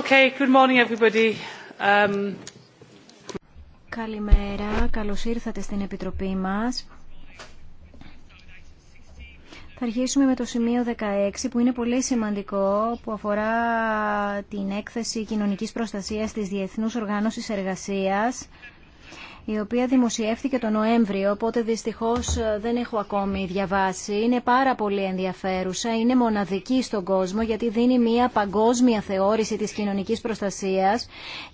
Okay, good morning everybody. Um, Καλημέρα, καλώς ήρθατε στην Επιτροπή μας. Θα αρχίσουμε με το σημείο 16 που είναι πολύ σημαντικό που αφορά την έκθεση κοινωνικής προστασίας της Διεθνούς Οργάνωσης Εργασίας η οποία δημοσιεύθηκε τον Νοέμβριο, οπότε δυστυχώς ε, δεν έχω ακόμη διαβάσει. Είναι πάρα πολύ ενδιαφέρουσα, είναι μοναδική στον κόσμο γιατί δίνει μια παγκόσμια θεώρηση της κοινωνικής προστασίας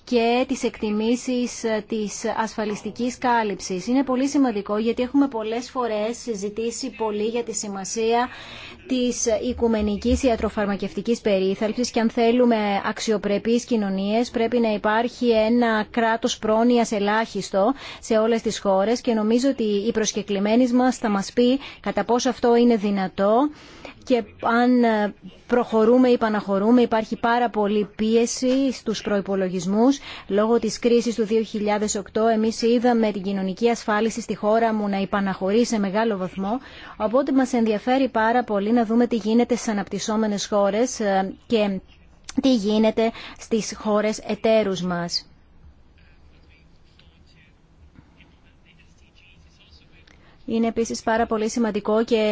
και της εκτιμήσεις ε, της ασφαλιστικής κάλυψης. Είναι πολύ σημαντικό γιατί έχουμε πολλές φορές συζητήσει πολύ για τη σημασία της οικουμενικής ιατροφαρμακευτικής περίθαλψης και αν θέλουμε αξιοπρεπείς κοινωνίες πρέπει να υπάρχει ένα κράτος πρόνοιας ελάχιστο σε όλες τις χώρες και νομίζω ότι η προσκεκλημένη μας θα μας πει κατά πόσο αυτό είναι δυνατό και αν ε, προχωρούμε ή παναχωρούμε υπάρχει πάρα πολύ πίεση στους προϋπολογισμούς. Λόγω της κρίσης του 2008 εμείς είδαμε την κοινωνική ασφάλιση στη χώρα μου να υπαναχωρεί σε μεγάλο βαθμό. Οπότε μας ενδιαφέρει πάρα πολύ να δούμε τι γίνεται στις αναπτυσσόμενες χώρες ε, και τι γίνεται στις χώρες εταίρους μας. Είναι επίσης πάρα πολύ σημαντικό και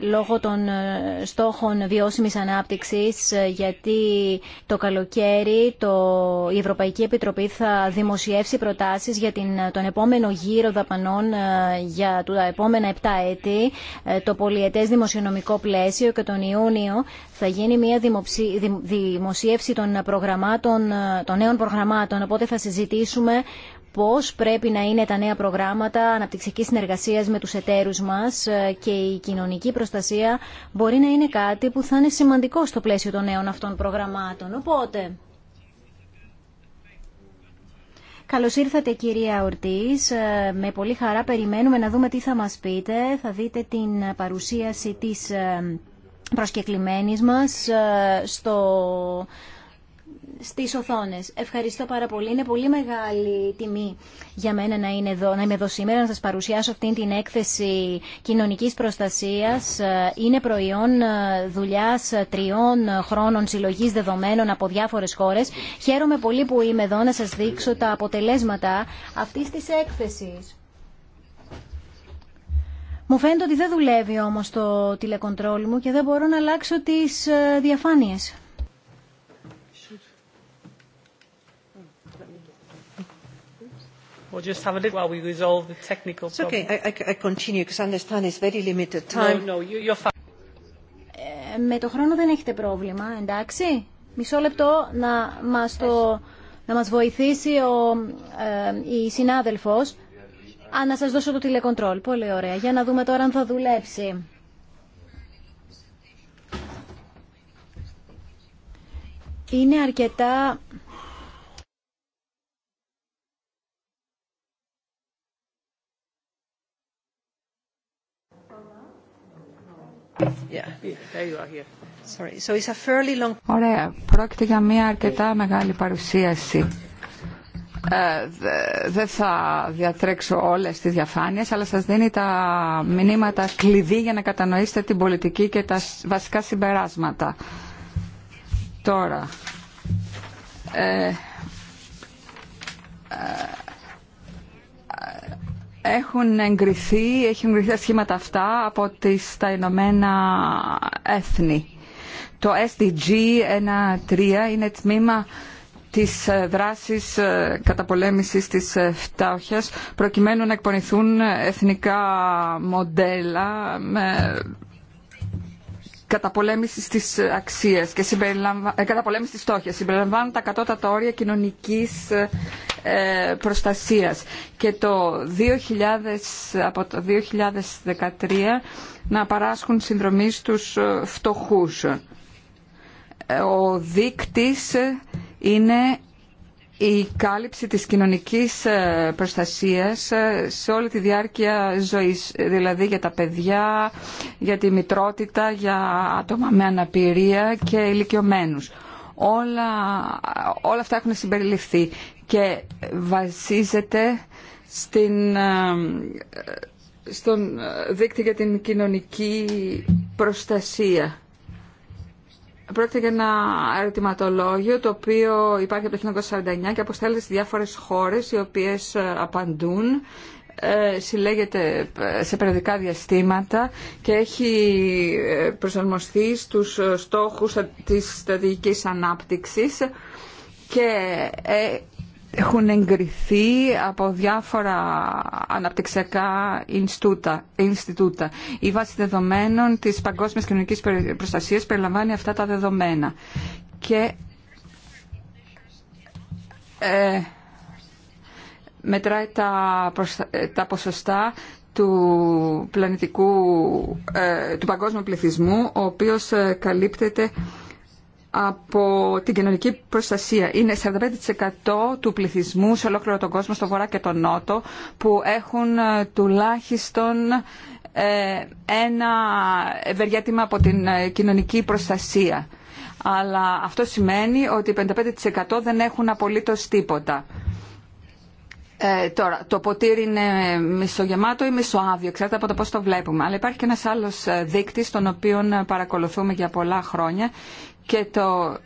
λόγω των ε, στόχων βιώσιμης ανάπτυξης ε, γιατί το καλοκαίρι το... η Ευρωπαϊκή Επιτροπή θα δημοσιεύσει προτάσεις για την... Ε, τον επόμενο γύρο δαπανών για τα επόμενα 7 έτη, το πολιετές δημοσιονομικό πλαίσιο και τον Ιούνιο θα γίνει μια δημοσίευση των, προγραμμάτων, των νέων προγραμμάτων. Οπότε θα συζητήσουμε πώς πρέπει να είναι τα νέα προγράμματα αναπτυξιακής συνεργασίας με τους εταίρους μας ε, και η κοινωνική προστασία μπορεί να είναι κάτι που θα είναι σημαντικό στο πλαίσιο των νέων αυτών προγραμμάτων. Οπότε, Καλώς ήρθατε κυρία ορτή. Ε, με πολύ χαρά περιμένουμε να δούμε τι θα μας πείτε. Θα δείτε την παρουσίαση της ε, προσκεκλημένη μας στο Στι οθόνε. Ευχαριστώ πάρα πολύ. Είναι πολύ μεγάλη τιμή για μένα να, είναι εδώ, να είμαι εδώ σήμερα, να σα παρουσιάσω αυτήν την έκθεση κοινωνική προστασίας. Είναι προϊόν ε, δουλειά ε, τριών χρόνων συλλογής δεδομένων από διάφορες χώρες. Χαίρομαι πολύ που είμαι εδώ να σα δείξω τα αποτελέσματα αυτής τη έκθεση. Μου φαίνεται ότι δεν δουλεύει όμως το τηλεκοντρόλ μου και δεν μπορώ να αλλάξω τις ε, διαφάνειες. We'll just have a little while we resolve the technical problem. okay, I, I I continue because I understand it's very limited time. No, no, you're fine. Ε, με το χρόνο δεν έχετε πρόβλημα, εντάξει. Μισό λεπτό να μας, το, να μας βοηθήσει ο, ε, η συνάδελφος. Α, να σας δώσω το τηλεκοντρόλ. Πολύ ωραία. Για να δούμε τώρα αν θα δουλέψει. Είναι αρκετά Ωραία. Πρόκειται για μια αρκετά μεγάλη παρουσίαση. Ε, δεν θα διατρέξω όλες τις διαφάνειες, αλλά σας δίνει τα μηνύματα κλειδί για να κατανοήσετε την πολιτική και τα βασικά συμπεράσματα. Τώρα, ε, ε, έχουν εγκριθεί, έχουν εγκριθεί τα σχήματα αυτά από τις, τα Ηνωμένα Έθνη. Το SDG 1-3 είναι τμήμα της ε, δράσης ε, καταπολέμησης της ε, φτώχειας προκειμένου να εκπονηθούν εθνικά μοντέλα με Καταπολέμηση της αξίας και ε, της Συμπεριλαμβάνουν τα κατώτατα όρια κοινωνικής ε, προστασίας. Και το 2000, από το 2013 να παράσχουν συνδρομή στους ε, φτωχούς. Ο δείκτης είναι η κάλυψη της κοινωνικής ε, προστασίας ε, σε όλη τη διάρκεια ζωής, δηλαδή για τα παιδιά, για τη μητρότητα, για άτομα με αναπηρία και ηλικιωμένους. Όλα, όλα αυτά έχουν συμπεριληφθεί και βασίζεται στην, ε, στον δίκτυο για την κοινωνική προστασία. Πρόκειται για ένα ερωτηματολόγιο το οποίο υπάρχει από το 1949 και αποστέλλεται σε διάφορες χώρες οι οποίες ε, απαντούν ε, συλλέγεται ε, σε περιοδικά διαστήματα και έχει προσαρμοστεί στους στόχους της στρατηγικής ανάπτυξης και έχουν εγκριθεί από διάφορα αναπτυξιακά Ινστιτούτα. Η βάση δεδομένων της Παγκόσμιας Κοινωνικής Προστασίας περιλαμβάνει αυτά τα δεδομένα. Και ε, μετράει τα, ποσοστά του, πλανητικού, ε, του παγκόσμιου πληθυσμού, ο οποίος ε, καλύπτεται από την κοινωνική προστασία. Είναι 45% του πληθυσμού σε ολόκληρο τον κόσμο, στο βορρά και τον νότο, που έχουν ε, τουλάχιστον ε, ένα ευεργέτημα από την ε, κοινωνική προστασία. Αλλά αυτό σημαίνει ότι 55% δεν έχουν απολύτως τίποτα. τώρα, το ποτήρι είναι μισογεμάτο ή μισοάδιο, ξέρετε από το πώς το βλέπουμε. Αλλά υπάρχει και ένας άλλος δείκτης, τον οποίο παρακολουθούμε για πολλά χρόνια και το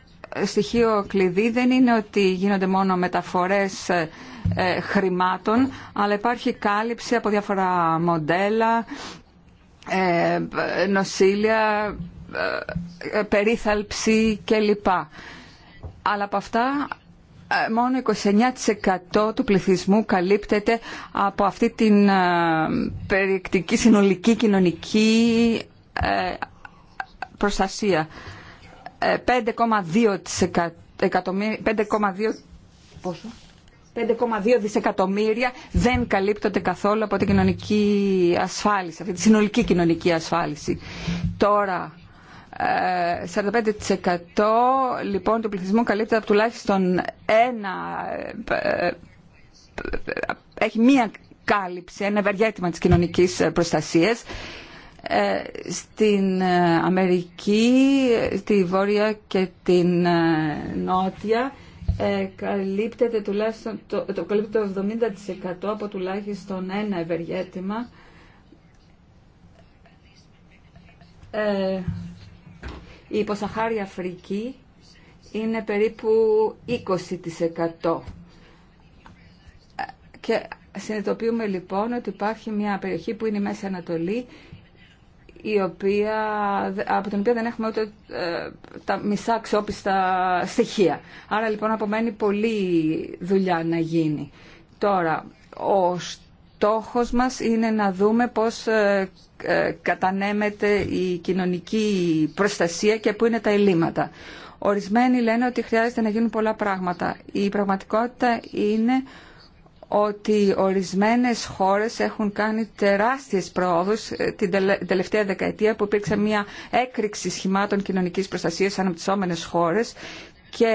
στοιχείο κλειδί δεν είναι ότι γίνονται μόνο μεταφορές ε, ε, χρημάτων, αλλά υπάρχει κάλυψη από διάφορα μοντέλα, ε, νοσήλια, περίθαλψη κλπ. Αλλά από αυτά μόνο 29% του πληθυσμού καλύπτεται από αυτή την περιεκτική συνολική κοινωνική προστασία. 5,2 δισεκατομμύρια δεν καλύπτονται καθόλου από την κοινωνική ασφάλιση, αυτή τη συνολική κοινωνική ασφάλιση. Τώρα, 45% λοιπόν του πληθυσμού καλύπτεται από τουλάχιστον ένα, έχει μία κάλυψη, ένα ευεργέτημα της κοινωνικής προστασίας ε, στην ε, Αμερική, τη Βόρεια και την ε, Νότια καλύπτεται τουλάχιστον το, το, καλύπτεται 70% από τουλάχιστον ένα ευεργέτημα η υποσαχάρια Αφρική είναι περίπου 20% και συνειδητοποιούμε λοιπόν ότι υπάρχει μια περιοχή που είναι η Μέση Ανατολή η οποία, από την οποία δεν έχουμε ούτε ε, τα μισά αξιόπιστα στοιχεία. Άρα λοιπόν απομένει πολλή δουλειά να γίνει. Τώρα, ο στόχος μας είναι να δούμε πώς ε, ε, κατανέμεται η κοινωνική προστασία και πού είναι τα ελλείμματα. Ορισμένοι λένε ότι χρειάζεται να γίνουν πολλά πράγματα. Η πραγματικότητα είναι ότι ορισμένες χώρες έχουν κάνει τεράστιες πρόοδους ε, την τελευταία δεκαετία που υπήρξε μια έκρηξη σχημάτων κοινωνικής προστασίας σε αναπτυσσόμενες χώρες και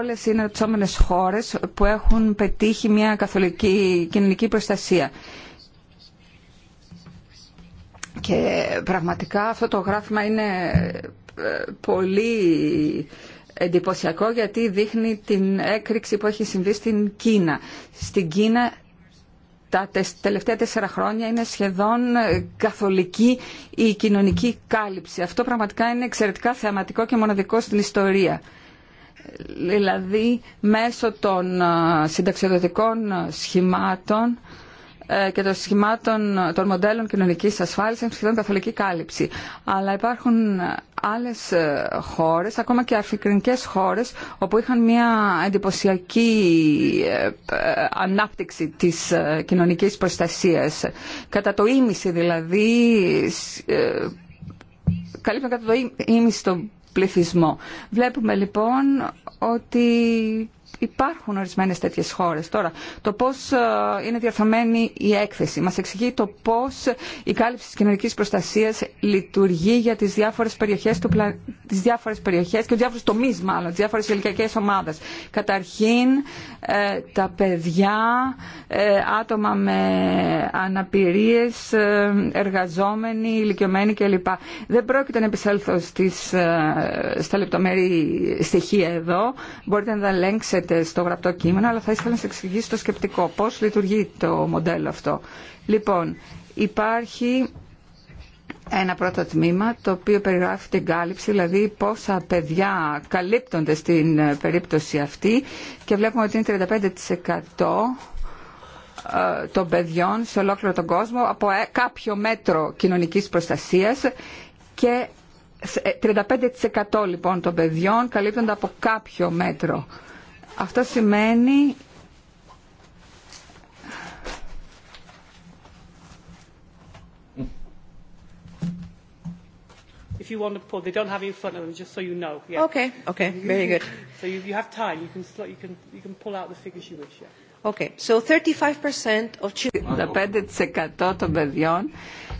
όλες είναι αναπτυσσόμενες χώρες που έχουν πετύχει μια καθολική κοινωνική προστασία. Και πραγματικά αυτό το γράφημα είναι ε, πολύ εντυπωσιακό γιατί δείχνει την έκρηξη που έχει συμβεί στην Κίνα. Στην Κίνα τα τελευταία τέσσερα χρόνια είναι σχεδόν ε, καθολική η κοινωνική κάλυψη. Αυτό πραγματικά είναι εξαιρετικά θεαματικό και μοναδικό στην ιστορία. Ε, δηλαδή μέσω των ε, συνταξιοδοτικών σχημάτων ε, και των σχημάτων των μοντέλων κοινωνικής ασφάλισης έχουν σχεδόν καθολική κάλυψη. Αλλά υπάρχουν άλλες ε, χώρες, ακόμα και αφικρινικέ χώρες, όπου είχαν μια εντυπωσιακή ε, ανάπτυξη της κοινωνικής προστασίας. Κατά το ίμιση δηλαδή, καλύπτουν κατά το ίμιση τον πληθυσμό. Βλέπουμε λοιπόν ότι υπάρχουν ορισμένε τέτοιε χώρε Τώρα, το πώς ε, είναι διαρθωμένη η έκθεση. Μας εξηγεί το πώς η κάλυψη τη κοινωνική προστασίας λειτουργεί για τις διάφορες περιοχές, του τις διάφορες περιοχές και τους διάφορους τομείς μάλλον, τις διάφορες ηλικιακές ομάδες. Καταρχήν, ε, τα παιδιά, ε, άτομα με αναπηρίες, εργαζόμενοι, ηλικιωμένοι κλπ. Δεν πρόκειται να επισέλθω στα λεπτομερή στοιχεία εδώ. Μπορείτε να τα στο γραπτό κείμενο, αλλά θα ήθελα να σε εξηγήσω το σκεπτικό. πώς λειτουργεί το μοντέλο αυτό. Λοιπόν, υπάρχει ένα πρώτο τμήμα το οποίο περιγράφει την κάλυψη, δηλαδή πόσα παιδιά καλύπτονται στην ε, περίπτωση αυτή και βλέπουμε ότι είναι 35% ε, των παιδιών σε ολόκληρο τον κόσμο από ε, κάποιο μέτρο κοινωνικής προστασίας και 35% λοιπόν των παιδιών καλύπτονται από κάποιο μέτρο. Αυτό σημαίνει if you want to pull, they don't have it in front of them, just so you know. Yeah. Okay, okay, very good. so you, you have time, you can, slot, you, can, you can pull out the figures you wish. Yeah. Okay, so 35% of children... 15% των παιδιών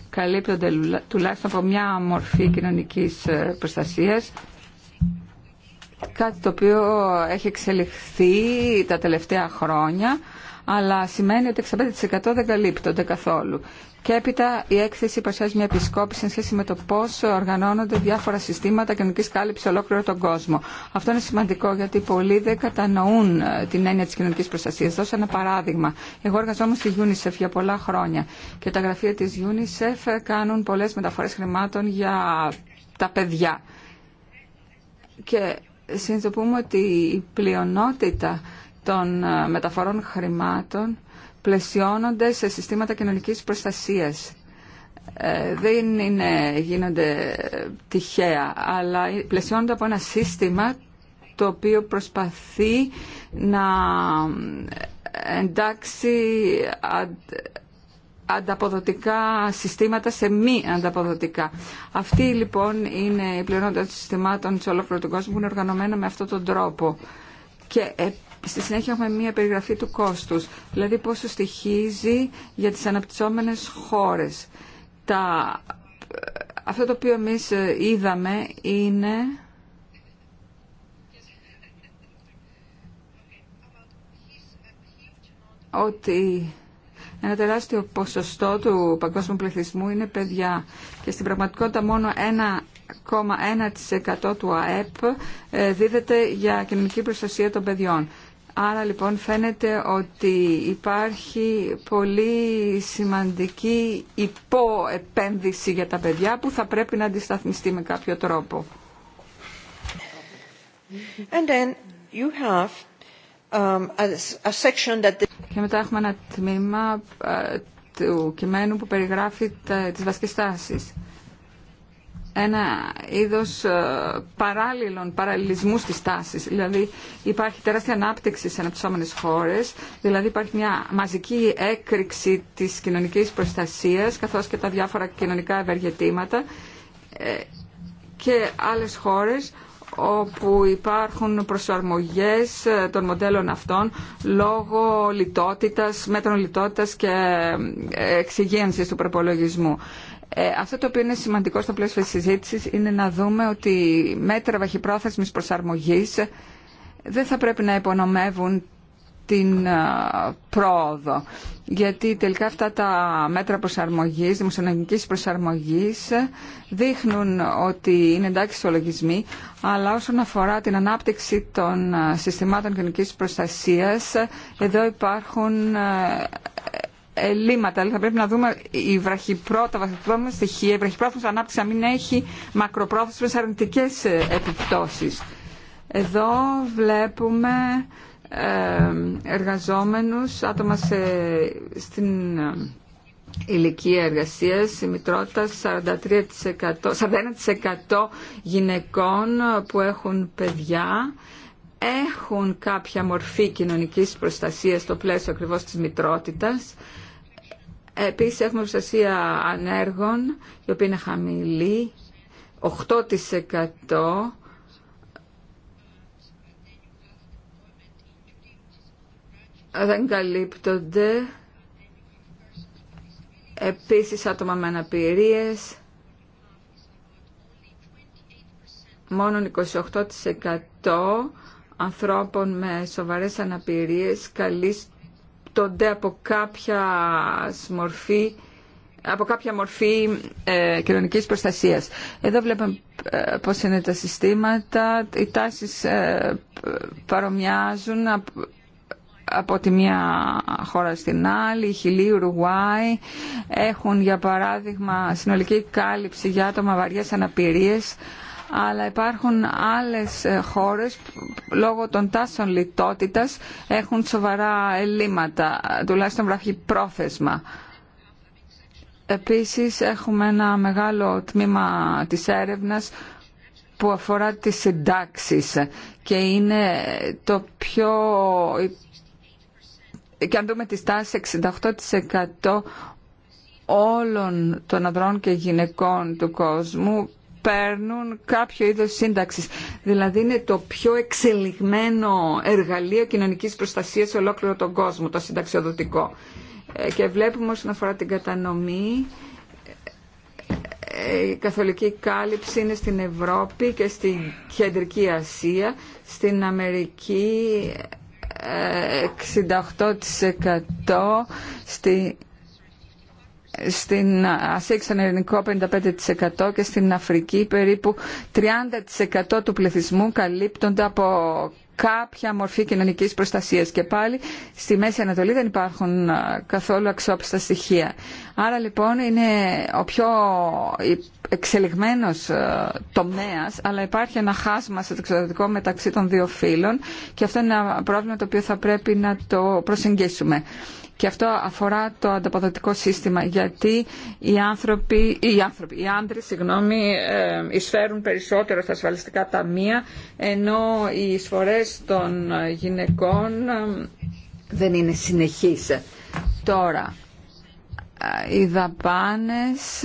καλύπτονται τουλάχιστον από μια μορφή κοινωνικής προστασίας κάτι το οποίο έχει εξελιχθεί τα τελευταία χρόνια, αλλά σημαίνει ότι 65% δεν καλύπτονται καθόλου. Και έπειτα η έκθεση παρουσιάζει μια επισκόπηση σε σχέση με το πώ οργανώνονται διάφορα συστήματα κοινωνική κάλυψη ολόκληρο τον κόσμο. Αυτό είναι σημαντικό γιατί πολλοί δεν κατανοούν ε, την έννοια τη κοινωνική προστασία. Δώσω ένα παράδειγμα. Εγώ εργαζόμουν στη UNICEF για πολλά χρόνια και τα γραφεία τη UNICEF κάνουν πολλέ μεταφορέ χρημάτων για τα παιδιά συνειδητοποιούμε ότι η πλειονότητα των ε, μεταφορών χρημάτων πλαισιώνονται σε συστήματα κοινωνικής προστασίας. Ε, δεν είναι, γίνονται ε, τυχαία, αλλά πλαισιώνονται από ένα σύστημα το οποίο προσπαθεί να εντάξει ανταποδοτικά συστήματα σε μη ανταποδοτικά. Αυτή λοιπόν είναι η πλειονότητα των συστημάτων σε ολόκληρο τον κόσμο που είναι οργανωμένα με αυτόν τον τρόπο. Και ε, στη συνέχεια έχουμε μία περιγραφή του κόστους, δηλαδή πόσο στοιχίζει για τις αναπτυσσόμενες χώρες. Τα... Ε, αυτό το οποίο εμείς ε, είδαμε είναι... ότι ένα τεράστιο ποσοστό του παγκόσμιου πληθυσμού είναι παιδιά και στην πραγματικότητα μόνο 1,1% του ΑΕΠ ε, δίδεται για κοινωνική προστασία των παιδιών. Άρα λοιπόν φαίνεται ότι υπάρχει πολύ σημαντική υποεπένδυση για τα παιδιά που θα πρέπει να αντισταθμιστεί με κάποιο τρόπο. And then you have Um, και μετά έχουμε ένα τμήμα του κειμένου που περιγράφει τις βασικές τάσεις. Ένα είδος παράλληλων παραλληλισμού στις τάσεις. Δηλαδή υπάρχει τεράστια ανάπτυξη σε αναπτυσσόμενες χώρες, δηλαδή υπάρχει μια μαζική έκρηξη της κοινωνικής προστασίας καθώς και τα διάφορα κοινωνικά ευεργετήματα ε, και άλλες χώρες όπου υπάρχουν προσαρμογές ε, των μοντέλων αυτών λόγω λιτότητας, μέτρων λιτότητας και ε, εξυγένσης του προπολογισμού. Ε, αυτό το οποίο είναι σημαντικό στο πλαίσιο της συζήτησης είναι να δούμε ότι μέτρα βαχυπρόθεσμης προσαρμογής δεν θα πρέπει να υπονομεύουν την ε, πρόοδο. Γιατί τελικά αυτά τα μέτρα προσαρμογής, δημοσιονομικής προσαρμογής, δείχνουν ότι είναι εντάξει λογισμό αλλά όσον αφορά την ανάπτυξη των ε, συστημάτων κοινωνικής προστασίας, εδώ υπάρχουν ε, ελλείμματα. Δηλαδή θα πρέπει να δούμε η βραχυπρότα, στοιχεία, η βραχυπρόθεσμη ανάπτυξη να μην έχει μακροπρόθεσμες αρνητικές επιπτώσεις. Εδώ βλέπουμε ε, εργαζόμενους, άτομα σε, στην ε, ηλικία εργασίας, η μητρότητα 43%, 41% γυναικών που έχουν παιδιά έχουν κάποια μορφή κοινωνικής προστασίας στο πλαίσιο ακριβώς της μητρότητας. Επίσης έχουμε προστασία ανέργων, η οποία είναι χαμηλή, 8% δεν καλύπτονται επίσης άτομα με αναπηρίες μόνο 28% ανθρώπων με σοβαρές αναπηρίες καλύπτονται από κάποια μορφή από κάποια μορφή ε, κοινωνικής προστασίας. Εδώ βλέπουμε ε, πώς είναι τα συστήματα. Οι τάσεις ε, παρομοιάζουν από τη μία χώρα στην άλλη, η Χιλή, Ουρουάη, έχουν για παράδειγμα συνολική κάλυψη για άτομα βαριές αναπηρίες, αλλά υπάρχουν άλλες χώρες που, λόγω των τάσεων λιτότητας έχουν σοβαρά ελλείμματα, τουλάχιστον πρόθεσμα Επίσης έχουμε ένα μεγάλο τμήμα της έρευνας που αφορά τις συντάξεις και είναι το πιο και αν δούμε τη στάση 68% όλων των ανδρών και γυναικών του κόσμου παίρνουν κάποιο είδος σύνταξης. Δηλαδή είναι το πιο εξελιγμένο εργαλείο κοινωνικής προστασίας σε ολόκληρο τον κόσμο, το συνταξιοδοτικό. Ε, και βλέπουμε όσον αφορά την κατανομή, ε, ε, η καθολική κάλυψη είναι στην Ευρώπη και στην Κεντρική Ασία, στην Αμερική 68% στη, στην Ασία Ελληνικό 55% και στην Αφρική περίπου 30% του πληθυσμού καλύπτονται από κάποια μορφή κοινωνική προστασίας και πάλι στη Μέση Ανατολή δεν υπάρχουν καθόλου αξιόπιστα στοιχεία. Άρα λοιπόν είναι ο πιο εξελιγμένος τομέας αλλά υπάρχει ένα χάσμα στο εξωτερικό μεταξύ των δύο φύλων και αυτό είναι ένα πρόβλημα το οποίο θα πρέπει να το προσεγγίσουμε. Και αυτό αφορά το ανταποδοτικό σύστημα, γιατί οι άνθρωποι, οι, άνθρωποι, άντρες, συγγνώμη, ε, εισφέρουν περισσότερο στα ασφαλιστικά ταμεία, ενώ οι εισφορές των γυναικών ε, δεν είναι συνεχείς. Τώρα, ε, οι δαπάνες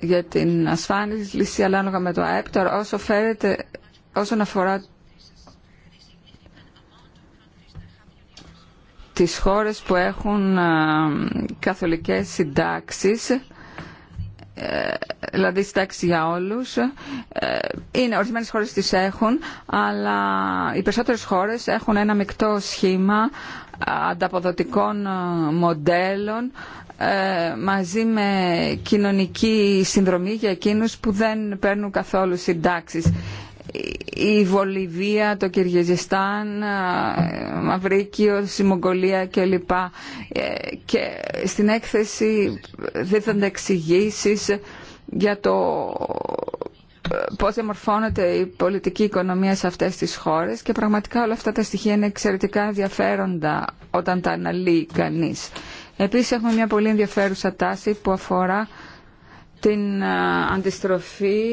για την ασφάλιση ανάλογα με το ΑΕΠ, τώρα όσο φέρεται, όσον αφορά τις χώρες που έχουν καθολικές συντάξεις ε, δηλαδή συντάξει για όλους ε, είναι ορισμένες χώρες τις έχουν αλλά οι περισσότερες χώρες έχουν ένα μεικτό σχήμα ανταποδοτικών μοντέλων ε, μαζί με κοινωνική συνδρομή για εκείνους που δεν παίρνουν καθόλου συντάξεις η Βολιβία, το Κυριαζιστάν, ε, Μαυρίκιο, η Μογγολία κλπ. Ε, και στην έκθεση δίδονται εξηγήσει για το ε, πώς διαμορφώνεται η πολιτική οικονομία σε αυτές τις χώρες και πραγματικά όλα αυτά τα στοιχεία είναι εξαιρετικά ενδιαφέροντα όταν τα αναλύει κανείς. Επίσης έχουμε μια πολύ ενδιαφέρουσα τάση που αφορά την αντιστροφή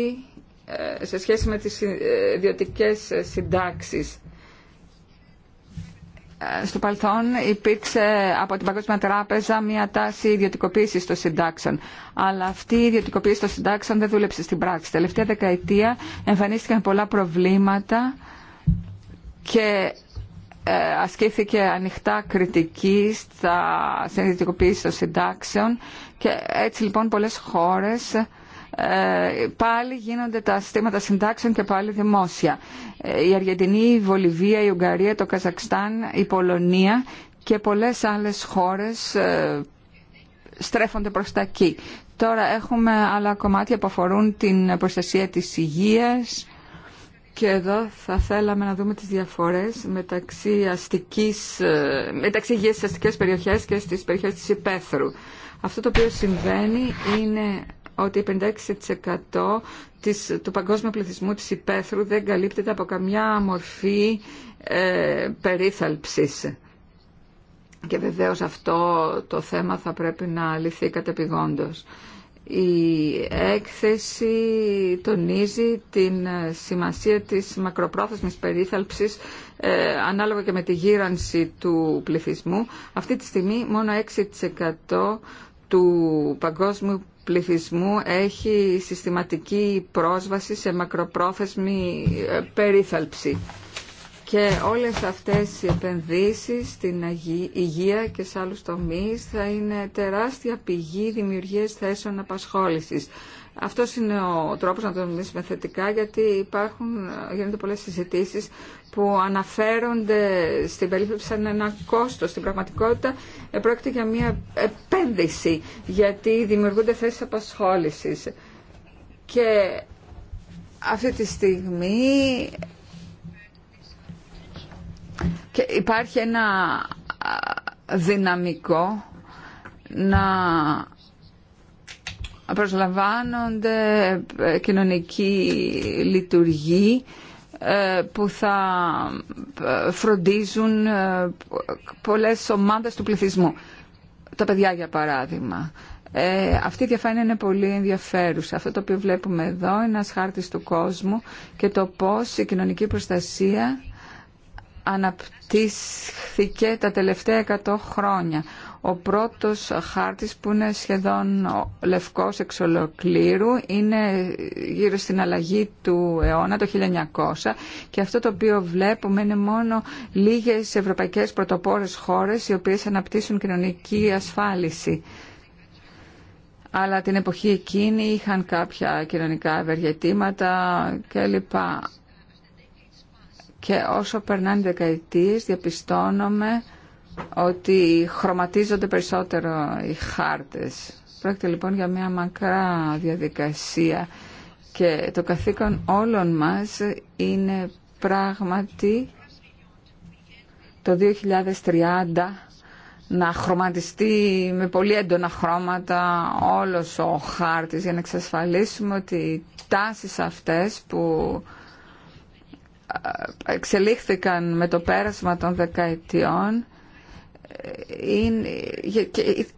ε, σε σχέση με τις ε, ιδιωτικέ ε, συντάξεις. Στο παρελθόν υπήρξε από την Παγκόσμια Τράπεζα μια τάση ιδιωτικοποίηση των συντάξεων. Αλλά αυτή η ιδιωτικοποίηση των συντάξεων δεν δούλεψε στην πράξη. Τελευταία δεκαετία εμφανίστηκαν πολλά προβλήματα και ασκήθηκε ανοιχτά κριτική στα ιδιωτικοποίηση των συντάξεων και έτσι λοιπόν πολλές χώρες ε, πάλι γίνονται τα συστήματα συντάξεων και πάλι δημόσια. Ε, η Αργεντινή, η Βολιβία, η Ουγγαρία, το Καζακστάν, η Πολωνία και πολλές άλλες χώρες ε, στρέφονται προς τα εκεί. Τώρα έχουμε άλλα κομμάτια που αφορούν την προστασία της υγείας και εδώ θα θέλαμε να δούμε τις διαφορές μεταξύ, αστικής, μεταξύ υγείας στις αστικές και στις περιοχές της υπαίθρου. Αυτό το οποίο συμβαίνει είναι ότι 56% του παγκόσμιου πληθυσμού της υπαίθρου δεν καλύπτεται από καμιά μορφή ε, περίθαλψης. Και βεβαίως αυτό το θέμα θα πρέπει να λυθεί κατεπηγόντως. Η έκθεση τονίζει την σημασία της μακροπρόθεσμης περίθαλψης ε, ανάλογα και με τη γύρανση του πληθυσμού. Αυτή τη στιγμή μόνο 6% του παγκόσμιου πληθυσμού έχει συστηματική πρόσβαση σε μακροπρόθεσμη ε, περίθαλψη. Και όλες αυτές οι επενδύσεις στην υγεία και σε άλλους τομείς θα είναι τεράστια πηγή δημιουργίας θέσεων απασχόλησης. Αυτό είναι ο τρόπος να το μιλήσουμε θετικά γιατί υπάρχουν, ε, γίνονται πολλές συζητήσεις που αναφέρονται στην περίπτωση σαν ένα κόστος. Στην πραγματικότητα ε, πρόκειται για μια επένδυση γιατί δημιουργούνται θέσεις απασχόλησης. Και αυτή τη στιγμή και υπάρχει ένα δυναμικό να προσλαμβάνονται ε, κοινωνικοί λειτουργοί ε, που θα ε, φροντίζουν ε, πολλές ομάδες του πληθυσμού. Τα παιδιά, για παράδειγμα. Ε, αυτή η διαφάνεια είναι πολύ ενδιαφέρουσα. Αυτό το οποίο βλέπουμε εδώ είναι ένας χάρτης του κόσμου και το πώς η κοινωνική προστασία αναπτύσθηκε τα τελευταία 100 χρόνια. Ο πρώτος χάρτης που είναι σχεδόν λευκός εξ ολοκλήρου είναι γύρω στην αλλαγή του αιώνα, το 1900 και αυτό το οποίο βλέπουμε είναι μόνο λίγες ευρωπαϊκές πρωτοπόρες χώρες οι οποίες αναπτύσσουν κοινωνική ασφάλιση αλλά την εποχή εκείνη είχαν κάποια κοινωνικά ευεργετήματα κλπ. Και όσο περνάνε δεκαετίες διαπιστώνομαι ότι χρωματίζονται περισσότερο οι χάρτες. Πρόκειται λοιπόν για μια μακρά διαδικασία και το καθήκον όλων μας είναι πράγματι το 2030 να χρωματιστεί με πολύ έντονα χρώματα όλος ο χάρτης για να εξασφαλίσουμε ότι οι τάσεις αυτές που ε, εξελίχθηκαν με το πέρασμα των δεκαετιών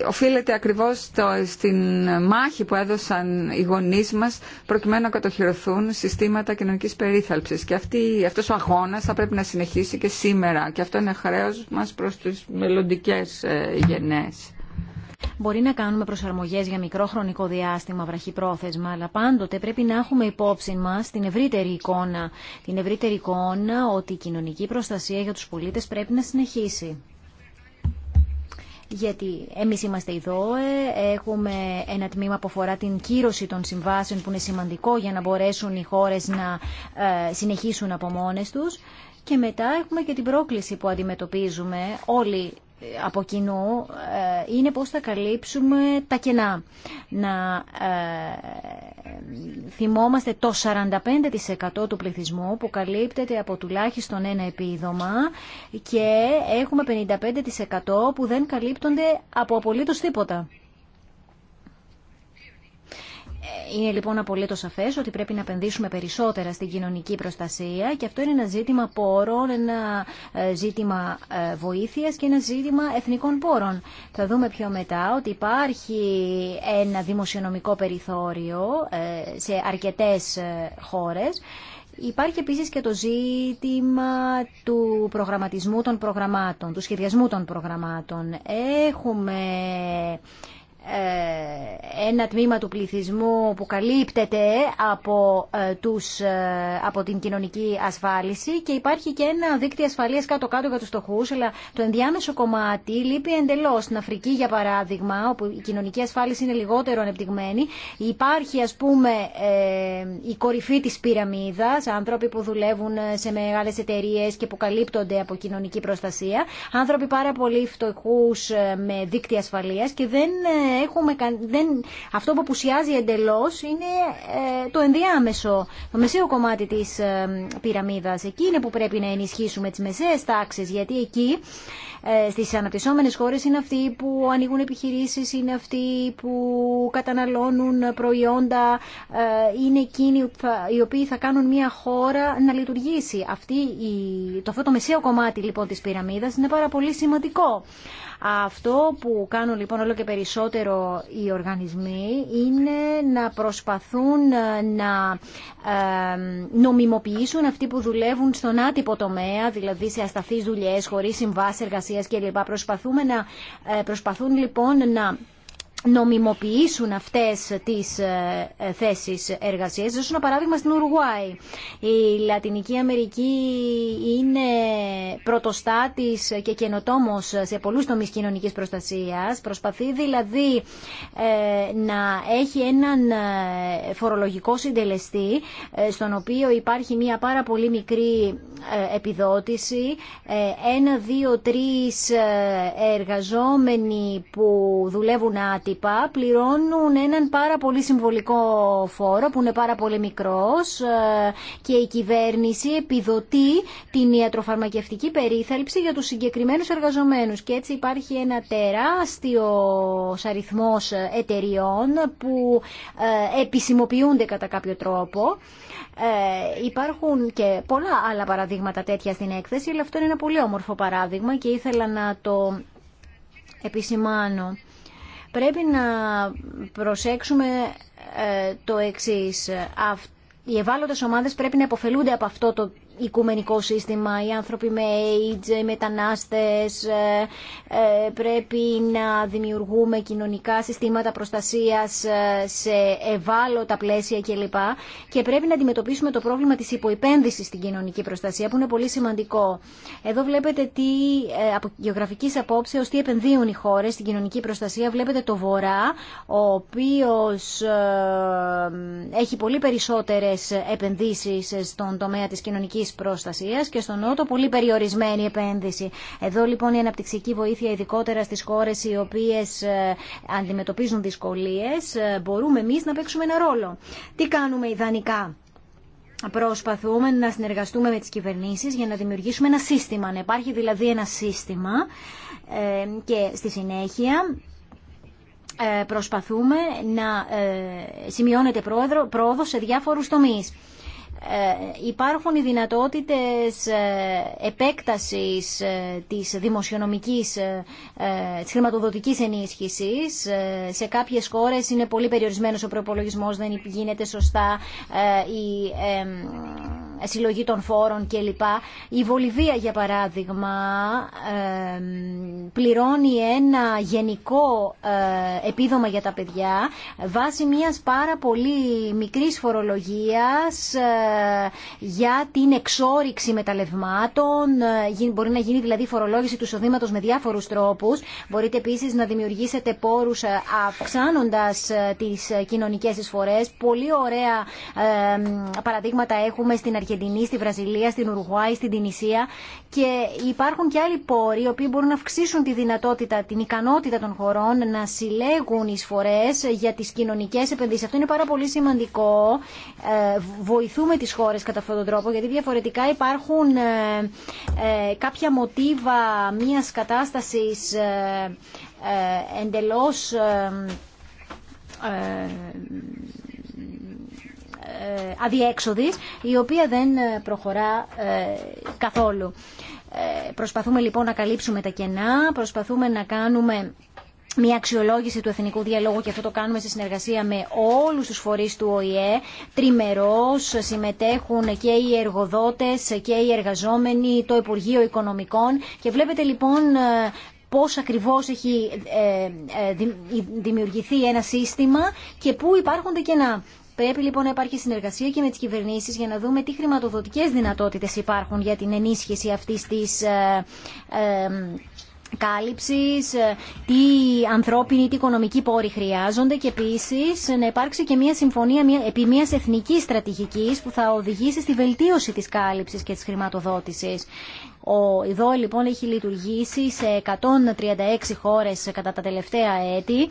οφείλεται ακριβώς το, στην μάχη που έδωσαν οι γονείς μας προκειμένου να κατοχυρωθούν συστήματα κοινωνικής περίθαλψης και αυτή, αυτός ο αγώνας θα πρέπει να συνεχίσει και σήμερα και αυτό είναι χρέος μας προς τις μελλοντικές ε, γενναίες. Μπορεί να κάνουμε προσαρμογέ για μικρό χρονικό διάστημα, πρόθεσμα αλλά πάντοτε πρέπει να έχουμε υπόψη μα την ευρύτερη εικόνα. Την ευρύτερη εικόνα ότι η κοινωνική προστασία για του πολίτε πρέπει να συνεχίσει γιατί εμείς είμαστε οι ΔΟΕ, έχουμε ένα τμήμα που αφορά την κύρωση των συμβάσεων που είναι σημαντικό για να μπορέσουν οι χώρες να ε, συνεχίσουν από μόνες τους και μετά έχουμε και την πρόκληση που αντιμετωπίζουμε όλοι ε, από κοινού ε, είναι πώς θα καλύψουμε τα κενά. Να θυμόμαστε το 45% του πληθυσμού που καλύπτεται από τουλάχιστον ένα επίδομα και έχουμε 55% που δεν καλύπτονται από απολύτως τίποτα. Είναι λοιπόν απολύτω σαφέ ότι πρέπει να επενδύσουμε περισσότερα στην κοινωνική προστασία και αυτό είναι ένα ζήτημα πόρων, ένα ε, ζήτημα ε, βοήθειας και ένα ζήτημα εθνικών πόρων. Θα δούμε πιο μετά ότι υπάρχει ένα δημοσιονομικό περιθώριο ε, σε αρκετές χώρες Υπάρχει επίσης και το ζήτημα του προγραμματισμού των προγραμμάτων, του σχεδιασμού των προγραμμάτων. Έχουμε ε, ένα τμήμα του πληθυσμού που καλύπτεται από, ε, τους, ε, από την κοινωνική ασφάλιση και υπάρχει και ένα δίκτυο ασφαλείας κάτω-κάτω για τους στοχούς, αλλά το ενδιάμεσο κομμάτι λείπει εντελώς. Στην Αφρική, για παράδειγμα, όπου η κοινωνική ασφάλιση είναι λιγότερο ανεπτυγμένη, υπάρχει, ας πούμε, η κορυφή της πυραμίδας, άνθρωποι που δουλεύουν σε μεγάλες εταιρείε και που καλύπτονται από κοινωνική προστασία, άνθρωποι πάρα πολύ φτωχού με δίκτυα ασφαλείας και δεν δεν, αυτό που απουσιάζει εντελώς είναι ε, το ενδιάμεσο, το μεσαίο κομμάτι της ε, πυραμίδας. Εκεί είναι που πρέπει να ενισχύσουμε τις μεσαίες τάξεις, γιατί εκεί ε, στις αναπτυσσόμενες χώρες είναι αυτοί που ανοίγουν επιχειρήσεις, είναι αυτοί που καταναλώνουν προϊόντα, είναι εκείνοι οι οποίοι θα κάνουν μια χώρα να λειτουργήσει. Αυτή η, το, αυτό το μεσαίο κομμάτι λοιπόν της πυραμίδας είναι πάρα πολύ σημαντικό. Αυτό που κάνουν λοιπόν όλο και περισσότερο οι οργανισμοί είναι να προσπαθούν να νομιμοποιήσουν αυτοί που δουλεύουν στον άτυπο τομέα, δηλαδή σε ασταθείς δουλειές, χωρίς συμβάσεις εργασίας κλπ. Προσπαθούμε να, ε, προσπαθούν λοιπόν να νομιμοποιήσουν αυτές τις ε, ε, θέσεις εργασίας. Ζήσουν, ένα παράδειγμα στην Ουρουάη. Η Λατινική Αμερική είναι πρωτοστάτης και καινοτόμος σε πολλούς τομείς κοινωνικής προστασίας. Προσπαθεί δηλαδή ε, να έχει έναν φορολογικό συντελεστή στον οποίο υπάρχει μια πάρα πολύ μικρή επιδότηση. Ένα, δύο, τρεις εργαζόμενοι που δουλεύουν άτυπα πληρώνουν έναν πάρα πολύ συμβολικό φόρο που είναι πάρα πολύ μικρός ε, και η κυβέρνηση επιδοτεί την ιατροφαρμακευτική περίθαλψη για τους συγκεκριμένους εργαζομένους και έτσι υπάρχει ένα τεράστιο αριθμός εταιριών που ε, επισημοποιούνται κατά κάποιο τρόπο ε, υπάρχουν και πολλά άλλα παραδείγματα τέτοια στην έκθεση, αλλά αυτό είναι ένα πολύ όμορφο παράδειγμα και ήθελα να το επισημάνω. Πρέπει να προσέξουμε ε, το εξής. Οι ευάλωτες ομάδες πρέπει να υποφελούνται από αυτό το οικουμενικό σύστημα, οι άνθρωποι με AIDS, οι μετανάστες, ε, ε, πρέπει να δημιουργούμε κοινωνικά συστήματα προστασίας ε, σε ευάλωτα πλαίσια κλπ. Και πρέπει να αντιμετωπίσουμε το πρόβλημα της υποεπένδυσης στην κοινωνική προστασία, που είναι πολύ σημαντικό. Εδώ βλέπετε τι, από γεωγραφικής απόψεως, τι επενδύουν οι χώρες στην κοινωνική προστασία. Βλέπετε το Βορρά, ο οποίος έχει πολύ περισσότερες επενδύσεις στον τομέα της κοινωνικής προστασίας και στον Νότο πολύ περιορισμένη επένδυση. Εδώ λοιπόν η αναπτυξιακή βοήθεια ειδικότερα στις χώρες οι οποίες ε, αντιμετωπίζουν δυσκολίες ε, μπορούμε εμείς να παίξουμε ένα ρόλο. Τι κάνουμε ιδανικά. Προσπαθούμε να συνεργαστούμε με τις κυβερνήσεις για να δημιουργήσουμε ένα σύστημα, να υπάρχει δηλαδή ένα σύστημα ε, και στη συνέχεια προσπαθούμε να σημειώνεται πρόοδο σε διάφορους τομείς. Ε, υπάρχουν οι δυνατότητες ε, επέκτασης ε, της δημοσιονομικής, της χρηματοδοτικής ενίσχυσης. Σε κάποιες χώρες είναι πολύ περιορισμένος ο προπολογισμός, δεν γίνεται σωστά η συλλογή των φόρων κλπ. Η Βολιβία, για παράδειγμα, πληρώνει ένα γενικό ε, επίδομα για τα παιδιά βάσει μιας πάρα πολύ μικρής φορολογίας ε, για την εξόριξη μεταλλευμάτων. Ε, μπορεί να γίνει δηλαδή φορολόγηση του εισοδήματος με διάφορους τρόπους. Μπορείτε επίσης να δημιουργήσετε πόρους αυξάνοντας τις κοινωνικές εισφορές. Πολύ ωραία παραδείγματα έχουμε στην Αργεντινή, στη Βραζιλία, στην Ουρουγουάη, στην Τινησία και υπάρχουν και άλλοι πόροι οι οποίοι μπορούν να αυξήσουν τη δυνατότητα, την ικανότητα των χωρών να συλλέγουν εισφορέ για τις κοινωνικές επενδύσεις. Αυτό είναι πάρα πολύ σημαντικό. Ε, βοηθούμε τις χώρες κατά αυτόν τον τρόπο γιατί διαφορετικά υπάρχουν ε, ε, κάποια μοτίβα μιας κατάστασης εντελώς ε, αδιέξοδης η οποία δεν ε, προχωρά ε, καθόλου. Προσπαθούμε λοιπόν να καλύψουμε τα κενά, προσπαθούμε να κάνουμε μια αξιολόγηση του εθνικού διαλόγου και αυτό το κάνουμε σε συνεργασία με όλους τους φορείς του ΟΗΕ. Τριμερός συμμετέχουν και οι εργοδότες και οι εργαζόμενοι, το Υπουργείο Οικονομικών και βλέπετε λοιπόν πώς ακριβώς έχει δημιουργηθεί ένα σύστημα και πού υπάρχουν και να. Πρέπει λοιπόν να υπάρχει συνεργασία και με τι κυβερνήσει για να δούμε τι χρηματοδοτικές δυνατότητες υπάρχουν για την ενίσχυση αυτής της ε, κάλυψης, ε, τι ανθρώπινοι, τι οικονομικοί πόροι χρειάζονται και επίσης να υπάρξει και μια συμφωνία μια, επί μιας εθνικής στρατηγικής που θα οδηγήσει στη βελτίωση της κάλυψης και της χρηματοδότησης. Ο ΙΔΟ λοιπόν έχει λειτουργήσει σε 136 χώρες κατά τα τελευταία έτη.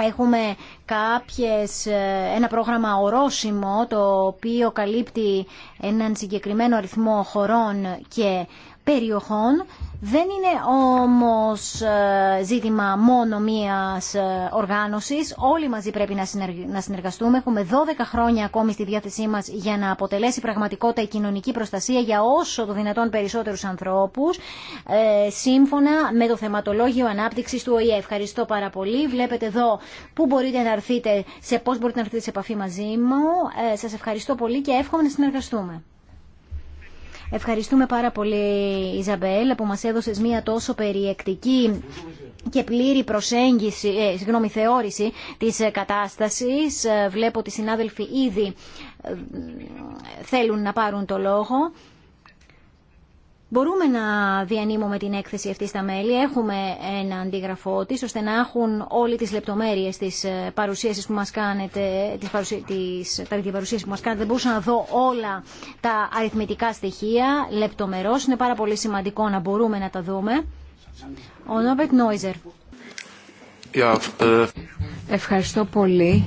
Έχουμε κάποιες, ε, ένα πρόγραμμα ορόσημο το οποίο καλύπτει έναν συγκεκριμένο αριθμό χωρών και περιοχών δεν είναι όμως ε, ζήτημα μόνο μίας ε, οργάνωσης. Όλοι μαζί πρέπει να συνεργαστούμε. Έχουμε 12 χρόνια ακόμη στη διάθεσή μας για να αποτελέσει πραγματικότητα η κοινωνική προστασία για όσο το δυνατόν περισσότερους ανθρώπους, ε, σύμφωνα με το θεματολόγιο ανάπτυξης του ΟΗΕ. Ευχαριστώ πάρα πολύ. Βλέπετε εδώ πού μπορείτε να έρθετε, σε πώς μπορείτε να έρθετε σε επαφή μαζί μου. Σας ευχαριστώ πολύ και εύχομαι να συνεργαστούμε. Ευχαριστούμε πάρα πολύ, Ιζαμπέλ, που μας έδωσες μία τόσο περιεκτική και πλήρη προσέγγιση, ε, συγγνώμη, θεώρηση της ε, κατάστασης. Ε, βλέπω ότι οι συνάδελφοι ήδη ε, θέλουν να πάρουν το λόγο. Μπορούμε να διανύμουμε την έκθεση αυτή στα μέλη. Έχουμε ένα αντίγραφό τη, ώστε να έχουν όλοι τι λεπτομέρειε της ε, παρουσίασης που μας κάνετε, της παρουσίαση που μα κάνετε. Δεν μπορούσα να δω όλα τα αριθμητικά στοιχεία λεπτομερώς. Είναι πάρα πολύ σημαντικό να μπορούμε να τα δούμε. Ο Νόμπετ Νόιζερ. Uh, Ευχαριστώ πολύ.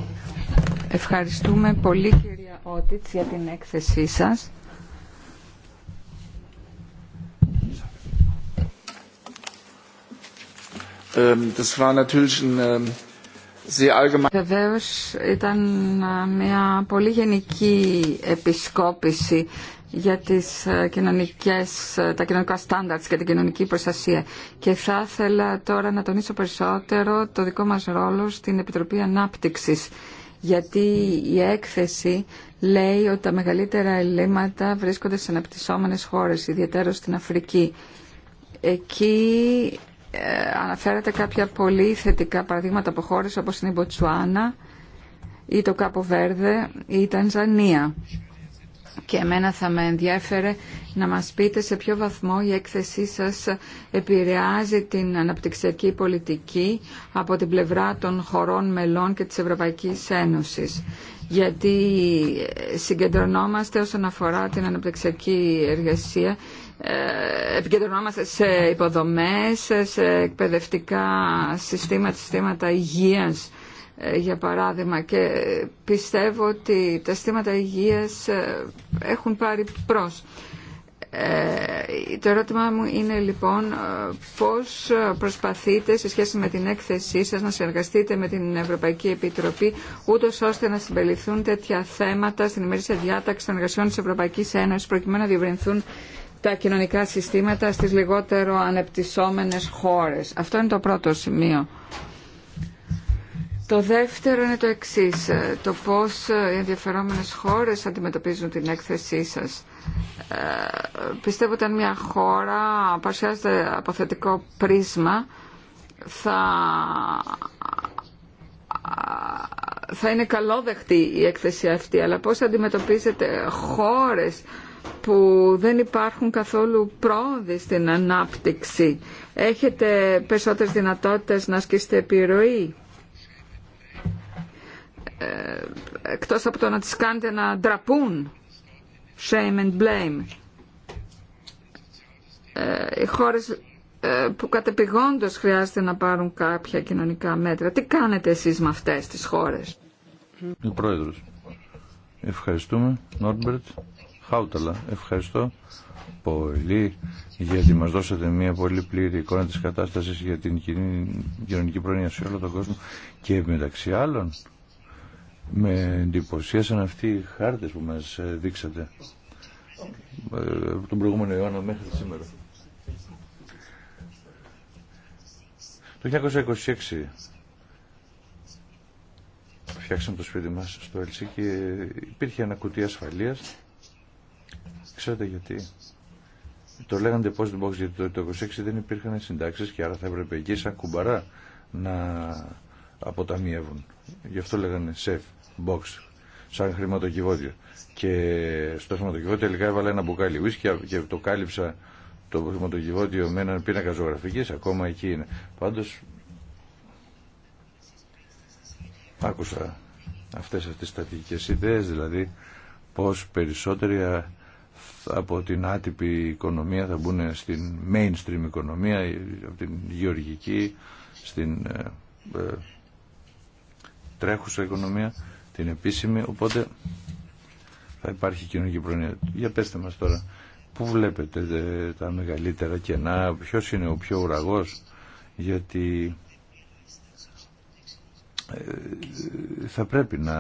Ευχαριστούμε πολύ κυρία Ότιτς για την έκθεσή σας. Ähm, das war natürlich ähm, Βεβαίως ήταν ε, μια πολύ γενική επισκόπηση για τις ε, κοινωνικές, ε, τα κοινωνικά στάνταρτς και την κοινωνική προστασία. Και θα ήθελα τώρα να τονίσω περισσότερο το δικό μας ρόλο στην Επιτροπή Ανάπτυξης. Γιατί η έκθεση λέει ότι τα μεγαλύτερα ελλείμματα βρίσκονται σε αναπτυσσόμενες χώρες, ιδιαίτερα στην Αφρική. Εκεί ε, αναφέρατε κάποια πολύ θετικά παραδείγματα από χώρες όπως είναι η Μποτσουάνα ή το Κάπο Βέρδε ή η Τανζανία. Και εμένα θα με ενδιέφερε να μας πείτε σε ποιο βαθμό η έκθεσή σας επηρεάζει την αναπτυξιακή πολιτική από την πλευρά των χωρών μελών και της Ευρωπαϊκής Ένωσης. Γιατί συγκεντρωνόμαστε όσον αφορά την αναπτυξιακή εργασία ε, επικεντρωνόμαστε σε υποδομές, σε εκπαιδευτικά συστήματα, συστήματα υγείας ε, για παράδειγμα και πιστεύω ότι τα συστήματα υγείας ε, έχουν πάρει προς. το ερώτημά μου είναι λοιπόν πώς προσπαθείτε σε σχέση με την έκθεσή σας να συνεργαστείτε με την Ευρωπαϊκή Επιτροπή ούτως ώστε να συμπεριληφθούν τέτοια θέματα στην ημερήσια διάταξη των εργασιών της Ευρωπαϊκής Ένωσης προκειμένου να διευρυνθούν τα κοινωνικά συστήματα στις λιγότερο ανεπτυσσόμενες χώρες. Αυτό είναι το πρώτο σημείο. Το δεύτερο είναι το εξής, το πώς οι ενδιαφερόμενες χώρες αντιμετωπίζουν την έκθεσή σας. Ε, πιστεύω ότι αν μια χώρα παρουσιάζεται από θετικό πρίσμα, θα, θα είναι καλόδεχτη η έκθεση αυτή, αλλά πώς αντιμετωπίζετε χώρες που δεν υπάρχουν καθόλου πρόοδοι στην ανάπτυξη. Έχετε περισσότερες δυνατότητες να ασκήσετε επιρροή. Ε, εκτός από το να τις κάνετε να ντραπούν. Shame and blame. Ε, οι χώρες ε, που κατεπηγόντως χρειάζεται να πάρουν κάποια κοινωνικά μέτρα. Τι κάνετε εσείς με αυτές τις χώρες. Ο Πρόεδρος. Ευχαριστούμε. Νόρμπερτ. Χάουταλα. Ευχαριστώ πολύ γιατί μας δώσατε μια πολύ πλήρη εικόνα της κατάστασης για την κοινωνική πρόνοια σε όλο τον κόσμο και μεταξύ άλλων με εντυπωσίασαν αυτοί οι χάρτες που μας δείξατε ε, από τον προηγούμενο αιώνα μέχρι σήμερα. Το 1926 φτιάξαμε το σπίτι μας στο Ελσί και υπήρχε ένα κουτί ασφαλείας Ξέρετε γιατί. Το λέγανε πώ την box γιατί το 1926 δεν υπήρχαν συντάξει και άρα θα έπρεπε εκεί σαν κουμπαρά να αποταμιεύουν. Γι' αυτό λέγανε safe box, σαν χρηματοκιβώτιο. Και στο χρηματοκιβώτιο τελικά έβαλα ένα μπουκάλι whisky και το κάλυψα το χρηματοκιβώτιο με έναν πίνακα ζωγραφική. Ακόμα εκεί είναι. Πάντω άκουσα αυτές αυτές τις στατικές ιδέες δηλαδή πως περισσότεροι από την άτυπη οικονομία θα μπουν στην mainstream οικονομία, από την γεωργική, στην ε, ε, τρέχουσα οικονομία, την επίσημη, οπότε θα υπάρχει κοινωνική προνοία. Για πέστε μας τώρα, πού βλέπετε ε, τα μεγαλύτερα κενά, ποιος είναι ο πιο ουραγός, γιατί θα πρέπει να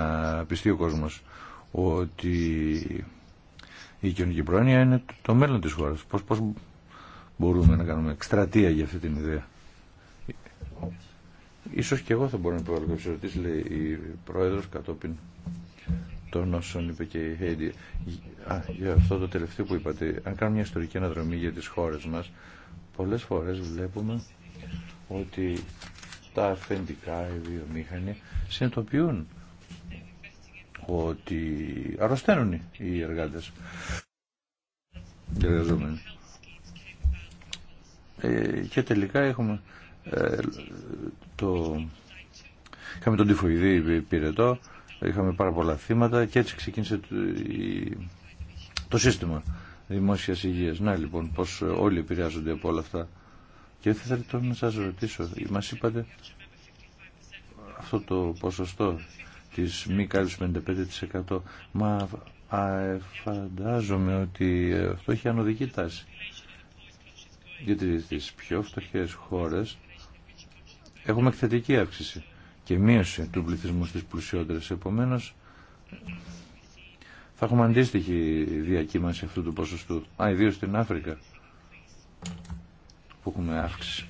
πιστεί ο κόσμος ότι η κοινωνική πρόνοια είναι το μέλλον της χώρας. Πώς, πώς μπορούμε να κάνουμε εκστρατεία για αυτή την ιδέα. Ίσως και εγώ θα μπορώ να υποβάλω κάποιες λέει η Πρόεδρος κατόπιν των όσων είπε και η Χέιντι. Α, για αυτό το τελευταίο που είπατε, αν κάνουμε μια ιστορική αναδρομή για τις χώρες μας, πολλές φορές βλέπουμε ότι τα αφεντικά, οι βιομήχανοι συνειδητοποιούν ότι αρρωσταίνουν οι εργάτες. Οι εργαζόμενοι. Ε, και τελικά έχουμε ε, το... Είχαμε τον τυφοειδή πυρετό, είχαμε πάρα πολλά θύματα και έτσι ξεκίνησε το, το σύστημα δημόσιας υγείας. Να λοιπόν πώς όλοι επηρεάζονται από όλα αυτά. Και θα ήθελα τώρα να σας ρωτήσω, μας είπατε αυτό το ποσοστό της μη 55%. Μα α, φαντάζομαι ότι αυτό έχει ανωδική τάση. Γιατί στις πιο φτωχές χώρες έχουμε εκθετική αύξηση και μείωση του πληθυσμού στις πλουσιότερες. Επομένως, θα έχουμε αντίστοιχη διακύμανση αυτού του ποσοστού. Α, ιδίως στην Αφρικα που έχουμε αύξηση.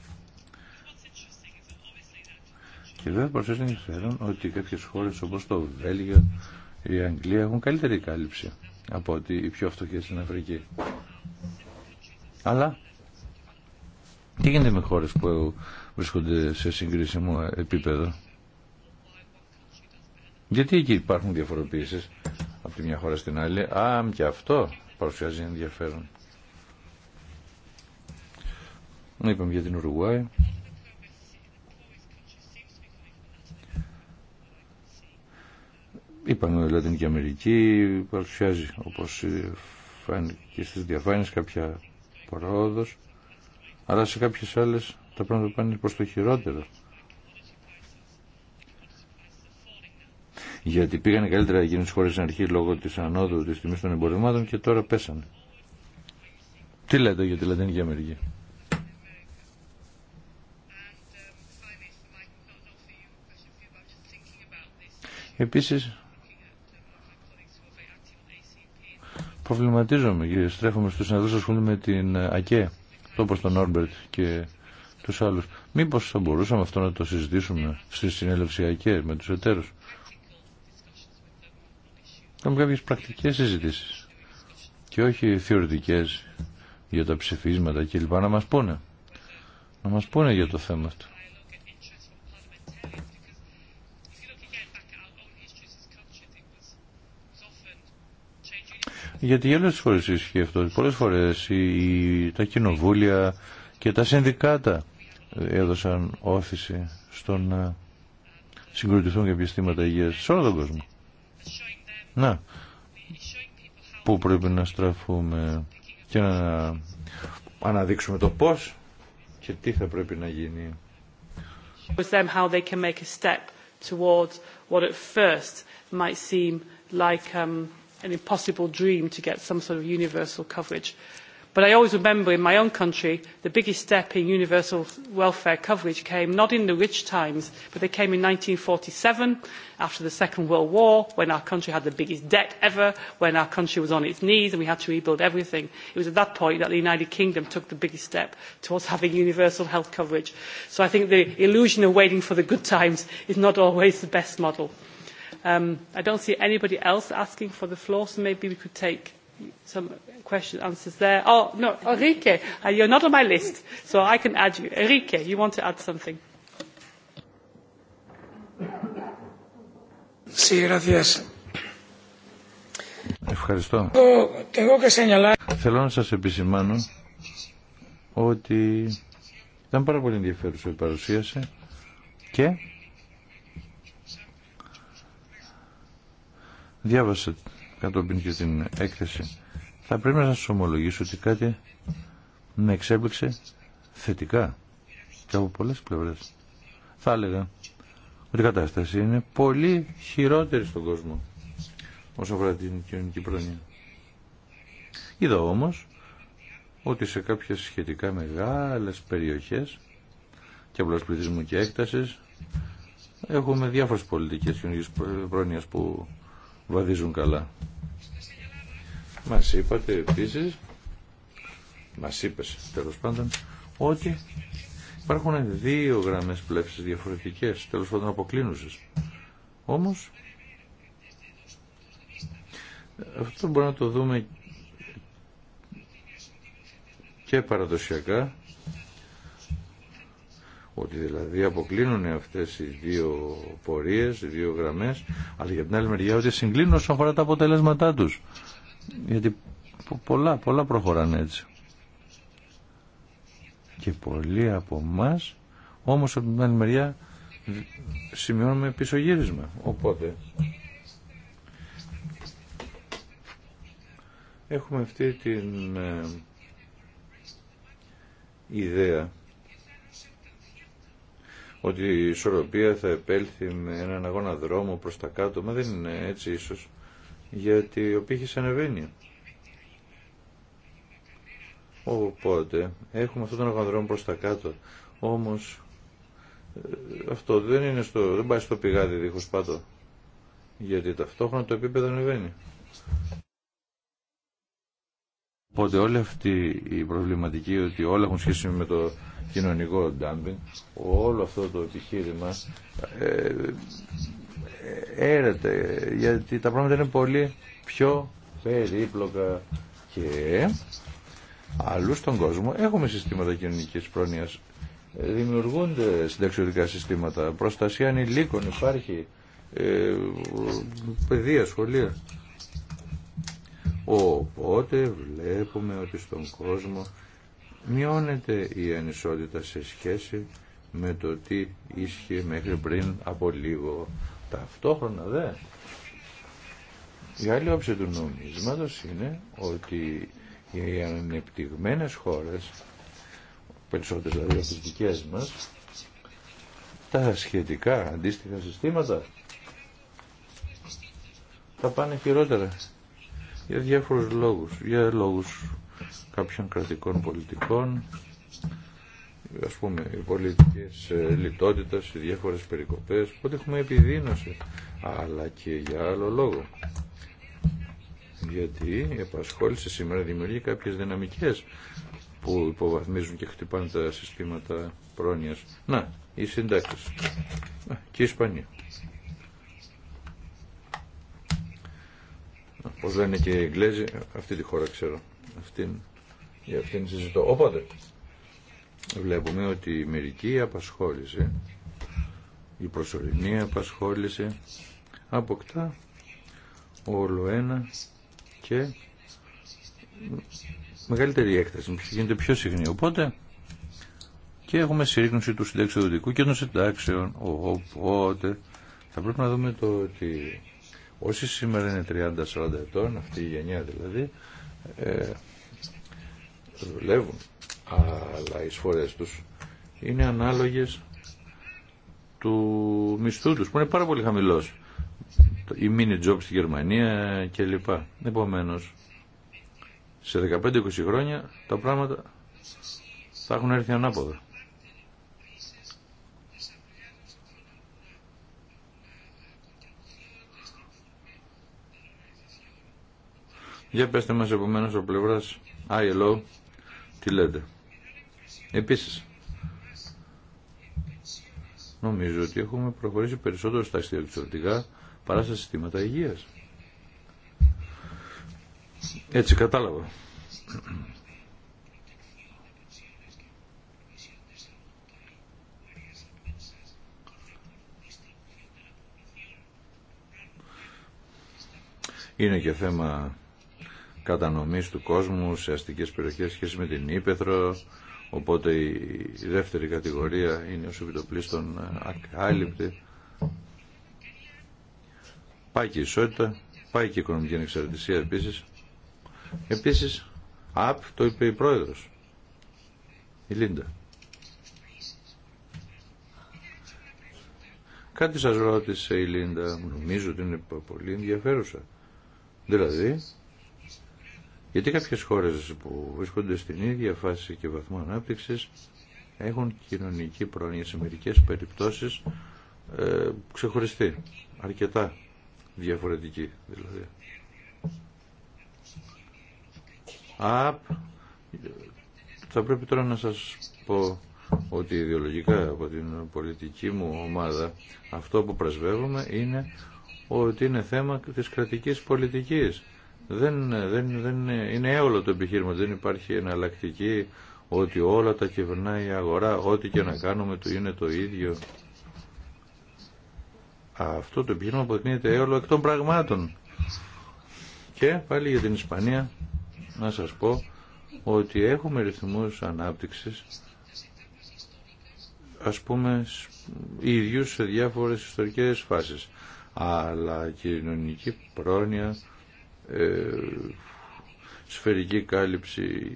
Και βέβαια προσθέσει ενδιαφέρον ότι κάποιε χώρε όπω το Βέλγιο, η η Αγγλία έχουν καλύτερη κάλυψη από ότι οι πιο φτωχέ στην Αφρική. Αλλά τι γίνεται με χώρε που βρίσκονται σε συγκρίσιμο επίπεδο. Γιατί εκεί υπάρχουν διαφοροποιήσεις από τη μια χώρα στην άλλη. αν και αυτό παρουσιάζει ενδιαφέρον. Είπαμε για την Ουρουγουάη. Είπαμε η Λατινική Αμερική παρουσιάζει όπω φάνηκε και στις διαφάνειες κάποια πρόοδο. αλλά σε κάποιε άλλε τα πράγματα πάνε προ το χειρότερο. Γιατί πήγανε καλύτερα εκείνε τι χώρε στην αρχή λόγω τη ανόδου τη τιμή των εμπορευμάτων και τώρα πέσανε. Τι λέτε για τη Λατινική Αμερική. Επίσης, προβληματίζομαι και στρέφομαι στους συναδέλφους που ασχολούνται με την ΑΚΕ, όπω τον Όρμπερτ και τους άλλους. Μήπως θα μπορούσαμε αυτό να το συζητήσουμε στη συνέλευση ΑΚΕ με τους εταίρους. Κάνουμε κάποιες πρακτικές συζητήσεις και όχι θεωρητικές για τα ψηφίσματα κλπ. Να μας πούνε. Να μας πούνε για το θέμα αυτό. Γιατί για όλες τις φορές ισχύει αυτό. Πολλές φορές η τα κοινοβούλια και τα συνδικάτα έδωσαν όθηση στο να συγκροτηθούν και επιστήματα υγείας σε όλο τον κόσμο. Να, πού πρέπει να στραφούμε και να αναδείξουμε το πώς και τι θα πρέπει να γίνει an impossible dream to get some sort of universal coverage. But I always remember in my own country the biggest step in universal welfare coverage came not in the rich times, but they came in 1947 after the Second World War, when our country had the biggest debt ever, when our country was on its knees and we had to rebuild everything. It was at that point that the United Kingdom took the biggest step towards having universal health coverage. So I think the illusion of waiting for the good times is not always the best model. I don't see anybody else asking for the floor, so maybe we could take some question answers there. Oh, no, Enrique, you're not on my list, so I can add you. Enrique, you want to add something? Sí, gracias. Ευχαριστώ. Θέλω να σας επισημάνω ότι ήταν πάρα πολύ ενδιαφέρουσα η παρουσίαση και διάβασα κατόπιν και την έκθεση. Θα πρέπει να σας ομολογήσω ότι κάτι με εξέπληξε θετικά και από πολλές πλευρές. Θα έλεγα ότι η κατάσταση είναι πολύ χειρότερη στον κόσμο όσο αφορά την κοινωνική πρόνοια. Είδα όμως ότι σε κάποιες σχετικά μεγάλες περιοχές και απλώς πληθυσμού και έκτασης έχουμε διάφορες πολιτικές κοινωνικής πρόνοιας που βαδίζουν καλά. Μας είπατε επίσης, μας είπες τέλος πάντων, ότι υπάρχουν δύο γραμμές πλεύσης διαφορετικές, τέλος πάντων αποκλίνουσες. Όμως, αυτό μπορούμε να το δούμε και παραδοσιακά ότι δηλαδή αποκλίνουν αυτές οι δύο πορείες, οι δύο γραμμές, αλλά για την άλλη μεριά ότι συγκλίνουν όσον αφορά τα αποτελέσματά τους. Γιατί πολλά, πολλά προχωράνε έτσι. Και πολλοί από εμά όμως από την άλλη μεριά σημειώνουμε γύρισμα Οπότε έχουμε αυτή την ε, ιδέα ότι η ισορροπία θα επέλθει με έναν αγώνα δρόμο προς τα κάτω, μα δεν είναι έτσι ίσως, γιατί ο πύχης ανεβαίνει. Οπότε έχουμε αυτόν τον αγώνα δρόμο προς τα κάτω, όμως ε, αυτό δεν, είναι στο, δεν πάει στο πηγάδι δίχως πάτο, γιατί ταυτόχρονα το επίπεδο ανεβαίνει. Οπότε όλη αυτή η προβληματική ότι όλα έχουν σχέση με το κοινωνικό ντάμπινγκ, όλο αυτό το επιχείρημα ε, ε, έρεται, γιατί τα πράγματα είναι πολύ πιο περίπλοκα και αλλού στον κόσμο έχουμε συστήματα κοινωνικής πρόνοιας. Ε, δημιουργούνται συνταξιωτικά συστήματα, προστασία ανηλίκων υπάρχει, ε, παιδεία, σχολεία. Οπότε βλέπουμε ότι στον κόσμο μειώνεται η ανισότητα σε σχέση με το τι ίσχυε μέχρι πριν από λίγο. Ταυτόχρονα δε. Η άλλη όψη του νομίσματος είναι ότι οι ανεπτυγμένες χώρες, περισσότερες δηλαδή από τις δικές μας, τα σχετικά αντίστοιχα συστήματα θα πάνε χειρότερα για διάφορους λόγους, για λόγους κάποιων κρατικών πολιτικών, ας πούμε, οι πολιτικές ε, λιτότητας, οι διάφορες περικοπές, οπότε έχουμε επιδείνωση, αλλά και για άλλο λόγο. Γιατί η επασχόληση σήμερα δημιουργεί κάποιες δυναμικές που υποβαθμίζουν και χτυπάνε τα συστήματα πρόνοιας. Να, οι συντάξεις. και η Ισπανία. πως λένε και οι Εγγλέζοι, αυτή τη χώρα ξέρω. Αυτήν, για αυτήν συζητώ. Οπότε, βλέπουμε ότι η μερική απασχόληση, η προσωρινή απασχόληση, αποκτά όλο ένα και μεγαλύτερη έκταση, γίνεται πιο συχνή. Οπότε και έχουμε συρρήγνωση του συνταξιδοτικού και των συντάξεων. Οπότε θα πρέπει να δούμε το ότι Όσοι σήμερα είναι 30-40 ετών, αυτή η γενιά δηλαδή, ε, δουλεύουν, αλλά οι σφορές τους είναι ανάλογες του μισθού τους, που είναι πάρα πολύ χαμηλός. Η mini job στη Γερμανία κλπ. Επομένως, σε 15-20 χρόνια τα πράγματα θα έχουν έρθει ανάποδα. Για πέστε μας επομένως ο πλευράς ILO τι λέτε. Επίσης, νομίζω ότι έχουμε προχωρήσει περισσότερο στα αστιοεξωτικά παρά στα συστήματα υγείας. Έτσι κατάλαβα. Είναι και θέμα κατανομής του κόσμου σε αστικές περιοχές σχέση με την Ήπεθρο, οπότε η δεύτερη κατηγορία είναι ως επιτοπλίστων ε, ακάλυπτη. Πάει και η ισότητα, πάει και η οικονομική ανεξαρτησία επίσης. Επίσης, απ, το είπε η πρόεδρος, η Λίντα. Κάτι σας ρώτησε η Λίντα, νομίζω ότι είναι πολύ ενδιαφέρουσα. Δηλαδή, γιατί κάποιε χώρε που βρίσκονται στην ίδια φάση και βαθμό ανάπτυξη έχουν κοινωνική πρόνοια σε μερικές περιπτώσεις ε, ξεχωριστή, αρκετά διαφορετική δηλαδή. θα πρέπει τώρα να σας πω ότι ιδεολογικά από την πολιτική μου ομάδα αυτό που πρεσβεύουμε είναι ότι είναι θέμα της κρατικής πολιτικής δεν, δεν, δεν είναι έολο το επιχείρημα, δεν υπάρχει εναλλακτική ότι όλα τα κυβερνάει η αγορά, ό,τι και να κάνουμε το είναι το ίδιο. Αυτό το επιχείρημα αποδεικνύεται έολο εκ των πραγμάτων. Και πάλι για την Ισπανία να σας πω ότι έχουμε ρυθμούς ανάπτυξης ας πούμε ίδιους σε διάφορες ιστορικές φάσεις αλλά κοινωνική πρόνοια ε, σφαιρική κάλυψη,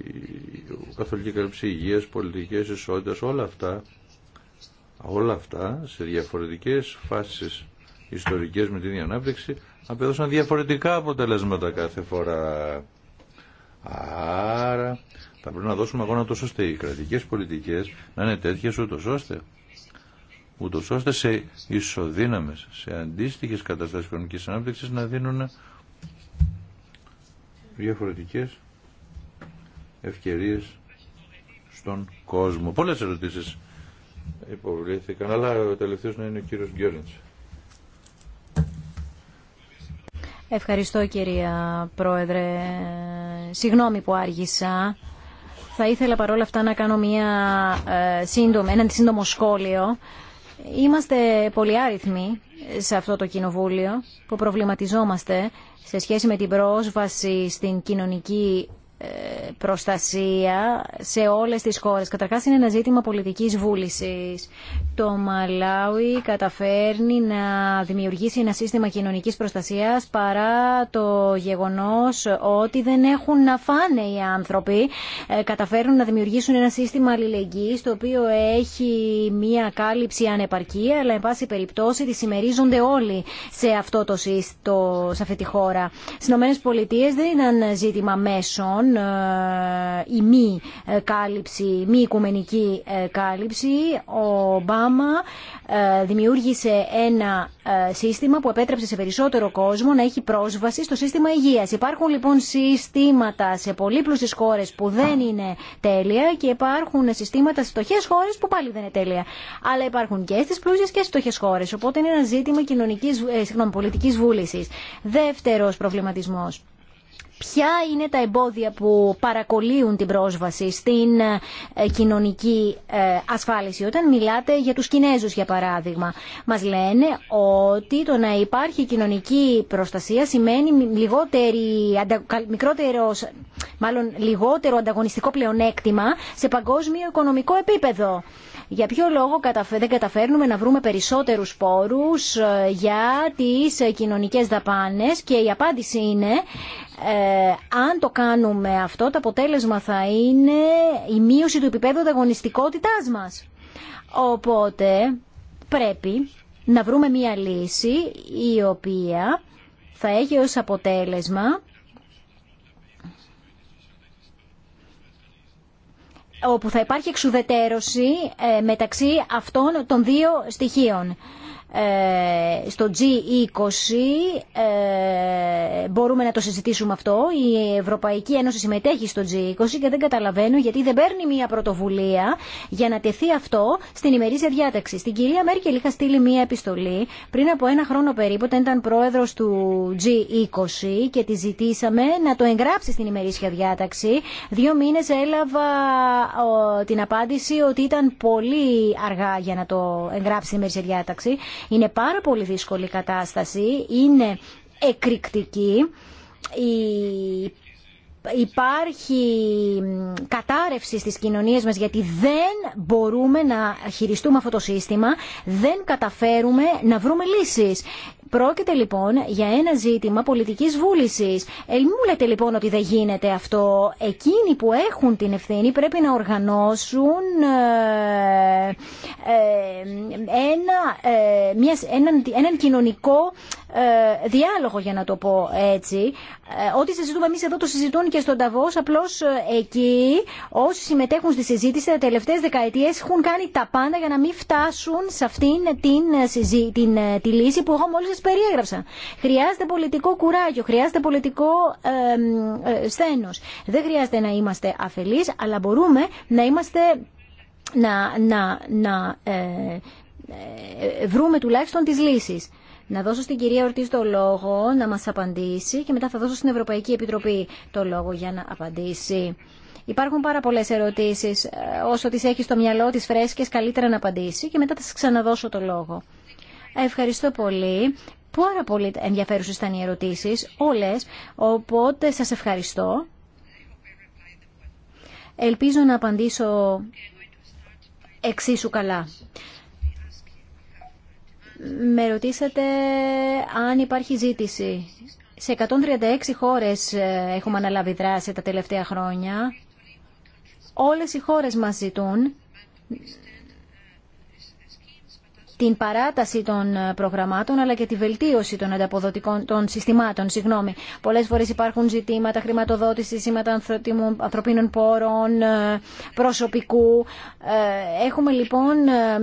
καθολική κάλυψη υγείας, πολιτικές ισότητας, όλα αυτά, όλα αυτά σε διαφορετικές φάσεις ιστορικές με την ίδια ανάπτυξη απέδωσαν διαφορετικά αποτελέσματα κάθε φορά. Άρα θα πρέπει να δώσουμε αγώνα τόσο ώστε οι κρατικές πολιτικές να είναι τέτοιες ούτω ώστε ούτως ώστε σε ισοδύναμες, σε αντίστοιχες καταστάσεις οικονομικής ανάπτυξης να δίνουν διαφορετικές ευκαιρίες στον κόσμο. Πολλές ερωτήσεις υποβλήθηκαν, αλλά ο τελευταίος να είναι ο κύριος Γκέρντς. Ευχαριστώ κυρία Πρόεδρε. Συγγνώμη που άργησα. Θα ήθελα παρόλα αυτά να κάνω μια, ε, σύντομη, ένα σύντομο σχόλιο. Είμαστε πολυάριθμοι σε αυτό το κοινοβούλιο που προβληματιζόμαστε σε σχέση με την πρόσβαση στην κοινωνική ε, προστασία σε όλες τις χώρες. Καταρχάς είναι ένα ζήτημα πολιτικής βούλησης. Το Μαλάουι καταφέρνει να δημιουργήσει ένα σύστημα κοινωνικής προστασίας παρά το γεγονός ότι δεν έχουν να φάνε οι άνθρωποι. Ε, καταφέρνουν να δημιουργήσουν ένα σύστημα αλληλεγγύης το οποίο έχει μία κάλυψη ανεπαρκή αλλά εν πάση περιπτώσει τη συμμερίζονται όλοι σε, αυτό το, σε αυτή τη χώρα. Στις ΗΠΑ δεν ήταν ζήτημα μέσων ε, η μη ε, κάλυψη, μη οικουμενική ε, κάλυψη. Ο Ομπάμα δημιούργησε ένα σύστημα που επέτρεψε σε περισσότερο κόσμο να έχει πρόσβαση στο σύστημα υγείας. Υπάρχουν λοιπόν συστήματα σε πολύπλουσες χώρες που δεν είναι τέλεια και υπάρχουν συστήματα σε φτωχές χώρες που πάλι δεν είναι τέλεια. Αλλά υπάρχουν και στις πλούσιες και στις φτωχές χώρες. Οπότε είναι ένα ζήτημα κοινωνικής, ε, συγγνώμη, πολιτικής βούλησης. Δεύτερος προβληματισμός ποια είναι τα εμπόδια που παρακολύουν την πρόσβαση στην ε, κοινωνική ε, ασφάλιση. Όταν μιλάτε για τους Κινέζους, για παράδειγμα, μας λένε ότι το να υπάρχει κοινωνική προστασία σημαίνει λιγότερη, μάλλον λιγότερο ανταγωνιστικό πλεονέκτημα σε παγκόσμιο οικονομικό επίπεδο. Για ποιο λόγο δεν καταφέρνουμε να βρούμε περισσότερους πόρους ε, για τις ε, κοινωνικές δαπάνες και η απάντηση είναι ε, αν το κάνουμε αυτό το αποτέλεσμα θα είναι η μείωση του επίπεδου ανταγωνιστικότητά μας. Οπότε πρέπει να βρούμε μια λύση η οποία θα έχει ως αποτέλεσμα όπου θα υπάρχει εξουδετερώση ε, μεταξύ αυτών των δύο στοιχείων στο G20 ε, μπορούμε να το συζητήσουμε αυτό. Η Ευρωπαϊκή Ένωση συμμετέχει στο G20 και δεν καταλαβαίνω γιατί δεν παίρνει μια πρωτοβουλία για να τεθεί αυτό στην ημερήσια διάταξη. Στην κυρία Μέρκελ είχα στείλει μια επιστολή πριν από ένα χρόνο περίπου όταν ήταν πρόεδρος του G20 και τη ζητήσαμε να το εγγράψει στην ημερήσια διάταξη. Δύο μήνες έλαβα την απάντηση ότι ήταν πολύ αργά για να το εγγράψει στην ημερήσια διάταξη. Είναι πάρα πολύ δύσκολη η κατάσταση, είναι εκρηκτική. Η υπάρχει κατάρρευση στις κοινωνίες μας γιατί δεν μπορούμε να χειριστούμε αυτό το σύστημα, δεν καταφέρουμε να βρούμε λύσεις. Πρόκειται λοιπόν για ένα ζήτημα πολιτικής βούλησης. Ε, μου λέτε λοιπόν ότι δεν γίνεται αυτό. Εκείνοι που έχουν την ευθύνη πρέπει να οργανώσουν ε, ε, ένα, ε, μια, έναν, κοινωνικό διάλογο για να το πω έτσι. Ό,τι συζητούμε εμεί εδώ το συζητούν και στον Ταβό. Απλώ εκεί όσοι συμμετέχουν στη συζήτηση τα τελευταίε δεκαετίε έχουν κάνει τα πάντα για να μην φτάσουν σε αυτήν την, τη λύση που εγώ μόλι σα περιέγραψα. Χρειάζεται πολιτικό κουράγιο, χρειάζεται πολιτικό ε, ε, Δεν χρειάζεται να είμαστε αφελείς, αλλά μπορούμε να είμαστε... Να, να, να ε, ε, βρούμε τουλάχιστον τις λύσεις. Να δώσω στην κυρία Ορτής το λόγο να μας απαντήσει και μετά θα δώσω στην Ευρωπαϊκή Επιτροπή το λόγο για να απαντήσει. Υπάρχουν πάρα πολλές ερωτήσεις. Ε, όσο τις έχει στο μυαλό τις φρέσκες, καλύτερα να απαντήσει και μετά θα σας ξαναδώσω το λόγο. Ευχαριστώ πολύ. Πάρα πολύ ενδιαφέρουσες ήταν οι ερωτήσεις, όλες, οπότε σας ευχαριστώ. Ελπίζω να απαντήσω εξίσου καλά. Με ρωτήσατε αν υπάρχει ζήτηση. Σε 136 χώρες ε, έχουμε αναλάβει δράση τα τελευταία χρόνια. Όλες οι χώρες μας ζητούν την παράταση των ε, προγραμμάτων αλλά και τη βελτίωση των ανταποδοτικών των συστημάτων. Συγγνώμη. Πολλές φορές υπάρχουν ζητήματα χρηματοδότηση ζητήματα ανθρωπίνων πόρων, ε, προσωπικού. Ε, έχουμε λοιπόν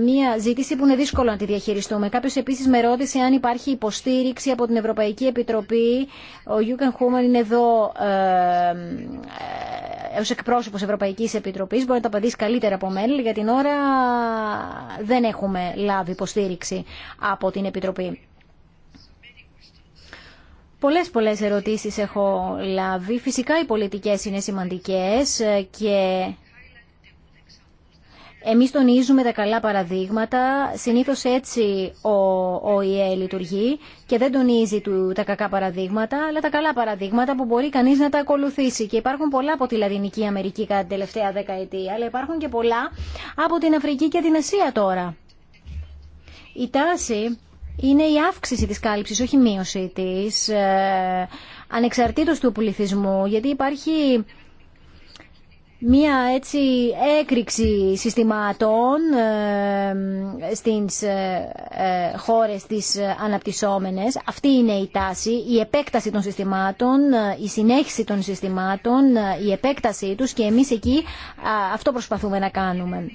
μια ζήτηση που είναι δύσκολο να τη διαχειριστούμε. Κάποιο επίση με ρώτησε αν υπάρχει υποστήριξη από την Ευρωπαϊκή Επιτροπή. Ο Γιούκεν Χούμερ είναι εδώ ως εκπρόσωπος Ευρωπαϊκής Επιτροπής μπορεί να τα απαντήσει καλύτερα από μένα, για την ώρα δεν έχουμε λάβει υποστήριξη από την Επιτροπή. Πολλές πολλές ερωτήσεις έχω λάβει. Φυσικά οι πολιτικές είναι σημαντικές και εμείς τονίζουμε τα καλά παραδείγματα, συνήθως έτσι ο ΙΕ λειτουργεί και δεν τονίζει του, τα κακά παραδείγματα, αλλά τα καλά παραδείγματα που μπορεί κανείς να τα ακολουθήσει. Και υπάρχουν πολλά από τη Λατινική Αμερική κατά την τελευταία δεκαετία, αλλά υπάρχουν και πολλά από την Αφρική και την Ασία τώρα. Η τάση είναι η αύξηση της κάλυψης, όχι η μείωση της, ε, ανεξαρτήτως του πληθυσμού, γιατί υπάρχει μία έτσι έκρηξη συστημάτων ε, στις ε, ε, χώρες τις αναπτυσσόμενες. Αυτή είναι η τάση, η επέκταση των συστημάτων, η συνέχιση των συστημάτων, η επέκτασή τους και εμείς εκεί αυτό προσπαθούμε να κάνουμε.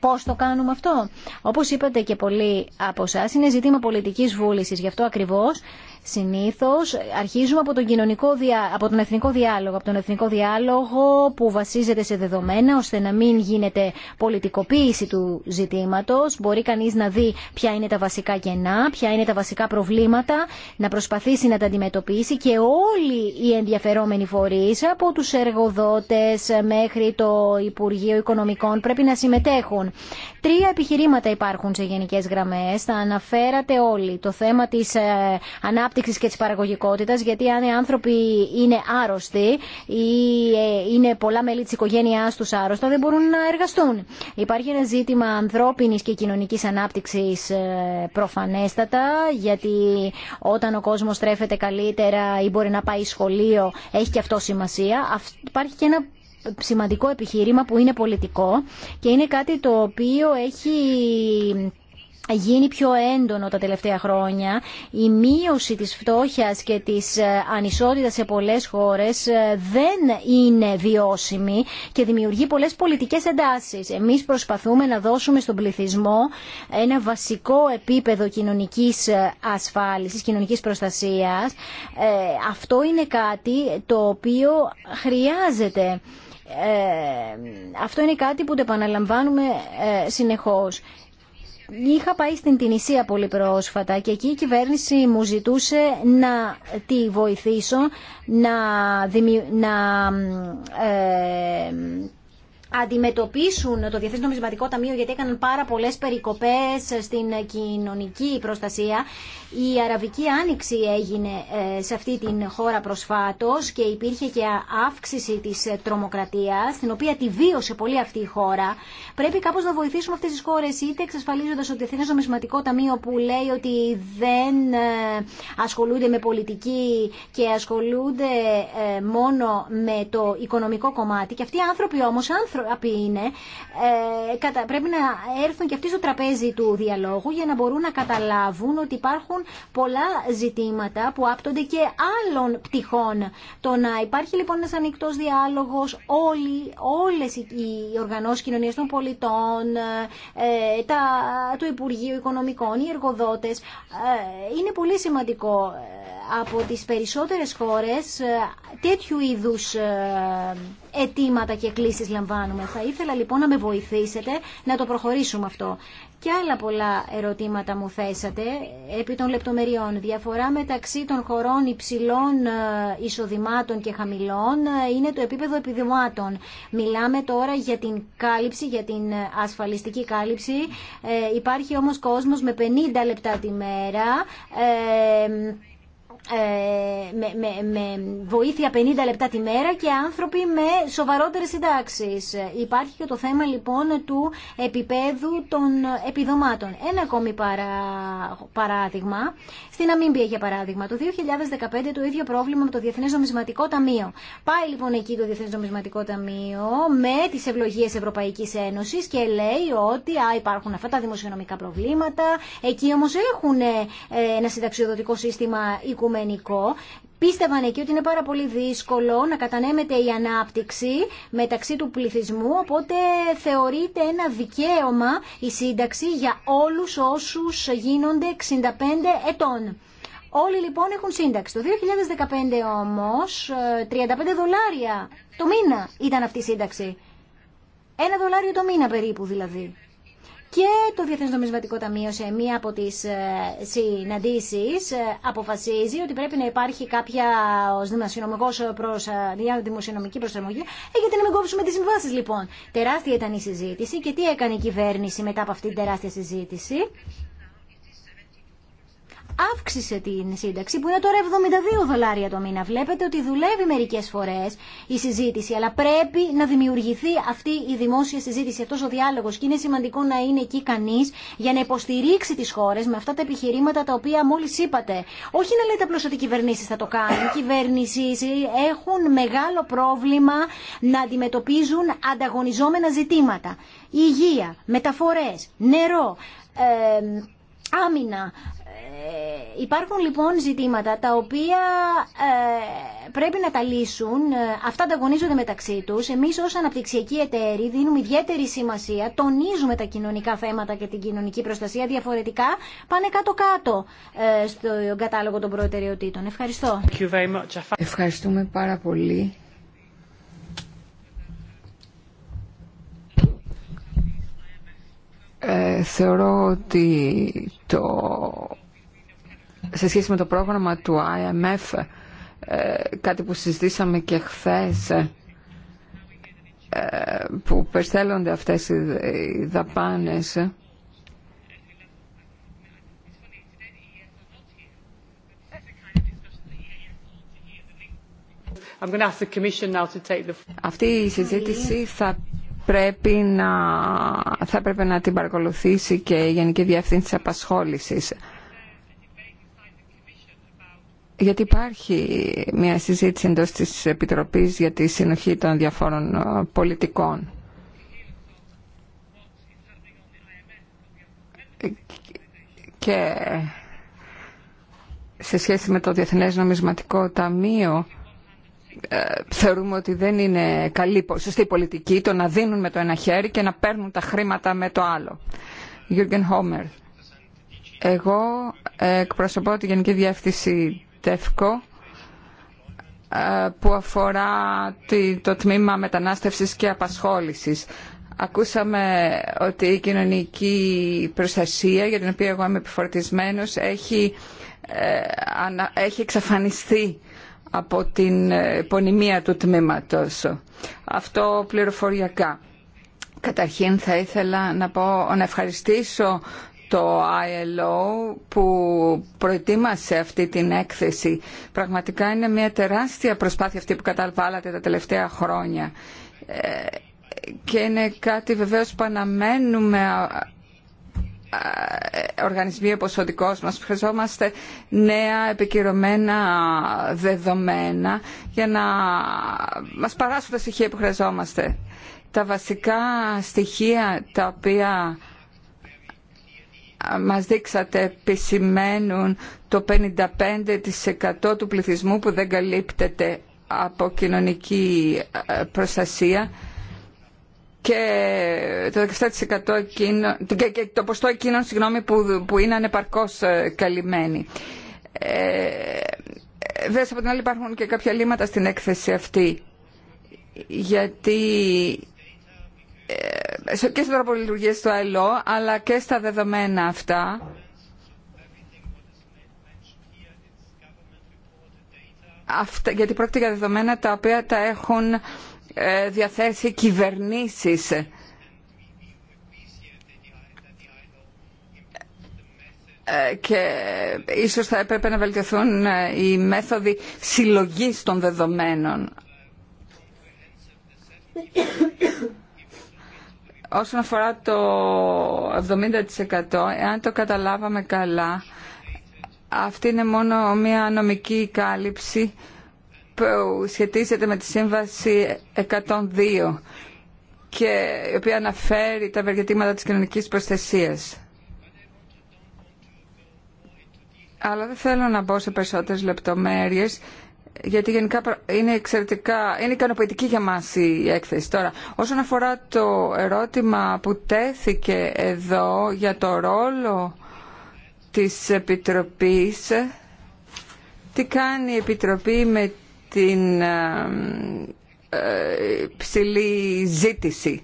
Πώς το κάνουμε αυτό. Όπως είπατε και πολλοί από εσά, είναι ζήτημα πολιτικής βούλησης. Γι' αυτό ακριβώς Συνήθως αρχίζουμε από τον, κοινωνικό, από τον εθνικό διάλογο, από τον εθνικό διάλογο που βασίζεται σε δεδομένα ώστε να μην γίνεται πολιτικοποίηση του ζητήματος. Μπορεί κανείς να δει ποια είναι τα βασικά κενά, ποια είναι τα βασικά προβλήματα, να προσπαθήσει να τα αντιμετωπίσει και όλοι οι ενδιαφερόμενοι φορείς από τους εργοδότες μέχρι το Υπουργείο Οικονομικών πρέπει να συμμετέχουν. Τρία επιχειρήματα υπάρχουν σε γενικές γραμμές, τα αναφέρατε όλοι. Το θέμα της ε, ανάπτυξης ανάπτυξη και τη παραγωγικότητα, γιατί αν οι άνθρωποι είναι άρρωστοι ή ε, είναι πολλά μέλη τη οικογένειά του άρρωστα, δεν μπορούν να εργαστούν. Υπάρχει ένα ζήτημα ανθρώπινης και κοινωνικής ανάπτυξης ε, προφανέστατα, γιατί όταν ο κόσμος τρέφεται καλύτερα ή μπορεί να πάει σχολείο, έχει και αυτό σημασία. Υπάρχει και ένα σημαντικό επιχείρημα που είναι πολιτικό και είναι κάτι το οποίο έχει γίνει πιο έντονο τα τελευταία χρόνια. Η μείωση της φτώχειας και της ε, ανισότητας σε πολλές χώρες ε, δεν είναι βιώσιμη και δημιουργεί πολλές πολιτικές εντάσεις. Εμείς προσπαθούμε να δώσουμε στον πληθυσμό ένα βασικό επίπεδο κοινωνικής ε, ασφάλισης, κοινωνικής προστασίας. Αυτό είναι κάτι το οποίο χρειάζεται. Αυτό είναι κάτι που το επαναλαμβάνουμε συνεχώς. Είχα πάει στην Τινησία πολύ πρόσφατα και εκεί η κυβέρνηση μου ζητούσε να τη βοηθήσω να, δημιου... να ε, αντιμετωπίσουν το Διεθνές Νομισματικό Ταμείο γιατί έκαναν πάρα πολλές περικοπές στην κοινωνική προστασία. Η Αραβική Άνοιξη έγινε ε, σε αυτή την χώρα προσφάτως και υπήρχε και αύξηση της τρομοκρατίας, την οποία τη βίωσε πολύ αυτή η χώρα. Πρέπει κάπως να βοηθήσουμε αυτές τις χώρες είτε εξασφαλίζοντας το Διεθνές Νομισματικό Ταμείο που λέει ότι δεν ε, ασχολούνται με πολιτική και ασχολούνται ε, μόνο με το οικονομικό κομμάτι και αυτοί οι άνθρωποι όμως, άνθρωποι είναι, ε, πρέπει να έρθουν και αυτοί στο τραπέζι του διαλόγου για να μπορούν να καταλάβουν ότι υπάρχουν πολλά ζητήματα που άπτονται και άλλων πτυχών. Το να υπάρχει λοιπόν ένας ανοιχτό διάλογος, όλοι, όλες οι οργανώσεις Κοινωνία των πολιτών, ε, τα, του Υπουργείου Οικονομικών, οι εργοδότες, ε, είναι πολύ σημαντικό από τις περισσότερες χώρες τέτοιου είδους αιτήματα και κλήσεις λαμβάνουν. Θα ήθελα λοιπόν να με βοηθήσετε να το προχωρήσουμε αυτό. Και άλλα πολλά ερωτήματα μου θέσατε επί των λεπτομεριών. Διαφορά μεταξύ των χωρών υψηλών ε, εισοδημάτων και χαμηλών ε, είναι το επίπεδο επιδημάτων. Μιλάμε τώρα για την κάλυψη, για την ε, ασφαλιστική κάλυψη. Ε, υπάρχει όμως κόσμος με 50 λεπτά τη μέρα. Ε, με, με, με βοήθεια 50 λεπτά τη μέρα και άνθρωποι με σοβαρότερες συντάξεις. Υπάρχει και το θέμα λοιπόν του επίπεδου των επιδομάτων. Ένα ακόμη παρα, παράδειγμα, στην Αμήμπια για παράδειγμα, το 2015 το ίδιο πρόβλημα με το Διεθνές Νομισματικό Ταμείο. Πάει λοιπόν εκεί το Διεθνές Νομισματικό Ταμείο με τις ευλογίες Ευρωπαϊκής Ένωσης και λέει ότι α, υπάρχουν αυτά τα δημοσιονομικά προβλήματα, εκεί όμως έχουν ε, ένα συνταξιοδοτικό σύστημα Οικουμενικό πίστευαν εκεί ότι είναι πάρα πολύ δύσκολο να κατανέμεται η ανάπτυξη μεταξύ του πληθυσμού, οπότε θεωρείται ένα δικαίωμα η σύνταξη για όλους όσους γίνονται 65 ετών. Όλοι λοιπόν έχουν σύνταξη. Το 2015 όμως 35 ε, δολάρια το μήνα ήταν αυτή η σύνταξη. Ένα δολάριο το μήνα περίπου δηλαδή και το Διεθνές Νομισματικό Ταμείο σε μία από τις ε, συναντήσεις ε, αποφασίζει ότι πρέπει να υπάρχει κάποια δημοσιονομικός προς, ε, δημοσιονομική προσαρμογή. Ε, να μην κόψουμε τις συμβάσεις λοιπόν. Τεράστια ήταν η συζήτηση και τι έκανε η κυβέρνηση μετά από αυτή την τεράστια συζήτηση αύξησε την σύνταξη που είναι τώρα 72 δολάρια το μήνα. Βλέπετε ότι δουλεύει μερικές φορές η συζήτηση, αλλά πρέπει να δημιουργηθεί αυτή η δημόσια συζήτηση, αυτός ο διάλογος και είναι σημαντικό να είναι εκεί κανείς για να υποστηρίξει τις χώρες με αυτά τα επιχειρήματα τα οποία μόλις είπατε. Όχι να λέτε απλώς ότι οι κυβερνήσεις θα το κάνουν. Οι κυβερνήσεις έχουν μεγάλο πρόβλημα να αντιμετωπίζουν ανταγωνιζόμενα ζητήματα. Υγεία, μεταφορές, νερό, ε, άμυνα, ε, υπάρχουν λοιπόν ζητήματα τα οποία ε, πρέπει να τα λύσουν. Ε, αυτά ανταγωνίζονται μεταξύ του. Εμεί ω αναπτυξιακοί εταίροι δίνουμε ιδιαίτερη σημασία, τονίζουμε τα κοινωνικά θέματα και την κοινωνική προστασία. Διαφορετικά πάνε κάτω-κάτω ε, στο κατάλογο των προτεραιοτήτων. Ευχαριστώ. Ευχαριστούμε πάρα πολύ. Ε, θεωρώ ότι το σε σχέση με το πρόγραμμα του IMF, ε, κάτι που συζητήσαμε και χθες, ε, που περιστέλλονται αυτές οι δαπάνες, Αυτή η συζήτηση θα πρέπει να, να την παρακολουθήσει και η Γενική Διεύθυνση Απασχόλησης γιατί υπάρχει μια συζήτηση εντός της Επιτροπής για τη συνοχή των διαφόρων ε, πολιτικών. Και σε σχέση με το Διεθνές Νομισματικό Ταμείο ε, θεωρούμε ότι δεν είναι καλή, σωστή πολιτική το να δίνουν με το ένα χέρι και να παίρνουν τα χρήματα με το άλλο. Γιούργεν Χόμερ, εγώ ε, εκπροσωπώ τη Γενική Διεύθυνση ε, που αφορά το τμήμα μετανάστευσης και απασχόλησης. Ακούσαμε ότι η κοινωνική προστασία για την οποία εγώ είμαι επιφορτισμένος έχει, ε, έχει εξαφανιστεί από την ε, πονημία του τμήματος. Αυτό πληροφοριακά. Καταρχήν θα ήθελα να, πω, να ευχαριστήσω το ILO που προετοίμασε αυτή την έκθεση. Πραγματικά είναι μια τεράστια προσπάθεια αυτή που καταβάλατε τα τελευταία χρόνια. Ε, και είναι κάτι βεβαίως που αναμένουμε ε, οργανισμοί όπως ο δικός μας. Χρειαζόμαστε νέα επικυρωμένα δεδομένα για να μας παράσουν τα στοιχεία που χρειαζόμαστε. Τα βασικά στοιχεία τα οποία μας δείξατε επισημαίνουν το 55% του πληθυσμού που δεν καλύπτεται από κοινωνική ε, προστασία και το 17% και το ποστό εκείνων συγγνώμη, που, που είναι ανεπαρκώς ε, καλυμμένοι. Ε, Βέβαια, από την άλλη υπάρχουν και κάποια λύματα στην έκθεση αυτή γιατί ε, και στον τρόπο λειτουργία του ΑΕΛΟ, αλλά και στα δεδομένα αυτά. Αυτά, γιατί πρόκειται για δεδομένα τα οποία τα έχουν ε, διαθέσει κυβερνήσεις. Ε, και ίσως θα έπρεπε να βελτιωθούν οι μέθοδοι συλλογής των δεδομένων. Όσον αφορά το 70%, εάν το καταλάβαμε καλά, αυτή είναι μόνο μια νομική κάλυψη που σχετίζεται με τη Σύμβαση 102 και η οποία αναφέρει τα ευεργετήματα της κοινωνικής προστασίας. Αλλά δεν θέλω να μπω σε περισσότερες λεπτομέρειες γιατί γενικά είναι εξαιρετικά, είναι ικανοποιητική για μας η έκθεση. Τώρα, όσον αφορά το ερώτημα που τέθηκε εδώ για το ρόλο της Επιτροπής, τι κάνει η Επιτροπή με την ε, ε, ψηλή ζήτηση.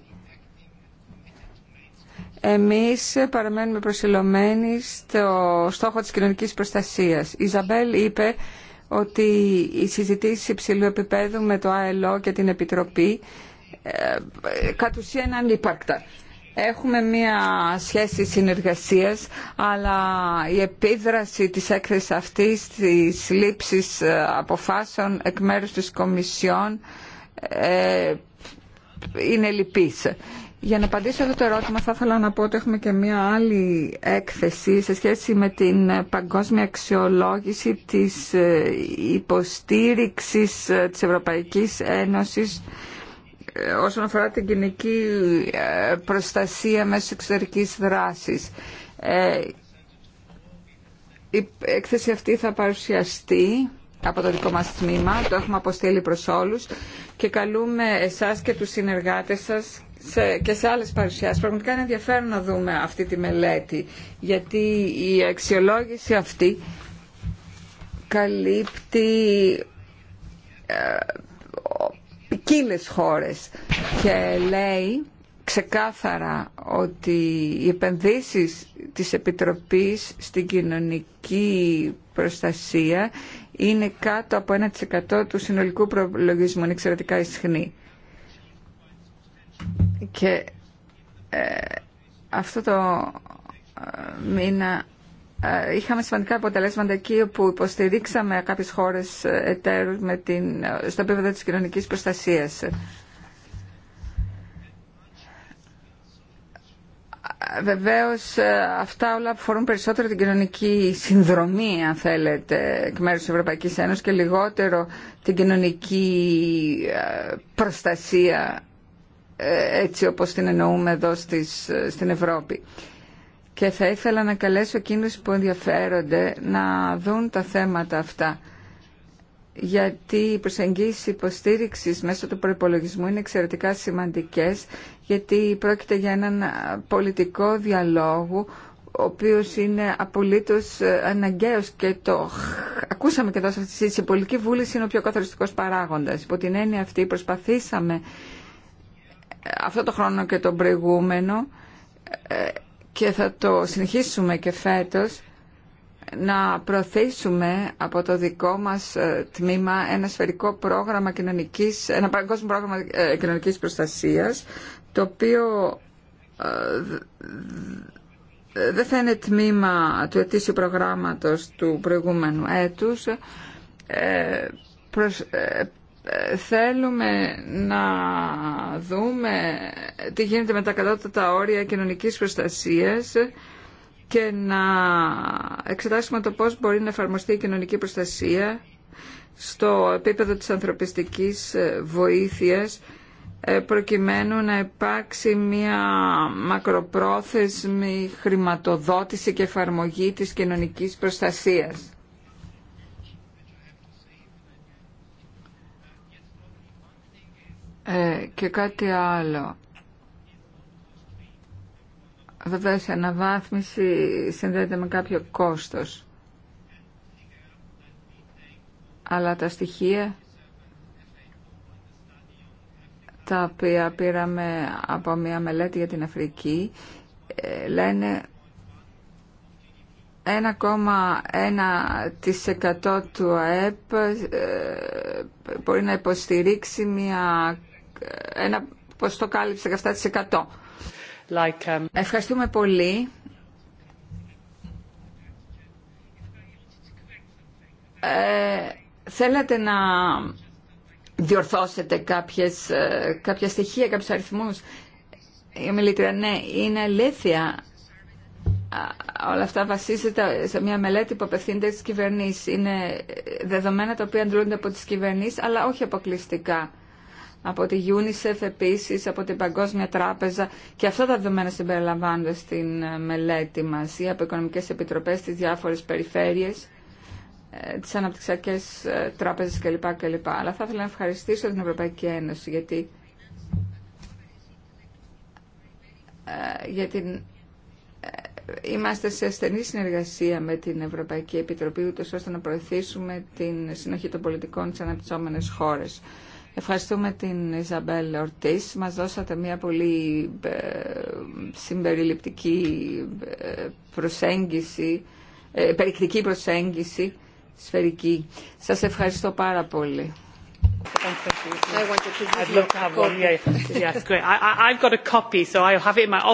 Εμείς παραμένουμε προσιλωμένοι στο στόχο της κοινωνικής προστασίας. Η Ζαμπέλ είπε ότι οι συζητήσει υψηλού επίπεδου με το ΑΕΛΟ και την Επιτροπή ε, κατ' ουσία είναι ανύπαρκτα. Έχουμε μία σχέση συνεργασίας, αλλά η επίδραση της έκθεσης αυτής, της λήψης ε, αποφάσεων εκ μέρους της Κομισιόν ε, είναι λυπής. Για να απαντήσω αυτό το ερώτημα θα ήθελα να πω ότι έχουμε και μία άλλη έκθεση σε σχέση με την παγκόσμια αξιολόγηση της ε, υποστήριξης ε, της Ευρωπαϊκής Ένωσης ε, όσον αφορά την κοινική προστασία μέσω εξωτερικής δράσης. Η έκθεση αυτή θα παρουσιαστεί από το δικό μας τμήμα, το έχουμε αποστείλει προς όλους και καλούμε εσάς και τους συνεργάτες σας σε, και σε άλλες παρουσιάσεις. Πραγματικά είναι ενδιαφέρον να δούμε αυτή τη μελέτη, γιατί η αξιολόγηση αυτή καλύπτει ε, ποικίλε χώρες και λέει ξεκάθαρα ότι οι επενδύσεις της Επιτροπής στην κοινωνική προστασία είναι κάτω από 1% του συνολικού προλογισμού, είναι εξαιρετικά ισχνή. Και ε, αυτό το ε, μήνα ε, είχαμε σημαντικά αποτελέσματα εκεί όπου υποστηρίξαμε κάποιες χώρες εταίρους με την, στο επίπεδο της κοινωνικής προστασίας. Βεβαίως αυτά όλα αφορούν περισσότερο την κοινωνική συνδρομή αν θέλετε εκ μέρους της Ευρωπαϊκής Ένωσης και λιγότερο την κοινωνική προστασία έτσι όπως την εννοούμε εδώ στην Ευρώπη. Και θα ήθελα να καλέσω εκείνους που ενδιαφέρονται να δουν τα θέματα αυτά. Γιατί οι προσεγγίσεις υποστήριξης μέσω του προπολογισμού είναι εξαιρετικά σημαντικές, γιατί πρόκειται για έναν πολιτικό διαλόγου, ο οποίος είναι απολύτως αναγκαίος και το ακούσαμε και εδώ σε αυτή τη συζήτηση. Η πολιτική βούληση είναι ο πιο καθοριστικός παράγοντας. Υπό την έννοια αυτή προσπαθήσαμε αυτό το χρόνο και τον προηγούμενο ε, και θα το συνεχίσουμε και φέτος να προωθήσουμε από το δικό μας ε, τμήμα ένα σφαιρικό πρόγραμμα κοινωνικής, ένα παγκόσμιο πρόγραμμα ε, κοινωνικής προστασίας το οποίο δεν θα είναι τμήμα του ετήσιου προγράμματος του προηγούμενου έτους θέλουμε να δούμε τι γίνεται με τα κατώτατα όρια κοινωνικής προστασίας και να εξετάσουμε το πώς μπορεί να εφαρμοστεί η κοινωνική προστασία στο επίπεδο της ανθρωπιστικής βοήθειας ε, προκειμένου να υπάρξει μια μακροπρόθεσμη χρηματοδότηση και εφαρμογή της κοινωνικής προστασίας. Ε, και κάτι άλλο. Βέβαια, η αναβάθμιση συνδέεται με κάποιο κόστος. Αλλά τα στοιχεία τα οποία πήραμε από μια μελέτη για την Αφρική ε, λένε 1,1% του ΑΕΠ ε, μπορεί να υποστηρίξει μια ένα ποσοστό κάλυψη 17%. Like, um... Ευχαριστούμε πολύ. Ε, θέλατε να διορθώσετε κάποιες, ε, κάποια στοιχεία, κάποιους αριθμούς. Η ομιλήτρια, ναι, είναι αλήθεια. Όλα αυτά βασίζεται σε μια μελέτη που απευθύνεται στις κυβερνήσεις. Είναι δεδομένα τα οποία αντλούνται από τις κυβερνήσεις, αλλά όχι αποκλειστικά από τη UNICEF επίσης, από την Παγκόσμια Τράπεζα και αυτά τα δεδομένα συμπεριλαμβάνονται στην ε, μελέτη μας ή από οικονομικές επιτροπές στις διάφορες περιφέρειες, ε, τις αναπτυξιακές ε, τράπεζες κλπ. κλπ. Αλλά θα ήθελα να ευχαριστήσω την Ευρωπαϊκή Ένωση γιατί για Είμαστε σε στενή συνεργασία με την Ευρωπαϊκή Επιτροπή, ούτως ώστε να προωθήσουμε την συνοχή των πολιτικών στις αναπτυσσόμενες χώρες. Ευχαριστούμε την Ιζαμπέλ Ορτής. Μας δώσατε μια πολύ ε, συμπεριληπτική ε, προσέγγιση, ε, περιεκτική προσέγγιση, σφαιρική. Σας ευχαριστώ πάρα πολύ.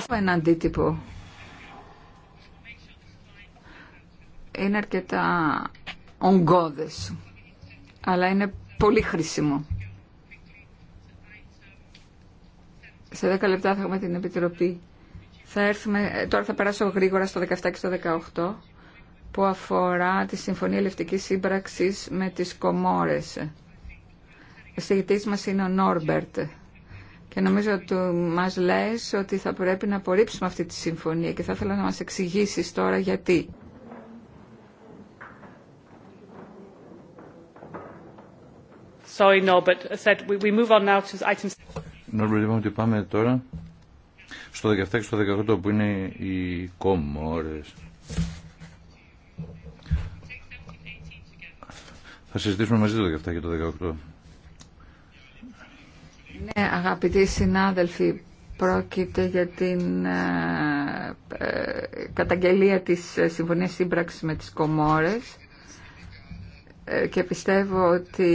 Έχω ένα αντίτυπο. Είναι αρκετά ογκώδες, αλλά είναι πολύ χρήσιμο. Σε 10 λεπτά θα έχουμε την Επιτροπή. Θα έρθουμε, ε, τώρα θα περάσω γρήγορα στο 17 και στο 18 που αφορά τη Συμφωνία Ελευτικής Σύμπραξης με τις Κομόρες. Ο συγητής μας είναι ο Νόρμπερτ. Και νομίζω ότι μας λες ότι θα πρέπει να απορρίψουμε αυτή τη συμφωνία και θα ήθελα να μας εξηγήσει τώρα γιατί. Sorry, Norbert, said we, move on now to Νομίζω είπαμε ότι πάμε τώρα στο 17 και στο 18 που είναι οι κομμόρες. Θα συζητήσουμε μαζί το 17 και το 18. Ναι, αγαπητοί συνάδελφοι, πρόκειται για την ε, ε, καταγγελία της ε, Συμφωνίας Σύμπραξης με τις Κομόρες και πιστεύω ότι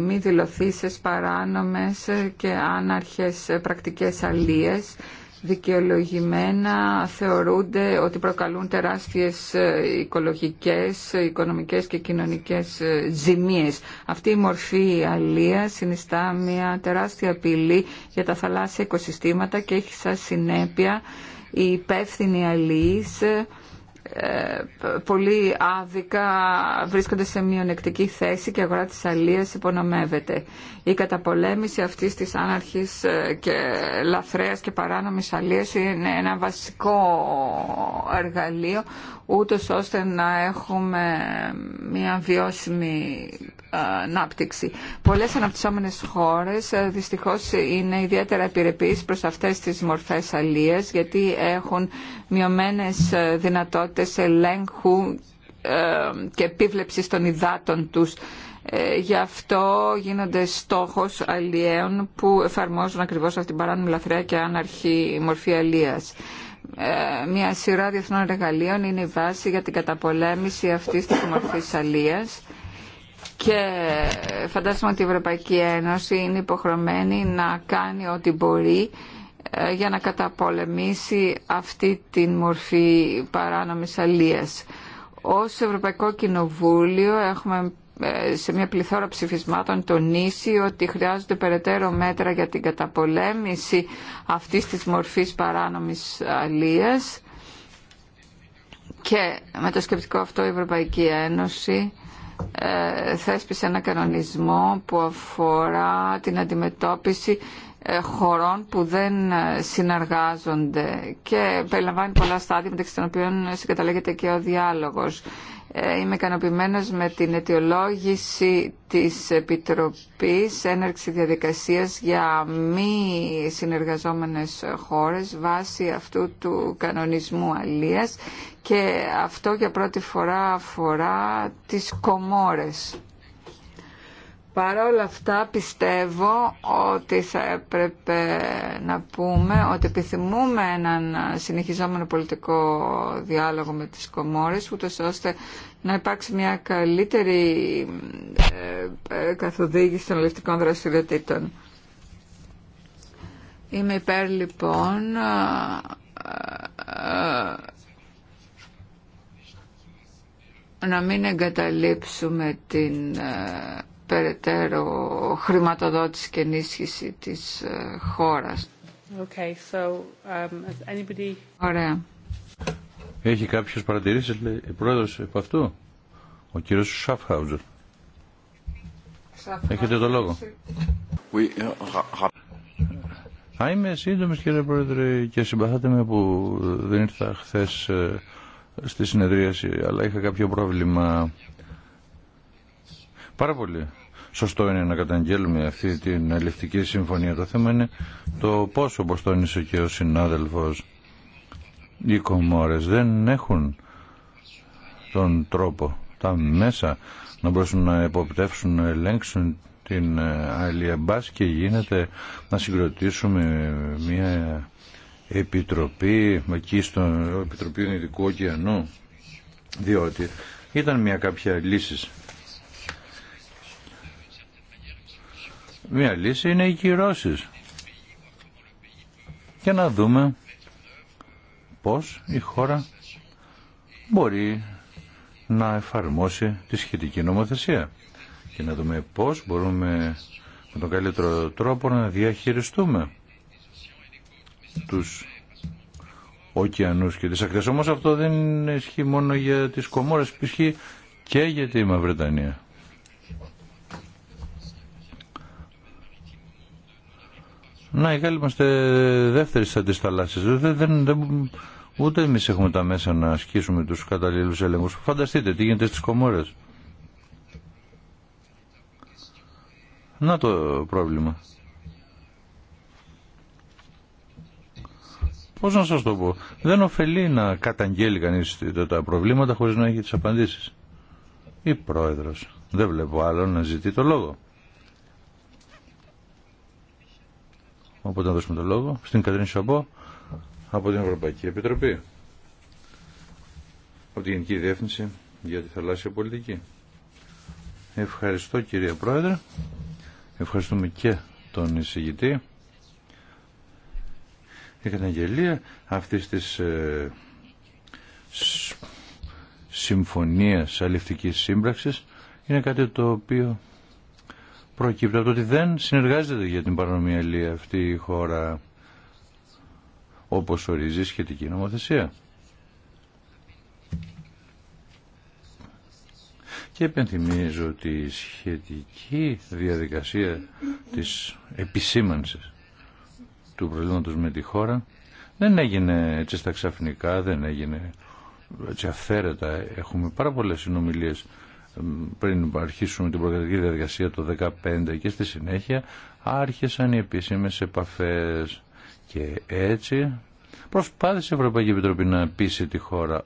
μη δηλωθήσεις παράνομες και άναρχες πρακτικές αλίες δικαιολογημένα θεωρούνται ότι προκαλούν τεράστιες οικολογικές, οικονομικές και κοινωνικές ζημίες. Αυτή η μορφή αλία συνιστά μια τεράστια απειλή για τα θαλάσσια οικοσυστήματα και έχει σαν συνέπεια η υπεύθυνη αλής πολύ άδικα βρίσκονται σε μειονεκτική θέση και η αγορά της αλίας υπονομεύεται. Η καταπολέμηση αυτής της άναρχης ε, και λαθρέας και παράνομης αλίας είναι ένα βασικό εργαλείο ούτως ώστε να έχουμε μια βιώσιμη ε, ανάπτυξη. Πολλές αναπτυσσόμενες χώρες ε, δυστυχώς είναι ιδιαίτερα επιρρεπείς προς αυτές τις μορφές αλίας γιατί έχουν μειωμένες δυνατότητες δυνατότητες ελέγχου ε, και επίβλεψης των υδάτων τους. Ε, γι' αυτό γίνονται στόχος αλλιέων που εφαρμόζουν ακριβώς αυτή την παράνομη λαθρέα και άναρχη μορφή αλίας. Ε, μια σειρά διεθνών εργαλείων είναι η βάση για την καταπολέμηση αυτής της μορφής αλίας και φαντάζομαι ότι η Ευρωπαϊκή Ένωση είναι υποχρεωμένη να κάνει ό,τι μπορεί ε, για να καταπολεμήσει αυτή τη μορφή παράνομης αλίας. Ως Ευρωπαϊκό Κοινοβούλιο έχουμε ε, σε μια πληθώρα ψηφισμάτων τονίσει ότι χρειάζονται περαιτέρω μέτρα για την καταπολέμηση αυτής της μορφής παράνομης αλίας και με το σκεπτικό αυτό η Ευρωπαϊκή Ένωση ε, θέσπισε ένα κανονισμό που αφορά την αντιμετώπιση ε, χωρών που δεν ε, συνεργάζονται και περιλαμβάνει πολλά στάδια μεταξύ των οποίων συγκαταλέγεται και ο διάλογος. Ε, είμαι ικανοποιημένο με την αιτιολόγηση της Επιτροπής έναρξη διαδικασίας για μη συνεργαζόμενες χώρες βάσει αυτού του κανονισμού αλίας και αυτό για πρώτη φορά αφορά τις κομόρες. Παρ' όλα αυτά πιστεύω ότι θα έπρεπε να πούμε ότι επιθυμούμε έναν συνεχιζόμενο πολιτικό διάλογο με τις Κομόρες ούτως ώστε να υπάρξει μια καλύτερη ε, ε, καθοδήγηση των λευτικών δραστηριοτήτων. Είμαι υπέρ λοιπόν ε, να μην εγκαταλείψουμε την περαιτέρω χρηματοδότηση και ενίσχυση της ε, χώρας. Okay, so, um, anybody... Ωραία. Έχει κάποιες παρατηρήσει λέει, ε, πρόεδρος από αυτού, ο κύριος Σαφχάουζερ. Έχετε το λόγο. Euh, Α, είμαι σύντομο, κύριε Πρόεδρε και συμπαθάτε με που ε, δεν ήρθα χθε στη συνεδρίαση, αλλά είχα κάποιο πρόβλημα Πάρα πολύ σωστό είναι να καταγγέλουμε αυτή την αλληλευτική συμφωνία. Το θέμα είναι το πόσο, όπως τόνισε και ο συνάδελφος, οι κομμόρες δεν έχουν τον τρόπο, τα μέσα να μπορέσουν να εποπτεύσουν, να ελέγξουν την ε, αλληλεμπά και γίνεται να συγκροτήσουμε μια επιτροπή εκεί στο Επιτροπή Ειδικού Ωκεανού διότι ήταν μια κάποια λύση Μία λύση είναι οι κυρώσει. Και να δούμε πώς η χώρα μπορεί να εφαρμόσει τη σχετική νομοθεσία και να δούμε πώς μπορούμε με τον καλύτερο τρόπο να διαχειριστούμε τους ωκεανούς και τις ακτές. Όμως αυτό δεν ισχύει μόνο για τις Κομόρες, ισχύει και για τη Μαυρετανία. Να, οι Γάλλοι είμαστε δεύτεροι στα τις Δεν, δεν, δεν, ούτε εμείς έχουμε τα μέσα να ασκήσουμε τους καταλήλους έλεγχους. Φανταστείτε τι γίνεται στις Κομόρες. Να το πρόβλημα. Πώς να σας το πω. Δεν ωφελεί να καταγγέλει κανείς τα προβλήματα χωρίς να έχει τις απαντήσεις. Ή πρόεδρος. Δεν βλέπω άλλο να ζητεί το λόγο. Οπότε να δώσουμε το λόγο στην Κατρίνη Σαμπό από την Ευρωπαϊκή Επιτροπή. Από την Γενική Διεύθυνση για τη Θαλάσσια Πολιτική. Ευχαριστώ κυρία Πρόεδρε. Ευχαριστούμε και τον εισηγητή. Η καταγγελία αυτής της ε, συμφωνίας αληφτική σύμπραξης είναι κάτι το οποίο προκύπτει από το ότι δεν συνεργάζεται για την παρανομιαλία αυτή η χώρα όπως ορίζει σχετική νομοθεσία. Και επενθυμίζω ότι η σχετική διαδικασία της επισήμανσης του προβλήματος με τη χώρα δεν έγινε έτσι στα ξαφνικά, δεν έγινε έτσι αυθαίρετα. Έχουμε πάρα πολλές συνομιλίες πριν αρχίσουμε την προκαταρκτική διαδικασία το 2015 και στη συνέχεια άρχισαν οι επίσημες επαφές και έτσι προσπάθησε η Ευρωπαϊκή Επιτροπή να πείσει τη χώρα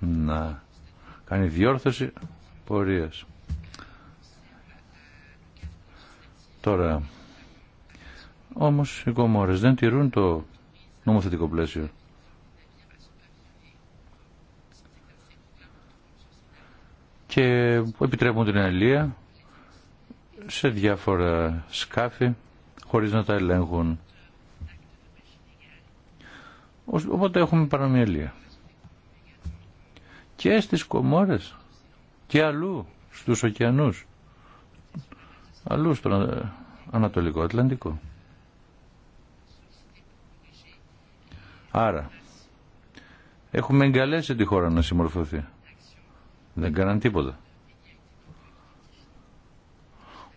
να κάνει διόρθωση πορείας. Τώρα, όμως οι κομμόρες δεν τηρούν το νομοθετικό πλαίσιο. και επιτρέπουν την αλληλεία σε διάφορα σκάφη χωρίς να τα ελέγχουν. Οπότε έχουμε παραμελία. Και στις κομόρες και αλλού στους ωκεανούς. Αλλού στον ε, Ανατολικό Ατλαντικό. Άρα, έχουμε εγκαλέσει τη χώρα να συμμορφωθεί. Δεν έκαναν τίποτα.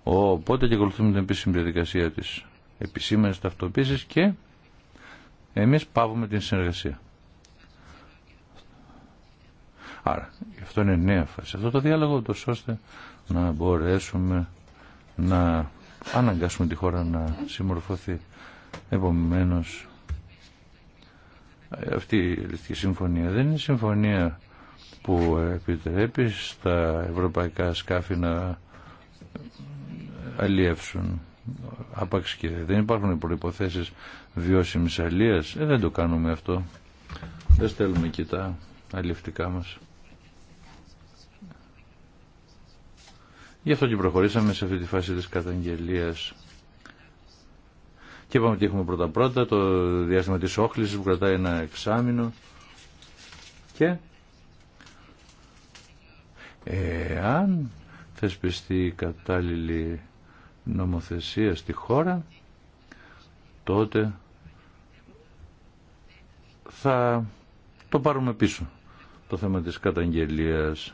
Οπότε και ακολουθούμε την επίσημη διαδικασία της επισήμενης ταυτοποίησης και εμείς πάβουμε την συνεργασία. Άρα, αυτό είναι νέα φάση. Αυτό το διάλογο, το ώστε να μπορέσουμε να αναγκάσουμε τη χώρα να συμμορφωθεί. Επομένως, αυτή η συμφωνία δεν είναι συμφωνία που επιτρέπει στα ευρωπαϊκά σκάφη να αλλιεύσουν άπαξ και δεν υπάρχουν προϋποθέσεις βιώσιμης αλίας ε, δεν το κάνουμε αυτό δεν στέλνουμε και τα αλλιευτικά μας γι' αυτό και προχωρήσαμε σε αυτή τη φάση της καταγγελίας και είπαμε ότι έχουμε πρώτα πρώτα το διάστημα της όχλησης που κρατάει ένα εξάμεινο και Εάν θεσπιστεί η κατάλληλη νομοθεσία στη χώρα, τότε θα το πάρουμε πίσω το θέμα της καταγγελίας.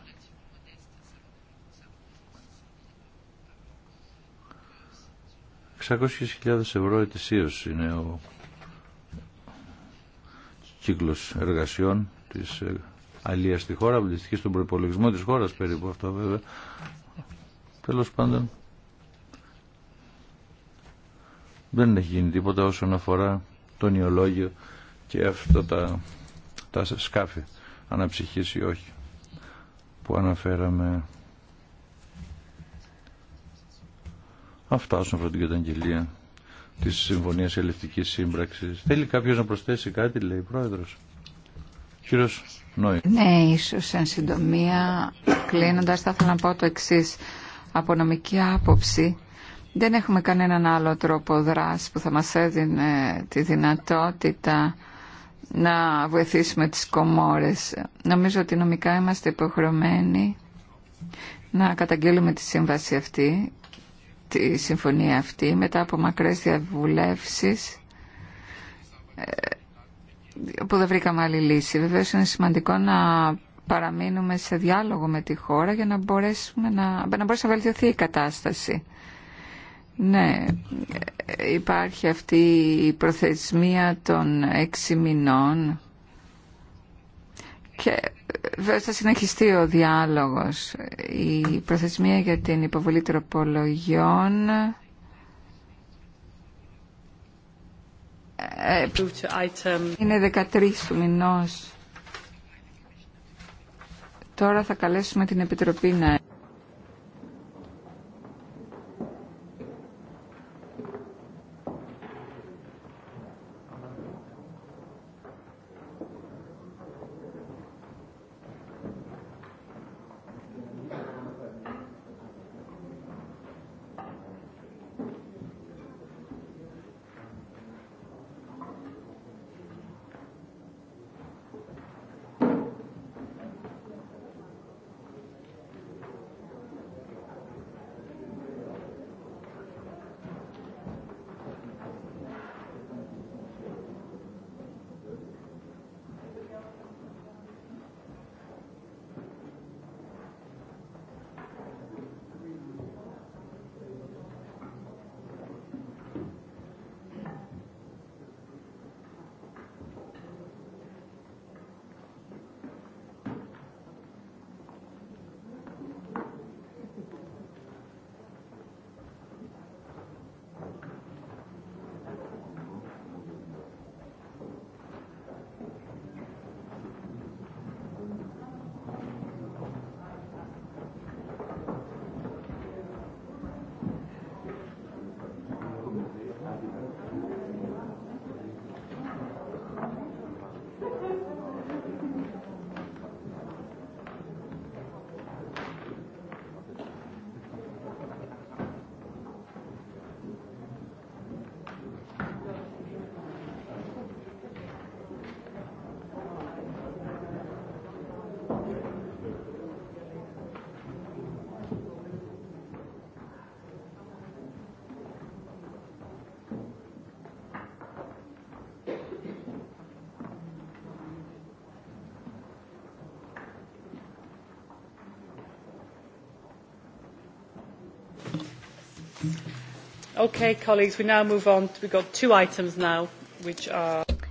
«600.000 ευρώ ετησίως είναι ο κύκλος εργασιών της ε, αλία στη χώρα, που στον προπολογισμό της χώρας περίπου αυτό βέβαια. Τέλος πάντων δεν έχει γίνει τίποτα όσον αφορά το νεολόγιο και αυτά τα, τα σκάφη αναψυχής ή όχι που αναφέραμε αυτά όσον αφορά την καταγγελία της Συμφωνίας Ελευτικής Σύμπραξης θέλει κάποιος να προσθέσει κάτι λέει πρόεδρος Κύριος Νόη. Ναι, ίσως εν συντομία, κλείνοντας, θα ήθελα να πω το εξή. Από νομική άποψη, δεν έχουμε κανέναν άλλο τρόπο δράση που θα μας έδινε τη δυνατότητα να βοηθήσουμε τις κομόρες. Νομίζω ότι νομικά είμαστε υποχρεωμένοι να καταγγείλουμε τη σύμβαση αυτή, τη συμφωνία αυτή, μετά από μακρές διαβουλεύσεις ε, που δεν βρήκαμε άλλη λύση. Βεβαίω είναι σημαντικό να παραμείνουμε σε διάλογο με τη χώρα για να, μπορέσουμε να, να μπορέσει να βελτιωθεί η κατάσταση. Ναι, υπάρχει αυτή η προθεσμία των έξι μηνών και βέβαια θα συνεχιστεί ο διάλογος. Η προθεσμία για την υποβολή τροπολογιών Είναι 13 του μηνός. Τώρα θα καλέσουμε την Επιτροπή να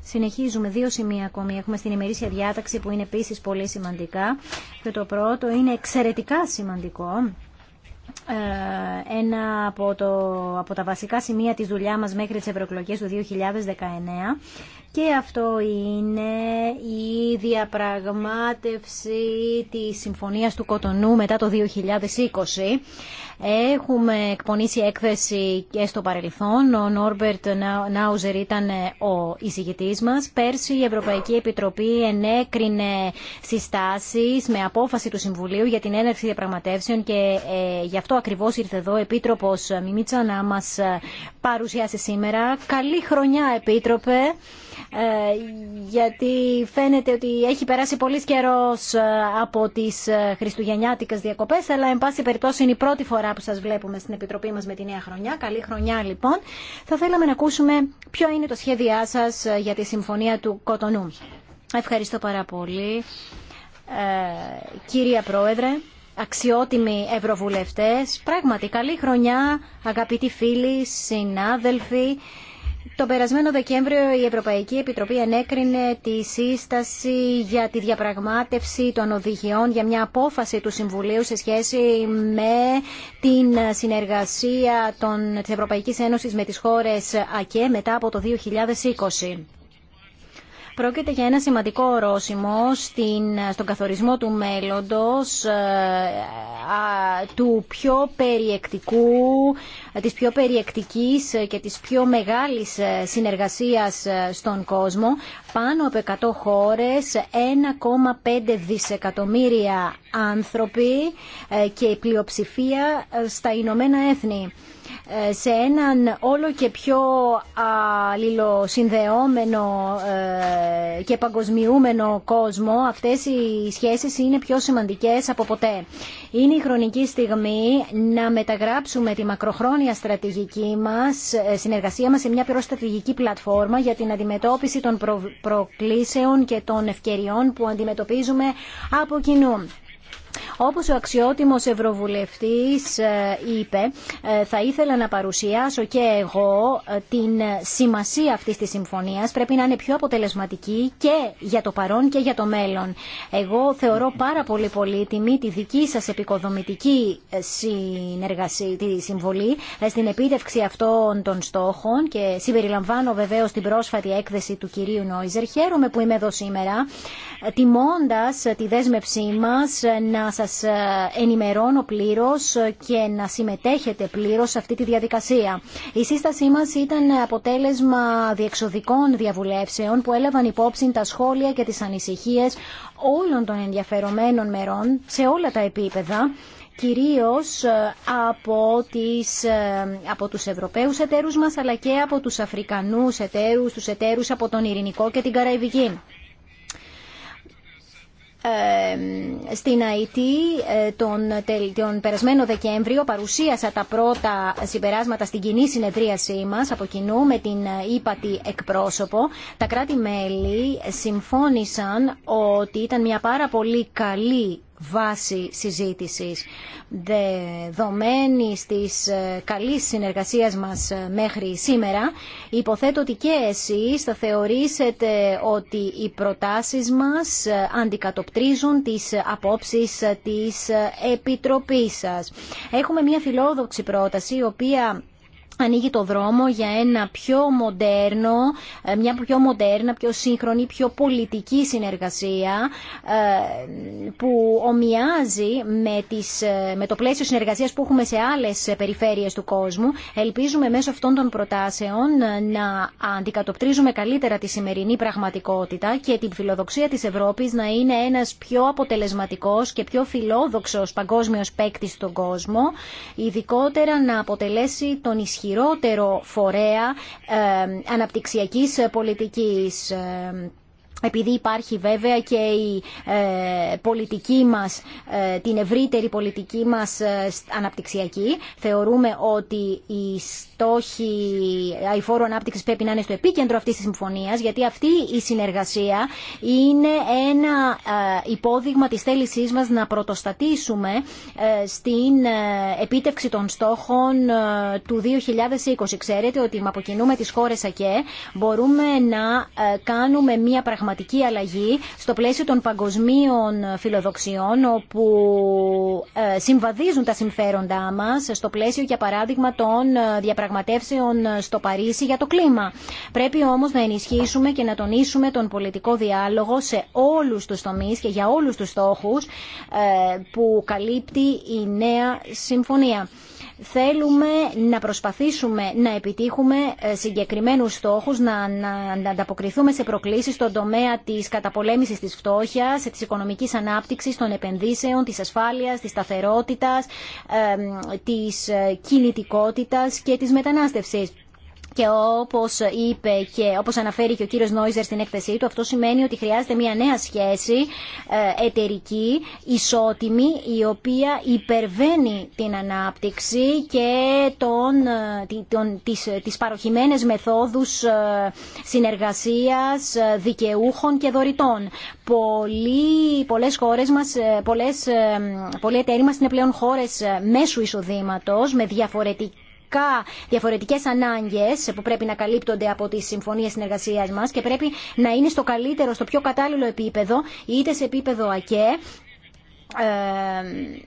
Συνεχίζουμε δύο σημεία ακόμη. Έχουμε στην ημερήσια διάταξη που είναι επίση πολύ σημαντικά. Και το πρώτο είναι εξαιρετικά σημαντικό. Ε, ένα από, το, από τα βασικά σημεία της δουλειά μας μέχρι τις ευρωεκλογέ του 2019 και αυτό είναι η διαπραγμάτευση της Συμφωνίας του Κοτονού μετά το 2020. Έχουμε εκπονήσει έκθεση και στο παρελθόν. Ο Νόρμπερτ Νάουζερ ήταν ε, ο εισηγητής μας. Πέρσι η Ευρωπαϊκή Επιτροπή ενέκρινε συστάσεις με απόφαση του Συμβουλίου για την έναρξη διαπραγματεύσεων και ε, γι' αυτό ακριβώς ήρθε εδώ ο Επίτροπος Μιμίτσα να μας ε, παρουσιάσει σήμερα. Καλή χρονιά, Επίτροπε, ε, γιατί φαίνεται ότι έχει περάσει πολύ καιρό ε, από τις ε, χριστουγεννιάτικες διακοπές, αλλά εν πάση περιπτώσει είναι η πρώτη φορά που σας βλέπουμε στην Επιτροπή μας με τη νέα χρονιά. Καλή χρονιά, λοιπόν. Θα θέλαμε να ακούσουμε ποιο είναι το σχέδιά σα για τη Συμφωνία του Κοτονού. Ευχαριστώ πάρα πολύ. Ε, κυρία Πρόεδρε, αξιότιμοι ευρωβουλευτές. Πράγματι, καλή χρονιά, αγαπητοί φίλοι, συνάδελφοι. Το περασμένο Δεκέμβριο η Ευρωπαϊκή Επιτροπή ενέκρινε τη σύσταση για τη διαπραγμάτευση των οδηγιών για μια απόφαση του Συμβουλίου σε σχέση με την συνεργασία των, της Ευρωπαϊκής Ένωσης με τις χώρες ΑΚΕ μετά από το 2020. Πρόκειται για ένα σημαντικό ορόσημο στην, στον καθορισμό του μέλλοντος ε, του πιο περιεκτικού, ε, της πιο περιεκτικής και της πιο μεγάλης ε, συνεργασίας στον κόσμο. Πάνω από 100 χώρες, 1,5 δισεκατομμύρια άνθρωποι και η πλειοψηφία στα Ηνωμένα Έθνη. Ε, σε έναν όλο και πιο αλληλοσυνδεόμενο ε, και παγκοσμιούμενο κόσμο αυτές οι σχέσεις είναι πιο σημαντικές από ποτέ. Είναι η χρονική στιγμή να μεταγράψουμε τη μακροχρόνια στρατηγική μας, ε, συνεργασία μας σε μια πιο στρατηγική πλατφόρμα για την αντιμετώπιση των προκλήσεων και των ευκαιριών που αντιμετωπίζουμε από κοινού. Όπως ο αξιότιμος Ευρωβουλευτής ε, είπε, ε, θα ήθελα να παρουσιάσω και εγώ ε, την σημασία αυτής της συμφωνίας. Πρέπει να είναι πιο αποτελεσματική και για το παρόν και για το μέλλον. Εγώ θεωρώ πάρα πολύ πολύτιμη τη δική σας επικοδομητική συνεργασία, τη συμβολή στην επίτευξη αυτών των στόχων και συμπεριλαμβάνω βεβαίως την πρόσφατη έκθεση του κυρίου Νόιζερ. Χαίρομαι που είμαι εδώ σήμερα, τιμώντας τη δέσμευσή μας να σας ε, ενημερώνω πλήρως και να συμμετέχετε πλήρως σε αυτή τη διαδικασία. Η σύστασή μας ήταν αποτέλεσμα διεξοδικών διαβουλεύσεων που έλαβαν υπόψη τα σχόλια και τις ανησυχίες όλων των ενδιαφερομένων μερών σε όλα τα επίπεδα κυρίως ε, από, τις, ε, από τους Ευρωπαίους εταίρους μας αλλά και από τους Αφρικανούς εταίρους, τους εταίρους από τον Ειρηνικό και την Καραϊβική στην ΑΕΤ τον, τον περασμένο Δεκέμβριο παρουσίασα τα πρώτα συμπεράσματα στην κοινή συνεδρίασή μας από κοινού με την ε, ύπατη εκπρόσωπο. Τα κράτη-μέλη συμφώνησαν ότι ήταν μια πάρα πολύ καλή βάση συζήτησης. Δεδομένη της ε, καλής συνεργασίας μας ε, μέχρι σήμερα, υποθέτω ότι και εσείς θα θεωρήσετε ότι οι προτάσεις μας ε, αντικατοπτρίζουν τις απόψεις της Επιτροπής σας. Έχουμε μια φιλόδοξη πρόταση, η οποία ανοίγει το δρόμο για ένα πιο μοντέρνο, ε, μια πιο μοντέρνα, πιο σύγχρονη, πιο πολιτική συνεργασία ε, που ομοιάζει με, τις, ε, με το πλαίσιο συνεργασίας που έχουμε σε άλλες περιφέρειες του κόσμου. Ελπίζουμε μέσω αυτών των προτάσεων να αντικατοπτρίζουμε καλύτερα τη σημερινή πραγματικότητα και την φιλοδοξία της Ευρώπης να είναι ένας πιο αποτελεσματικός και πιο φιλόδοξος παγκόσμιος παίκτη στον κόσμο, ειδικότερα να αποτελέσει τον ισχυρότερο φορέα ε, αναπτυξιακής πολιτικής ε, επειδή υπάρχει βέβαια και η ε, πολιτική μας, ε, την ευρύτερη πολιτική μας ε, αναπτυξιακή, θεωρούμε ότι οι στόχοι αηφόρου ανάπτυξης πρέπει να είναι στο επίκεντρο αυτής της συμφωνίας, γιατί αυτή η συνεργασία είναι ένα υπόδειγμα της θέλησής μας να πρωτοστατήσουμε στην επίτευξη των στόχων του 2020. Ξέρετε ότι με τις χώρες ΑΚΕ μπορούμε να κάνουμε μια πραγματική αλλαγή στο πλαίσιο των παγκοσμίων φιλοδοξιών όπου ε, συμβαδίζουν τα συμφέροντά μας στο πλαίσιο για παράδειγμα των ε, διαπραγματεύσεων στο Παρίσι για το κλίμα. Πρέπει όμως να ενισχύσουμε και να τονίσουμε τον πολιτικό διάλογο σε όλους τους τομείς και για όλους τους στόχους ε, που καλύπτει η νέα συμφωνία. Θέλουμε να προσπαθήσουμε να επιτύχουμε ε, συγκεκριμένους στόχους, να, να, να ανταποκριθούμε σε προκλήσεις στον τομέα της καταπολέμησης της φτώχειας, της οικονομικής ανάπτυξης, των επενδύσεων, της ασφάλειας, της σταθερότητας, ε, της ε, κινητικότητας και της μετανάστευσης και όπως είπε και όπως αναφέρει και ο κύριος Νόιζερ στην έκθεσή του, αυτό σημαίνει ότι χρειάζεται μια νέα σχέση ε, εταιρική, ισότιμη, η οποία υπερβαίνει την ανάπτυξη και τον, ε, τον, τις, τις παροχημένες μεθόδους ε, συνεργασίας δικαιούχων και δωρητών. Πολλοί, πολλές χώρες μας, πολλές, πολλοί εταίροι μας είναι πλέον χώρες μέσου εισοδήματος, με διαφορετική διαφορετικά, διαφορετικές ανάγκες που πρέπει να καλύπτονται από τις συμφωνίες συνεργασίας μας και πρέπει να είναι στο καλύτερο, στο πιο κατάλληλο επίπεδο, είτε σε επίπεδο ΑΚΕ,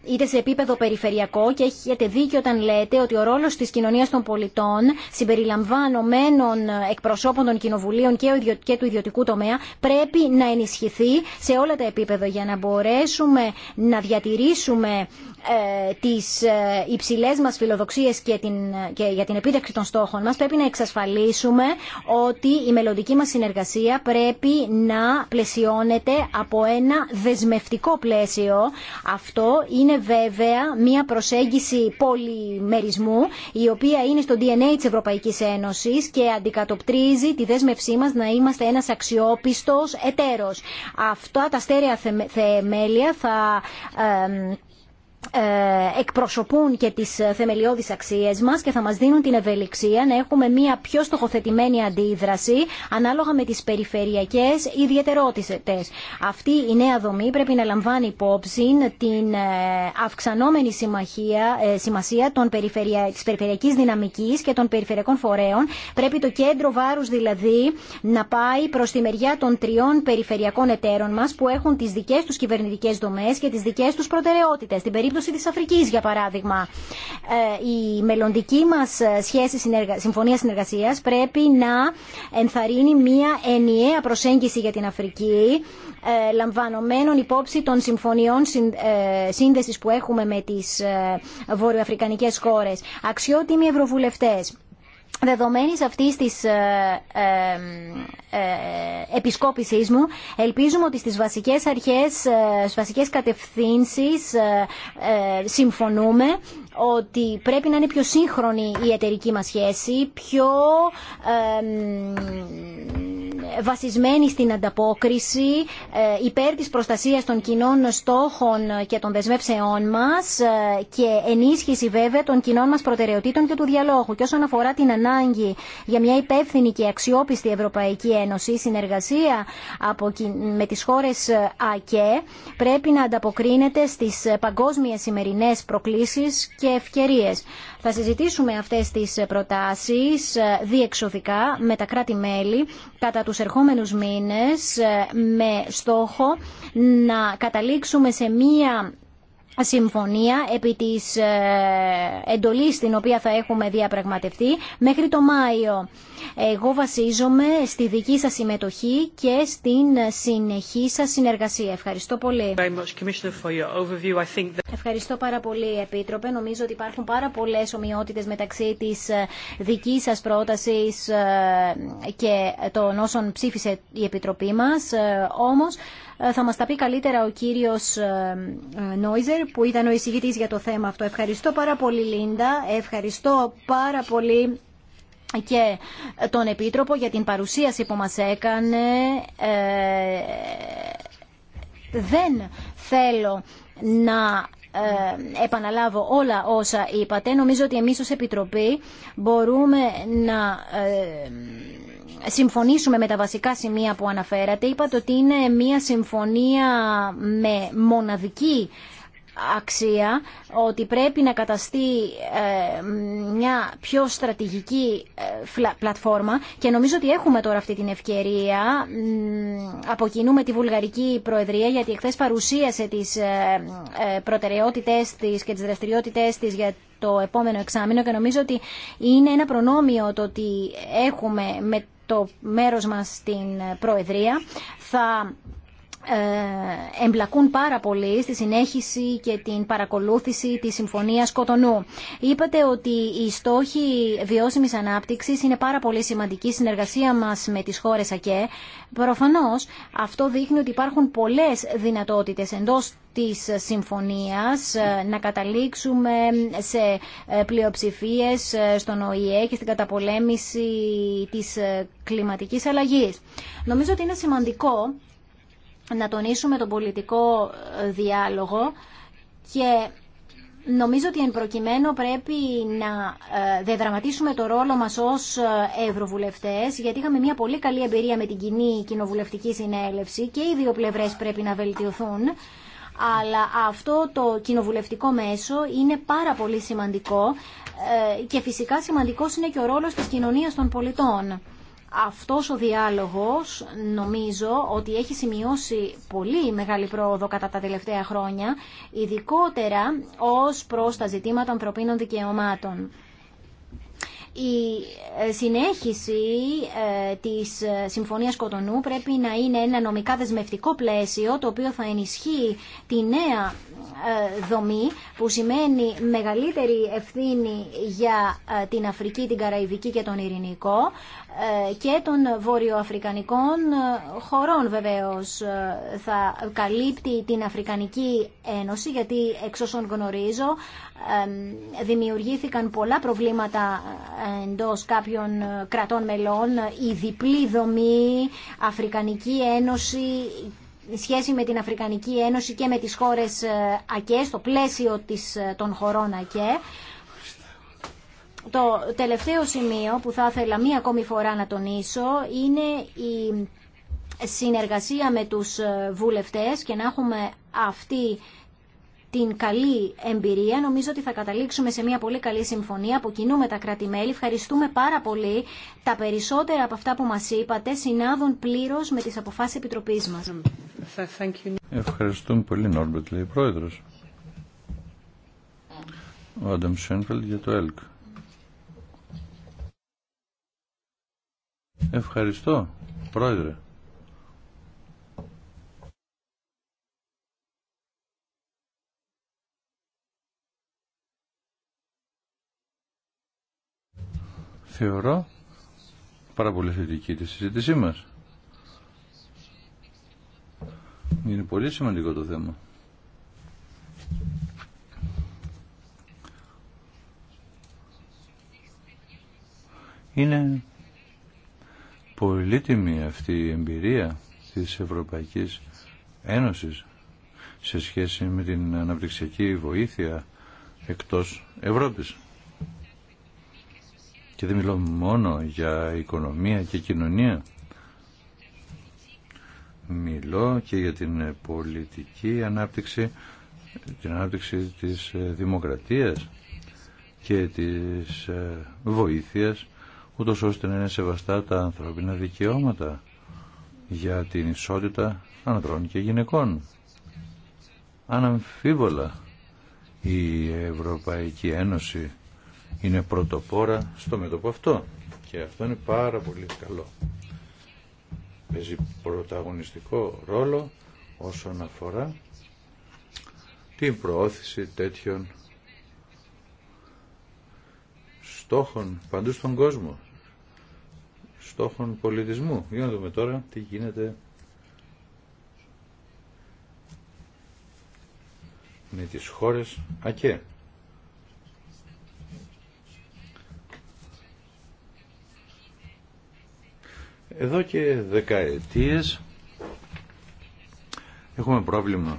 είτε σε επίπεδο περιφερειακό και έχετε δίκιο όταν λέτε ότι ο ρόλος της κοινωνίας των πολιτών συμπεριλαμβάνωμένων εκπροσώπων των κοινοβουλίων και του ιδιωτικού τομέα πρέπει να ενισχυθεί σε όλα τα επίπεδα για να μπορέσουμε να διατηρήσουμε ε, τις ε, υψηλές μας φιλοδοξίες και, την, και για την επίτευξη των στόχων μας πρέπει να εξασφαλίσουμε ότι η μελλοντική μας συνεργασία πρέπει να πλαισιώνεται από ένα δεσμευτικό πλαίσιο αυτό είναι βέβαια μια προσέγγιση πολυμερισμού η οποία είναι στο DNA της Ευρωπαϊκής Ένωσης και αντικατοπτρίζει τη δέσμευσή μας να είμαστε ένας αξιόπιστος εταίρος. Αυτά τα στέρεα θεμέλια θα ε, εκπροσωπούν και τις ε, θεμελιώδεις αξίες μας και θα μας δίνουν την ευελιξία να έχουμε μια πιο στοχοθετημένη αντίδραση ανάλογα με τις περιφερειακές ιδιαιτερότητες. Αυτή η νέα δομή πρέπει να λαμβάνει υπόψη την ε, αυξανόμενη σημασία των περιφερεια, της περιφερειακής δυναμικής και των περιφερειακών φορέων. Πρέπει το κέντρο βάρους δηλαδή να πάει προς τη μεριά των τριών περιφερειακών εταίρων μας που έχουν τις δικές τους κυβερνητικές δομές και τις δικές τους προτεραιότητες περίπτωση της Αφρικής, για παράδειγμα. Ε, η μελλοντική μας σχέση συμφωνία συνεργασίας πρέπει να ενθαρρύνει μια ενιαία προσέγγιση για την Αφρική, ε, λαμβανωμένων υπόψη των συμφωνιών ε, σύνδεσης που έχουμε με τις βορειοαφρικανικές χώρες. Αξιότιμοι ευρωβουλευτές. Δεδομένης αυτής της ε, ε, ε, επισκόπησής μου, ελπίζουμε ότι στις βασικές αρχές, ε, στις βασικές κατευθύνσεις συμφωνούμε ότι πρέπει να είναι πιο σύγχρονη η εταιρική μας σχέση, πιο βασισμένη στην ανταπόκριση ε, υπέρ της προστασίας των κοινών στόχων και των δεσμεύσεών μας ε, και ενίσχυση βέβαια των κοινών μας προτεραιοτήτων και του διαλόγου. Και όσον αφορά την ανάγκη για μια υπεύθυνη και αξιόπιστη Ευρωπαϊκή Ένωση, η συνεργασία με τις χώρες ε, ΑΚΕ πρέπει να ανταποκρίνεται στις παγκόσμιες σημερινές προκλήσεις και ευκαιρίες. Θα συζητήσουμε αυτές τις προτάσεις ε, διεξοδικά με τα κράτη-μέλη κατά τους ερχόμενους μήνες ε, με στόχο να καταλήξουμε σε μία συμφωνία επί της ε, εντολής την οποία θα έχουμε διαπραγματευτεί μέχρι το Μάιο. Εγώ βασίζομαι στη δική σας συμμετοχή και στην συνεχή σας συνεργασία. Ευχαριστώ πολύ. Ευχαριστώ πάρα πολύ, Επίτροπε. Νομίζω ότι υπάρχουν πάρα πολλές ομοιότητες μεταξύ της ε, δικής σας πρότασης ε, και των όσων ψήφισε η Επιτροπή μας. Όμως, ε, θα μας τα πει καλύτερα ο κύριος ε, Νόιζερ που ήταν ο εισηγητής για το θέμα αυτό. Ευχαριστώ πάρα πολύ Λίντα, ευχαριστώ πάρα πολύ και τον Επίτροπο για την παρουσίαση που μας έκανε. Ε, δεν θέλω να επαναλάβω όλα όσα είπατε. Νομίζω ότι εμείς ως Επιτροπή μπορούμε να συμφωνήσουμε με τα βασικά σημεία που αναφέρατε. Είπατε ότι είναι μια συμφωνία με μοναδική αξία, ότι πρέπει να καταστεί ε, μια πιο στρατηγική ε, πλατφόρμα και νομίζω ότι έχουμε τώρα αυτή την ευκαιρία. Από τη Βουλγαρική Προεδρία, γιατί εχθές παρουσίασε τις ε, προτεραιότητές της και τις δραστηριότητές της για το επόμενο εξάμεινο και νομίζω ότι είναι ένα προνόμιο το ότι έχουμε με το μέρος μας στην Προεδρία. Θα ε, εμπλακούν πάρα πολύ στη συνέχιση και την παρακολούθηση της Συμφωνίας Κοτονού. Είπατε ότι οι στόχοι βιώσιμης ανάπτυξης είναι πάρα πολύ σημαντική συνεργασία μας με τις χώρες ΑΚΕ. Προφανώς αυτό δείχνει ότι υπάρχουν πολλές δυνατότητες εντός της συμφωνίας ε, να καταλήξουμε σε ε, πλειοψηφίες στον ΟΗΕ και στην καταπολέμηση της κλιματικής αλλαγής. Νομίζω ότι είναι σημαντικό να τονίσουμε τον πολιτικό ε, διάλογο και Νομίζω ότι εν προκειμένου πρέπει να ε, δεδραματίσουμε το ρόλο μας ως ε, ευρωβουλευτές γιατί είχαμε μια πολύ καλή εμπειρία με την κοινή κοινοβουλευτική συνέλευση και οι δύο πλευρές πρέπει να βελτιωθούν αλλά αυτό το κοινοβουλευτικό μέσο είναι πάρα πολύ σημαντικό και φυσικά σημαντικός είναι και ο ρόλος της κοινωνίας των πολιτών αυτός ο διάλογος νομίζω ότι έχει σημειώσει πολύ μεγάλη πρόοδο κατά τα τελευταία χρόνια, ειδικότερα ως προς τα ζητήματα ανθρωπίνων δικαιωμάτων. Η ε, συνέχιση ε, της ε, Συμφωνίας Κοτονού πρέπει να είναι ένα νομικά δεσμευτικό πλαίσιο το οποίο θα ενισχύει τη νέα δομή που σημαίνει μεγαλύτερη ευθύνη για την Αφρική, την Καραϊβική και τον Ειρηνικό ε, και των βορειοαφρικανικών ε, χωρών βεβαίως ε, θα καλύπτει την Αφρικανική Ένωση γιατί εξ όσων γνωρίζω δημιουργήθηκαν πολλά προβλήματα εντός κάποιων κρατών μελών η διπλή δομή Αφρικανική Ένωση σχέση με την Αφρικανική Ένωση και με τις χώρες ΑΚΕ στο πλαίσιο των χωρών ΑΚΕ το τελευταίο σημείο που θα ήθελα μία ακόμη φορά να τονίσω είναι η συνεργασία με τους ε, βουλευτές και να έχουμε αυτή την καλή εμπειρία. Νομίζω ότι θα καταλήξουμε σε μια πολύ καλή συμφωνία από κοινού με τα κράτη-μέλη. Ευχαριστούμε πάρα πολύ. Τα περισσότερα από αυτά που μας είπατε συνάδουν πλήρως με τις αποφάσεις Επιτροπής μας. Ευχαριστούμε πολύ, Νόρμπετ, λέει η Πρόεδρος. Ο Άνταμ Σένφελ για το ΕΛΚ. Ευχαριστώ, Πρόεδρε. Θεωρώ πάρα πολύ θετική τη συζήτησή μας. Είναι πολύ σημαντικό το θέμα. Είναι πολύτιμη αυτή η εμπειρία της Ευρωπαϊκής Ένωσης σε σχέση με την αναπτυξιακή βοήθεια εκτός Ευρώπης. Και δεν μιλώ μόνο για οικονομία και κοινωνία. Μιλώ και για την πολιτική ανάπτυξη, την ανάπτυξη της δημοκρατίας και της ε, βοήθειας ούτω ώστε να είναι σεβαστά τα ανθρώπινα δικαιώματα για την ισότητα ανδρών και γυναικών. Αναμφίβολα η Ευρωπαϊκή Ένωση είναι πρωτοπόρα στο μέτωπο αυτό και αυτό είναι πάρα πολύ καλό. Παίζει πρωταγωνιστικό ρόλο όσον αφορά την προώθηση τέτοιων στόχων παντού στον κόσμο στόχων πολιτισμού. Για να δούμε τώρα τι γίνεται με τις χώρες ΑΚΕ. Εδώ και δεκαετίες έχουμε πρόβλημα.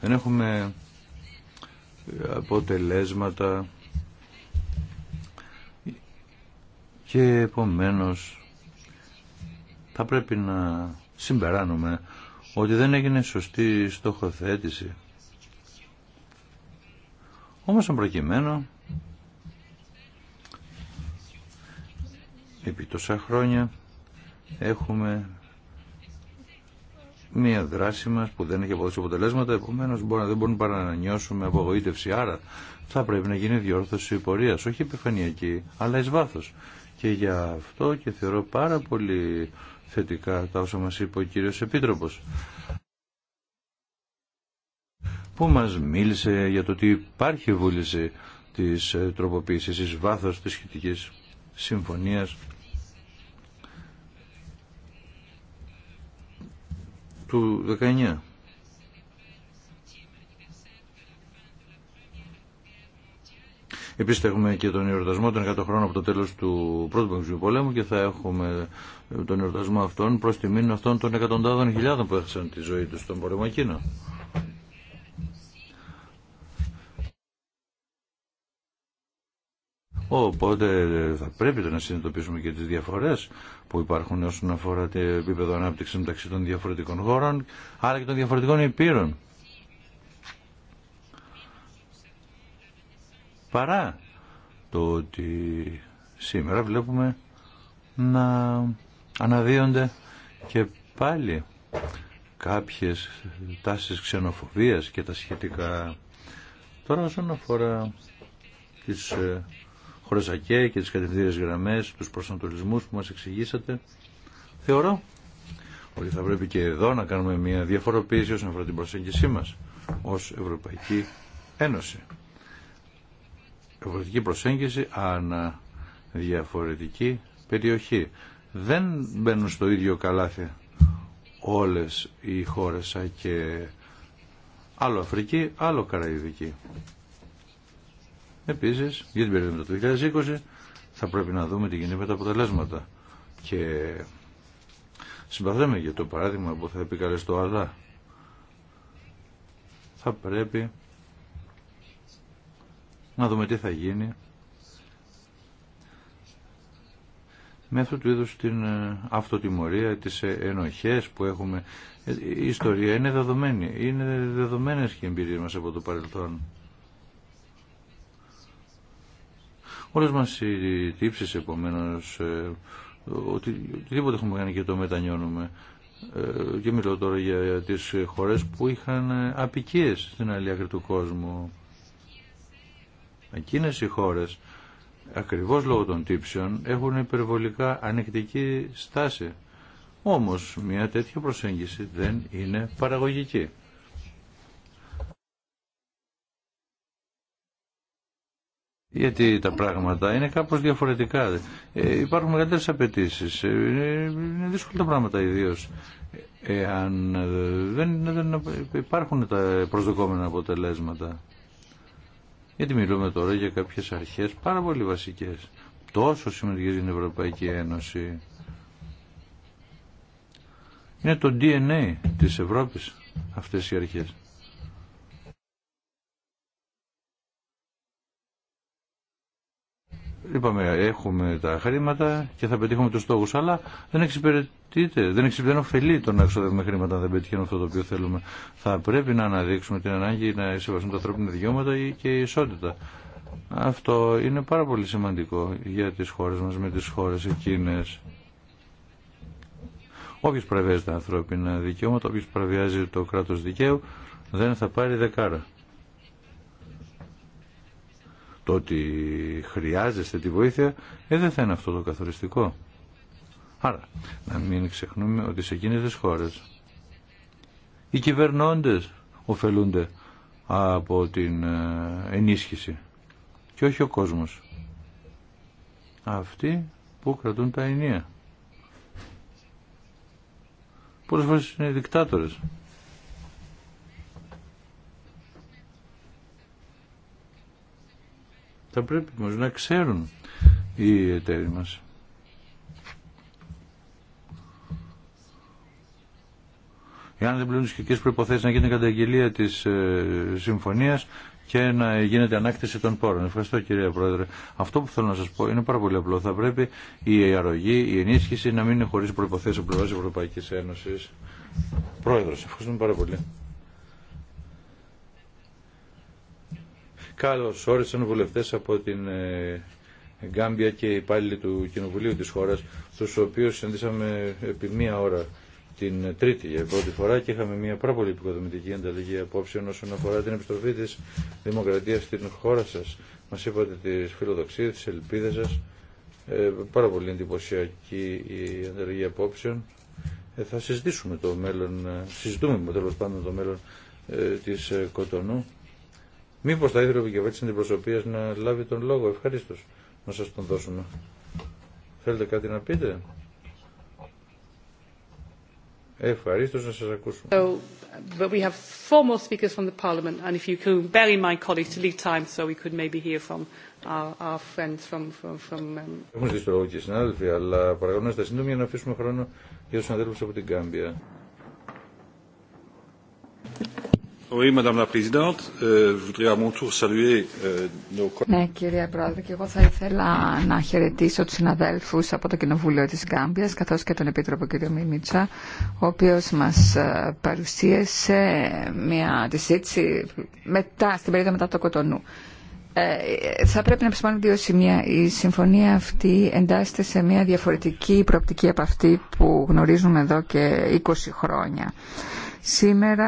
Δεν έχουμε αποτελέσματα και επομένως θα πρέπει να συμπεράνουμε ότι δεν έγινε σωστή στοχοθέτηση. Όμως, αν προκειμένου, επί τόσα χρόνια έχουμε μία δράση μας που δεν έχει αποδώσει αποτελέσματα, επομένως μπορεί, δεν μπορούμε παρά να νιώσουμε απογοήτευση. Άρα θα πρέπει να γίνει διόρθωση πορείας, όχι επιφανειακή, αλλά εις βάθος. Και γι' αυτό και θεωρώ πάρα πολύ θετικά τα όσα μας είπε ο κύριος Επίτροπος που μας μίλησε για το ότι υπάρχει βούληση της ε, τροποποίησης εις βάθος της σχετικής συμφωνίας του 19. Επίσης έχουμε και τον εορτασμό των 100 χρόνων από το τέλος του Πρώτου Παγκοσμίου Πολέμου και θα έχουμε τον εορτασμό αυτών προς μήνυμα αυτών των εκατοντάδων χιλιάδων που έχασαν τη ζωή τους στον πόλεμο εκείνο. Οπότε ε, θα πρέπει να συνειδητοποιήσουμε και τις διαφορές που υπάρχουν όσον αφορά το επίπεδο ανάπτυξη μεταξύ των διαφορετικών χώρων, αλλά και των διαφορετικών υπήρων. Παρά το ότι σήμερα βλέπουμε να αναδύονται και πάλι κάποιες τάσεις ξενοφοβίας και τα σχετικά. Τώρα όσον αφορά τις ε, χώρες και τις κατευθύνες γραμμές, τους προσανατολισμούς που μας εξηγήσατε, θεωρώ ότι θα πρέπει και εδώ να κάνουμε μια διαφοροποίηση όσον αφορά την προσέγγισή μας ως Ευρωπαϊκή Ένωση. Ευρωπαϊκή προσέγγιση ανά διαφορετική περιοχή δεν μπαίνουν στο ίδιο καλάθι όλες οι χώρες και άλλο Αφρική, άλλο Καραϊβική. Επίσης, για την περίοδο του 2020 θα πρέπει να δούμε τι γίνεται με τα αποτελέσματα. Και συμπαθέμε για το παράδειγμα που θα το αλλά θα πρέπει να δούμε τι θα γίνει με αυτού του είδους την ε, αυτοτιμωρία, τις ε, ενοχές που έχουμε. Ε, η ιστορία είναι δεδομένη. Είναι δεδομένες και οι εμπειρίες μας από το παρελθόν. Όλες μας οι τύψεις επομένως, οτι, οτιδήποτε έχουμε κάνει και το μετανιώνουμε. Και μιλώ τώρα για τις χώρες που είχαν απικίες στην άλλη άκρη του κόσμου. Εκείνες οι χώρες ακριβώς λόγω των τύψεων έχουν υπερβολικά ανεκτική στάση. Όμως μια τέτοια προσέγγιση δεν είναι παραγωγική. Γιατί τα πράγματα είναι κάπως διαφορετικά. Ε, υπάρχουν μεγαλύτερες απαιτήσει. Ε, είναι δύσκολα τα πράγματα ιδίω. Εάν ε, δεν, δεν υπάρχουν τα προσδοκόμενα αποτελέσματα. Γιατί μιλούμε τώρα για κάποιες αρχές πάρα πολύ βασικές, τόσο σημαντικές για την Ευρωπαϊκή Ένωση. Είναι το DNA της Ευρώπης αυτές οι αρχές. είπαμε έχουμε τα χρήματα και θα πετύχουμε τους στόχους, αλλά δεν εξυπηρετείται, δεν, δεν ωφελεί το να εξοδεύουμε χρήματα αν δεν πετυχαίνουμε αυτό το οποίο θέλουμε. Θα πρέπει να αναδείξουμε την ανάγκη να σεβαστούν τα ανθρώπινα δικαιώματα και η ισότητα. Αυτό είναι πάρα πολύ σημαντικό για τις χώρες μας με τις χώρες εκείνες. Όποιος παραβιάζει τα ανθρώπινα δικαιώματα, όποιος παραβιάζει το κράτος δικαίου, δεν θα πάρει δεκάρα το ότι χρειάζεστε τη βοήθεια, ε, δεν θα είναι αυτό το καθοριστικό. Άρα, να μην ξεχνούμε ότι σε εκείνες τις χώρες οι κυβερνώντες ωφελούνται από την ε, ενίσχυση και όχι ο κόσμος. Αυτοί που κρατούν τα ενία. Πολλές φορές είναι δικτάτορες. Θα πρέπει όμως να ξέρουν οι εταίροι μας. Εάν δεν πληρούν τι σχετικέ προποθέσει να γίνεται καταγγελία της ε, συμφωνία και να γίνεται ανάκτηση των πόρων. Ευχαριστώ κύριε Πρόεδρε. Αυτό που θέλω να σας πω είναι πάρα πολύ απλό. Θα πρέπει η αρρωγή, η ενίσχυση να μην είναι χωρί προποθέσει από πλευρά Ευρωπαϊκή Ένωση. Πρόεδρο, ευχαριστούμε πάρα πολύ. Καλώς όρισαν βουλευτές από την ε, Γκάμπια και υπάλληλοι του Κοινοβουλίου της χώρας, τους οποίους συναντήσαμε επί μία ώρα την Τρίτη για πρώτη φορά και είχαμε μια πάρα πολύ επικοδομητική ανταλλαγή απόψεων όσον αφορά την επιστροφή της δημοκρατίας στην χώρα σας. Μας είπατε τις φιλοδοξίες, τις ελπίδες σας. Ε, πάρα πολύ εντυπωσιακή η ανταλλαγή απόψεων. Ε, θα συζητήσουμε το μέλλον, συζητούμε τέλο πάντων το μέλλον ε, της Κοτονού Μήπως θα ήθελε ο επικεφαλής αντιπροσωπείας να λάβει τον λόγο. Ευχαριστώ να σας τον δώσουμε. Θέλετε κάτι να πείτε. Ευχαριστώ να σας ακούσουμε. So, but we have four more speakers from the Parliament, and if you could bear in mind colleagues to leave time, so we could maybe hear from our, our friends from from from. Um, Έχουμε ζητήσει λόγο και συνάδελφοι, αλλά παρακαλώ να για να αφήσουμε χρόνο για τους συναδέλφους από την Κάμπια. Ναι, κύριε Πρόεδρε, και εγώ θα ήθελα να χαιρετήσω του συναδέλφου από το Κοινοβούλιο τη Γκάμπιας, καθώ και τον Επίτροπο κ. Μίμητσα, ο οποίο μα ε, παρουσίασε μια αντισύρτηση μετά, στην περίοδο μετά το Κοτονού. Ε, θα πρέπει να επισημάνω δύο σημεία. Η συμφωνία αυτή εντάσσεται σε μια διαφορετική προοπτική από αυτή που γνωρίζουμε εδώ και 20 χρόνια. Σήμερα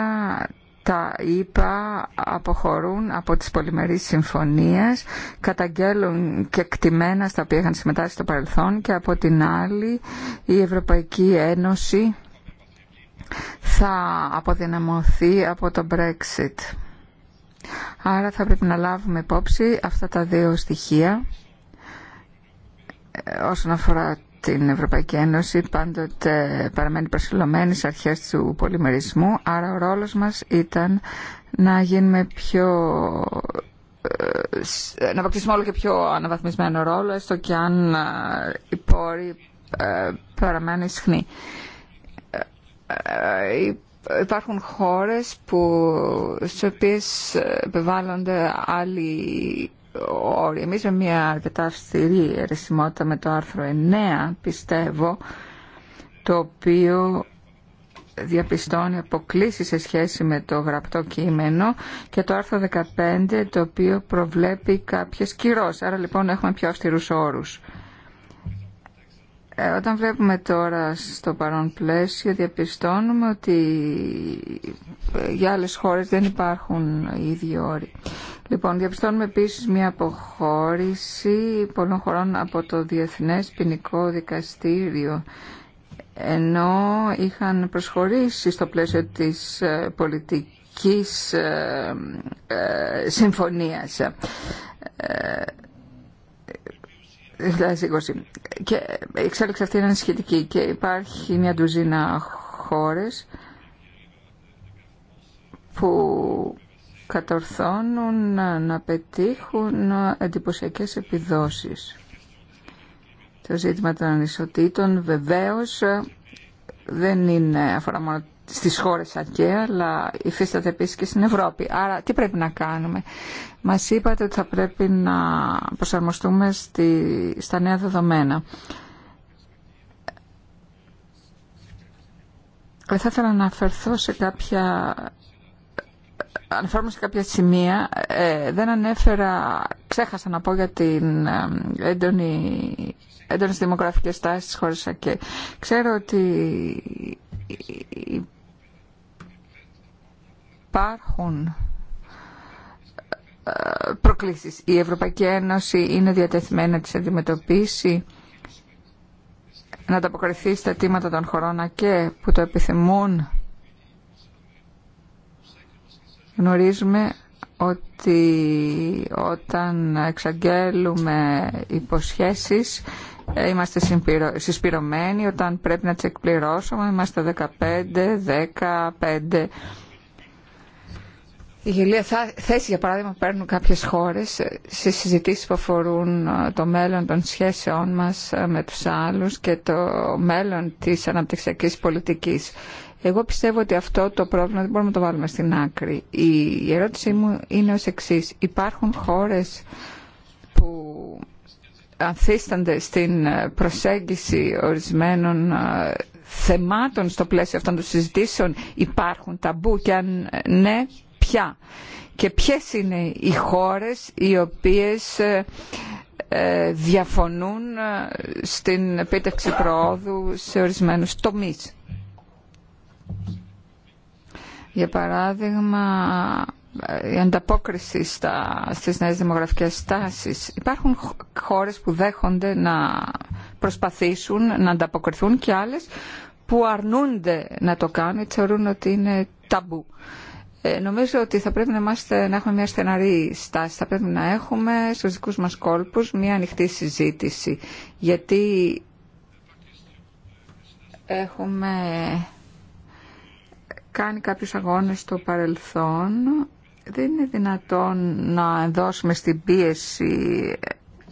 τα ΙΠΑ αποχωρούν από τις πολυμερείς συμφωνίες, καταγγέλουν και κτημένα στα οποία είχαν συμμετάσχει στο παρελθόν και από την άλλη η Ευρωπαϊκή Ένωση θα αποδυναμωθεί από το Brexit. Άρα θα πρέπει να λάβουμε υπόψη αυτά τα δύο στοιχεία ε, όσον αφορά την Ευρωπαϊκή Ένωση πάντοτε παραμένει προσυλλομένη στις αρχές του πολυμερισμού, άρα ο ρόλος μας ήταν να γίνουμε πιο ε, να αποκτήσουμε όλο και πιο αναβαθμισμένο ρόλο, έστω και αν ε, οι πόροι ε, παραμένουν ισχνοί. Υπάρχουν χώρες που, στις οποίες επιβάλλονται άλλοι όλοι. Εμείς με μια αρκετά αυστηρή αιρεσιμότητα με το άρθρο 9 πιστεύω το οποίο διαπιστώνει αποκλήσεις σε σχέση με το γραπτό κείμενο και το άρθρο 15 το οποίο προβλέπει κάποιες κυρώσεις. Άρα λοιπόν έχουμε πιο αυστηρούς όρους. Ε, όταν βλέπουμε τώρα στο παρόν πλαίσιο διαπιστώνουμε ότι για άλλες χώρες δεν υπάρχουν οι ίδιοι όροι. Λοιπόν, διαπιστώνουμε επίσης μια αποχώρηση πολλών χωρών από το Διεθνές Ποινικό Δικαστήριο ενώ είχαν προσχωρήσει στο πλαίσιο της ε, πολιτικής ε, συμφωνίας. 2020. Και η εξέλιξη αυτή είναι σχετική και υπάρχει μια ντουζίνα χώρες που κατορθώνουν να πετύχουν εντυπωσιακέ επιδόσεις. Το ζήτημα των ανισοτήτων βεβαίως δεν είναι αφορά μόνο στις χώρες ΑΚΕ, αλλά υφίσταται επίσης και στην Ευρώπη. Άρα τι πρέπει να κάνουμε. Μας είπατε ότι θα πρέπει να προσαρμοστούμε στη, στα νέα δεδομένα. Ε, θα ήθελα να αναφερθώ σε κάποια... Αναφέρομαι σε κάποια σημεία. Ε, δεν ανέφερα, ξέχασα να πω για την ε, έντονη έντονες δημογραφικές τάσεις στις χώρες ΑΚΕ. Ξέρω ότι υπάρχουν ε, προκλήσεις. Η Ευρωπαϊκή Ένωση είναι διατεθειμένη να τις αντιμετωπίσει, να ανταποκριθεί στα αιτήματα των χωρών και που το επιθυμούν. Γνωρίζουμε ότι όταν εξαγγέλουμε υποσχέσεις ε, είμαστε συσπηρωμένοι, όταν πρέπει να τις εκπληρώσουμε είμαστε 15, 15 η γελία θέση για παράδειγμα παίρνουν κάποιες χώρες σε συζητήσεις που αφορούν ε, το μέλλον των σχέσεών μας ε, με τους άλλους και το μέλλον της αναπτυξιακής πολιτικής. Εγώ πιστεύω ότι αυτό το πρόβλημα δεν μπορούμε να το βάλουμε στην άκρη. Η ερώτησή μου είναι ως εξής. Υπάρχουν χώρες που ανθίστανται στην ε, προσέγγιση ορισμένων θεμάτων στο πλαίσιο αυτών των συζητήσεων. Υπάρχουν ταμπού και αν ναι, και ποιες είναι οι χώρες οι οποίες ε, ε, διαφωνούν ε, στην επίτευξη προόδου σε ορισμένους τομείς. Για παράδειγμα, η ανταπόκριση στα, στις νέες δημογραφικές τάσεις. Υπάρχουν χώρες που δέχονται να προσπαθήσουν να ανταποκριθούν και άλλες που αρνούνται να το κάνουν, θεωρούν ότι είναι ταμπού. Ε, νομίζω ότι θα πρέπει να, είμαστε, να έχουμε μια στεναρή στάση. Θα πρέπει να έχουμε στους δικούς μας κόλπους μια ανοιχτή συζήτηση. Γιατί έχουμε κάνει κάποιους αγώνες στο παρελθόν. Δεν είναι δυνατόν να δώσουμε στην πίεση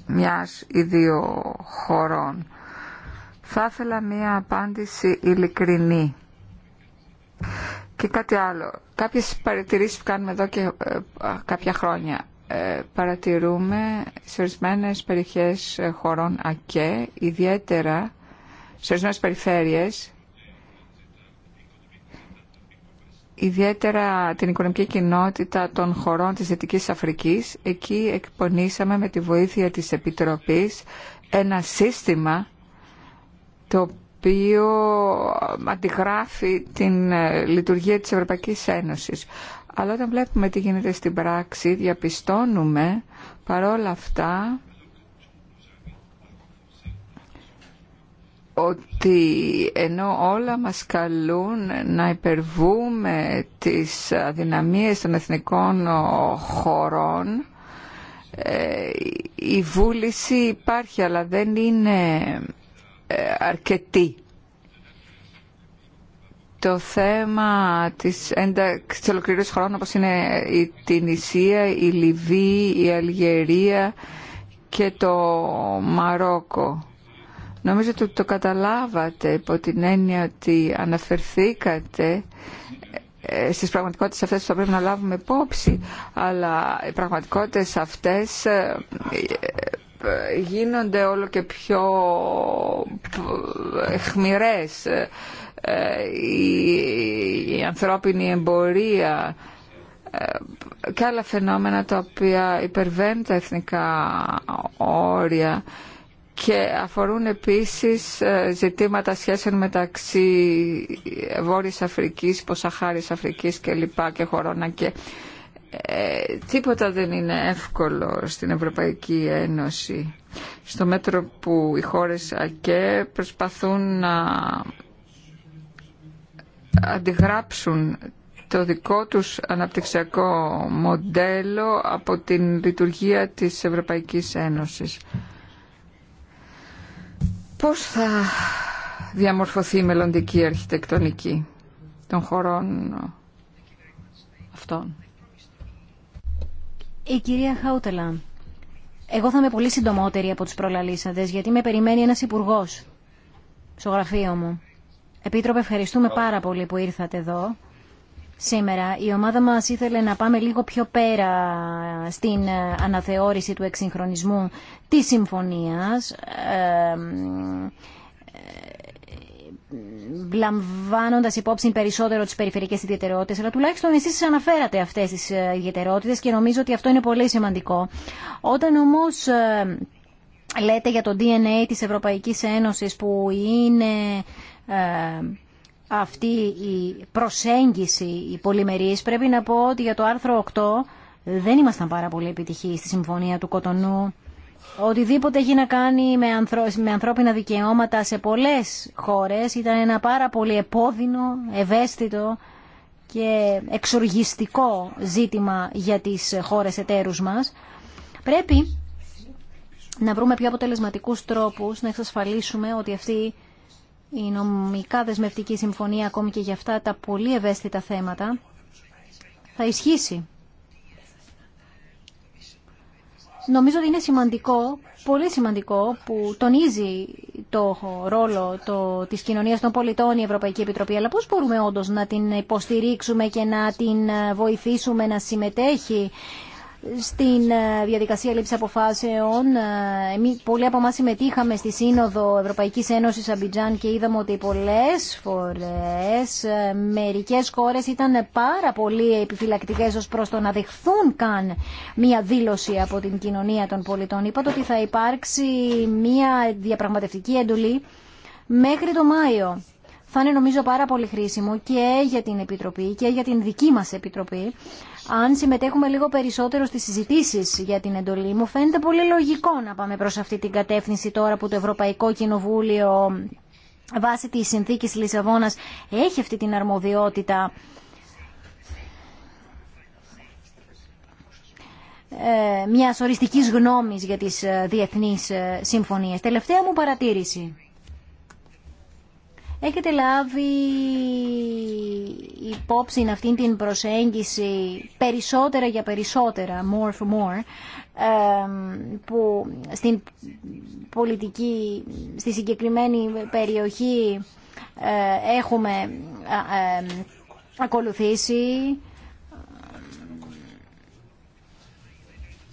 μιας ή δύο χωρών. Θα ήθελα μια απάντηση ειλικρινή. Και κάτι άλλο. Κάποιες παρατηρήσεις που κάνουμε εδώ και ε, κάποια χρόνια. Ε, παρατηρούμε σε ορισμένε περιοχές ε, χωρών ΑΚΕ, ιδιαίτερα σε ορισμένε περιφέρειες, ιδιαίτερα την οικονομική κοινότητα των χωρών της Δυτικής Αφρικής. Εκεί εκπονήσαμε με τη βοήθεια της Επιτροπής ένα σύστημα το οποίο αντιγράφει την ε, λειτουργία της Ευρωπαϊκής Ένωσης. Αλλά όταν βλέπουμε τι γίνεται στην πράξη, διαπιστώνουμε παρόλα αυτά ότι ενώ όλα μας καλούν να υπερβούμε τις αδυναμίες των εθνικών χωρών, ε, η βούληση υπάρχει αλλά δεν είναι αρκετή. Το θέμα της, ένταξης, της ολοκληρής όπως είναι η Τινησία, η Λιβύη, η Αλγερία και το Μαρόκο. Νομίζω ότι το καταλάβατε υπό την έννοια ότι αναφερθήκατε ε, στις πραγματικότητες αυτές που θα πρέπει να λάβουμε υπόψη αλλά οι πραγματικότητες αυτές ε, γίνονται όλο και πιο χμηρές ε, η ανθρώπινη εμπορία ε, και άλλα φαινόμενα τα οποία υπερβαίνουν τα εθνικά όρια και αφορούν επίσης ε, ζητήματα σχέσεων μεταξύ Βόρειας Αφρικής, Ποσαχάρης Αφρικής και λοιπά και χωρών και ε, τίποτα δεν είναι εύκολο στην Ευρωπαϊκή Ένωση στο μέτρο που οι χώρες ΑΚΕ προσπαθούν να αντιγράψουν το δικό τους αναπτυξιακό μοντέλο από την λειτουργία της Ευρωπαϊκής Ένωσης. Πώς θα διαμορφωθεί η μελλοντική αρχιτεκτονική των χωρών αυτών. Η κυρία Χάουτελα, εγώ θα είμαι πολύ συντομότερη από τους προλαλήσαντες, γιατί με περιμένει ένας υπουργός στο γραφείο μου. Επίτροπε, ευχαριστούμε πάρα πολύ που ήρθατε εδώ σήμερα. Η ομάδα μας ήθελε να πάμε λίγο πιο πέρα στην ε, αναθεώρηση του εξυγχρονισμού της συμφωνίας. Ε, Λαμβάνοντα υπόψη περισσότερο τις περιφερειακές ιδιαιτερότητε, αλλά τουλάχιστον εσείς αναφέρατε αυτές τις ε, ιδιαιτερότητε και νομίζω ότι αυτό είναι πολύ σημαντικό. Όταν όμως ε, λέτε για το DNA της Ευρωπαϊκής Ένωσης που είναι ε, αυτή η προσέγγιση, η πολυμερής, πρέπει να πω ότι για το άρθρο 8 δεν ήμασταν πάρα πολύ επιτυχοί στη Συμφωνία του Κοτονού οτιδήποτε έχει να κάνει με, ανθρω... με ανθρώπινα δικαιώματα σε πολλές χώρες ήταν ένα πάρα πολύ επώδυνο, ευαίσθητο και εξοργιστικό ζήτημα για τις χώρες εταίρους μας. Πρέπει να βρούμε πιο αποτελεσματικούς τρόπους να εξασφαλίσουμε ότι αυτή η νομικά δεσμευτική συμφωνία ακόμη και για αυτά τα πολύ ευαίσθητα θέματα θα ισχύσει. Νομίζω ότι είναι σημαντικό, πολύ σημαντικό, που τονίζει το ρόλο το, της κοινωνίας των πολιτών η Ευρωπαϊκή Επιτροπή, αλλά πώς μπορούμε όντως να την υποστηρίξουμε και να την ε, βοηθήσουμε να συμμετέχει στην ε, διαδικασία λήψη αποφάσεων. Ε, εμείς, πολλοί από εμά συμμετείχαμε στη Σύνοδο Ευρωπαϊκή Ένωση Αμπιτζάν και είδαμε ότι πολλέ φορέ ε, μερικές χώρε ήταν πάρα πολύ επιφυλακτικέ ω προς το να δεχθούν καν μία δήλωση από την κοινωνία των πολιτών. Είπατε ότι θα υπάρξει μία διαπραγματευτική εντολή μέχρι το Μάιο. Θα είναι νομίζω πάρα πολύ χρήσιμο και για την Επιτροπή και για την δική μας Επιτροπή αν συμμετέχουμε λίγο περισσότερο στις συζητήσεις για την εντολή. Μου φαίνεται πολύ λογικό να πάμε προς αυτή την κατεύθυνση τώρα που το Ευρωπαϊκό Κοινοβούλιο βάσει της συνθήκης Λισαβόνας έχει αυτή την αρμοδιότητα ε, μια οριστική γνώμη για τι ε, διεθνεί ε, συμφωνίε. Τελευταία μου παρατήρηση. Έχετε λάβει υπόψη αυτήν την προσέγγιση περισσότερα για περισσότερα, more for more, που στην πολιτική, στη συγκεκριμένη περιοχή ε, έχουμε ε, ακολουθήσει.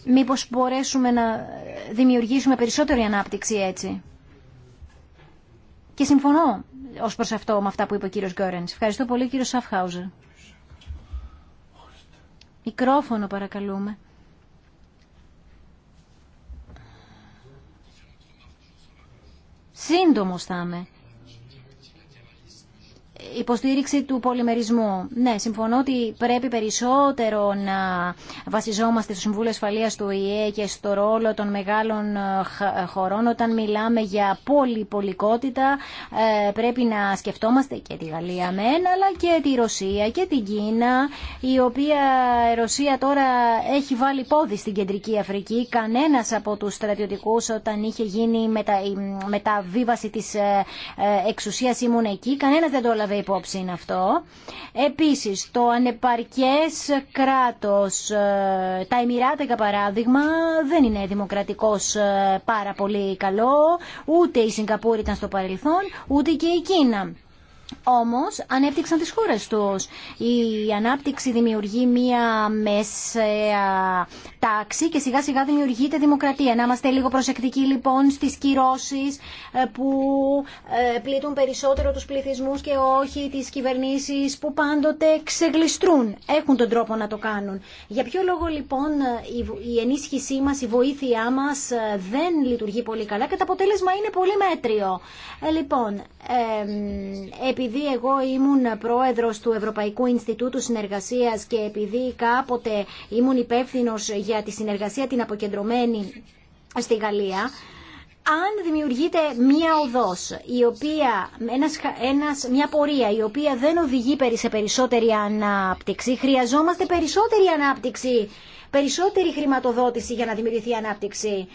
Μήπως μπορέσουμε να δημιουργήσουμε περισσότερη ανάπτυξη έτσι. Και συμφωνώ ως προς αυτό με αυτά που είπε ο κύριος Γκόρενς. Ευχαριστώ πολύ κύριο Σαφχάουζερ. Μικρόφωνο παρακαλούμε. Σύντομος θα είμαι υποστήριξη του πολυμερισμού. Ναι, συμφωνώ ότι πρέπει περισσότερο να βασιζόμαστε στο Συμβούλιο Ασφαλείας του ΙΕ και στο ρόλο των μεγάλων ε, ε, χωρών όταν μιλάμε για πολυπολικότητα ε, πρέπει να σκεφτόμαστε και τη Γαλλία μεν αλλά και τη Ρωσία και την Κίνα η οποία η Ρωσία τώρα έχει βάλει πόδι στην Κεντρική Αφρική κανένας από τους στρατιωτικούς όταν είχε γίνει μετα... μεταβίβαση της εξουσίας ήμουν εκεί κανένας δεν το έλαβε υπόψη είναι αυτό. Επίσης, το ανεπαρκές κράτος, ε, τα Εμμυράτα για παράδειγμα, δεν είναι δημοκρατικός ε, πάρα πολύ καλό, ούτε η Σιγκαπούρη ήταν στο παρελθόν, ούτε και η Κίνα. Όμως ανέπτυξαν τις χώρες τους. Η ανάπτυξη δημιουργεί μία μέσα τάξη και σιγά σιγά δημιουργείται δημοκρατία. Να είμαστε λίγο προσεκτικοί λοιπόν στις κυρώσεις ε, που ε, πλήττουν περισσότερο τους πληθυσμού και όχι τις κυβερνήσεις που πάντοτε ξεγλιστρούν, έχουν τον τρόπο να το κάνουν. Για ποιο λόγο λοιπόν ε, η ενίσχυσή μας, η βοήθειά μας δεν λειτουργεί πολύ καλά και το αποτέλεσμα είναι πολύ μέτριο. Λοιπόν, επειδή εγώ ήμουν πρόεδρος του Ευρωπαϊκού Ινστιτούτου Συνεργασία και επειδή κάποτε ήμουν υπεύθυνο για για τη συνεργασία την αποκεντρωμένη στη Γαλλία, αν δημιουργείται μία οδός, η οποία, ένας, ένας, μια πορεία η οποία δεν οδηγεί σε περισσότερη ανάπτυξη, χρειαζόμαστε περισσότερη ανάπτυξη, περισσότερη χρηματοδότηση για να δημιουργηθεί ανάπτυξη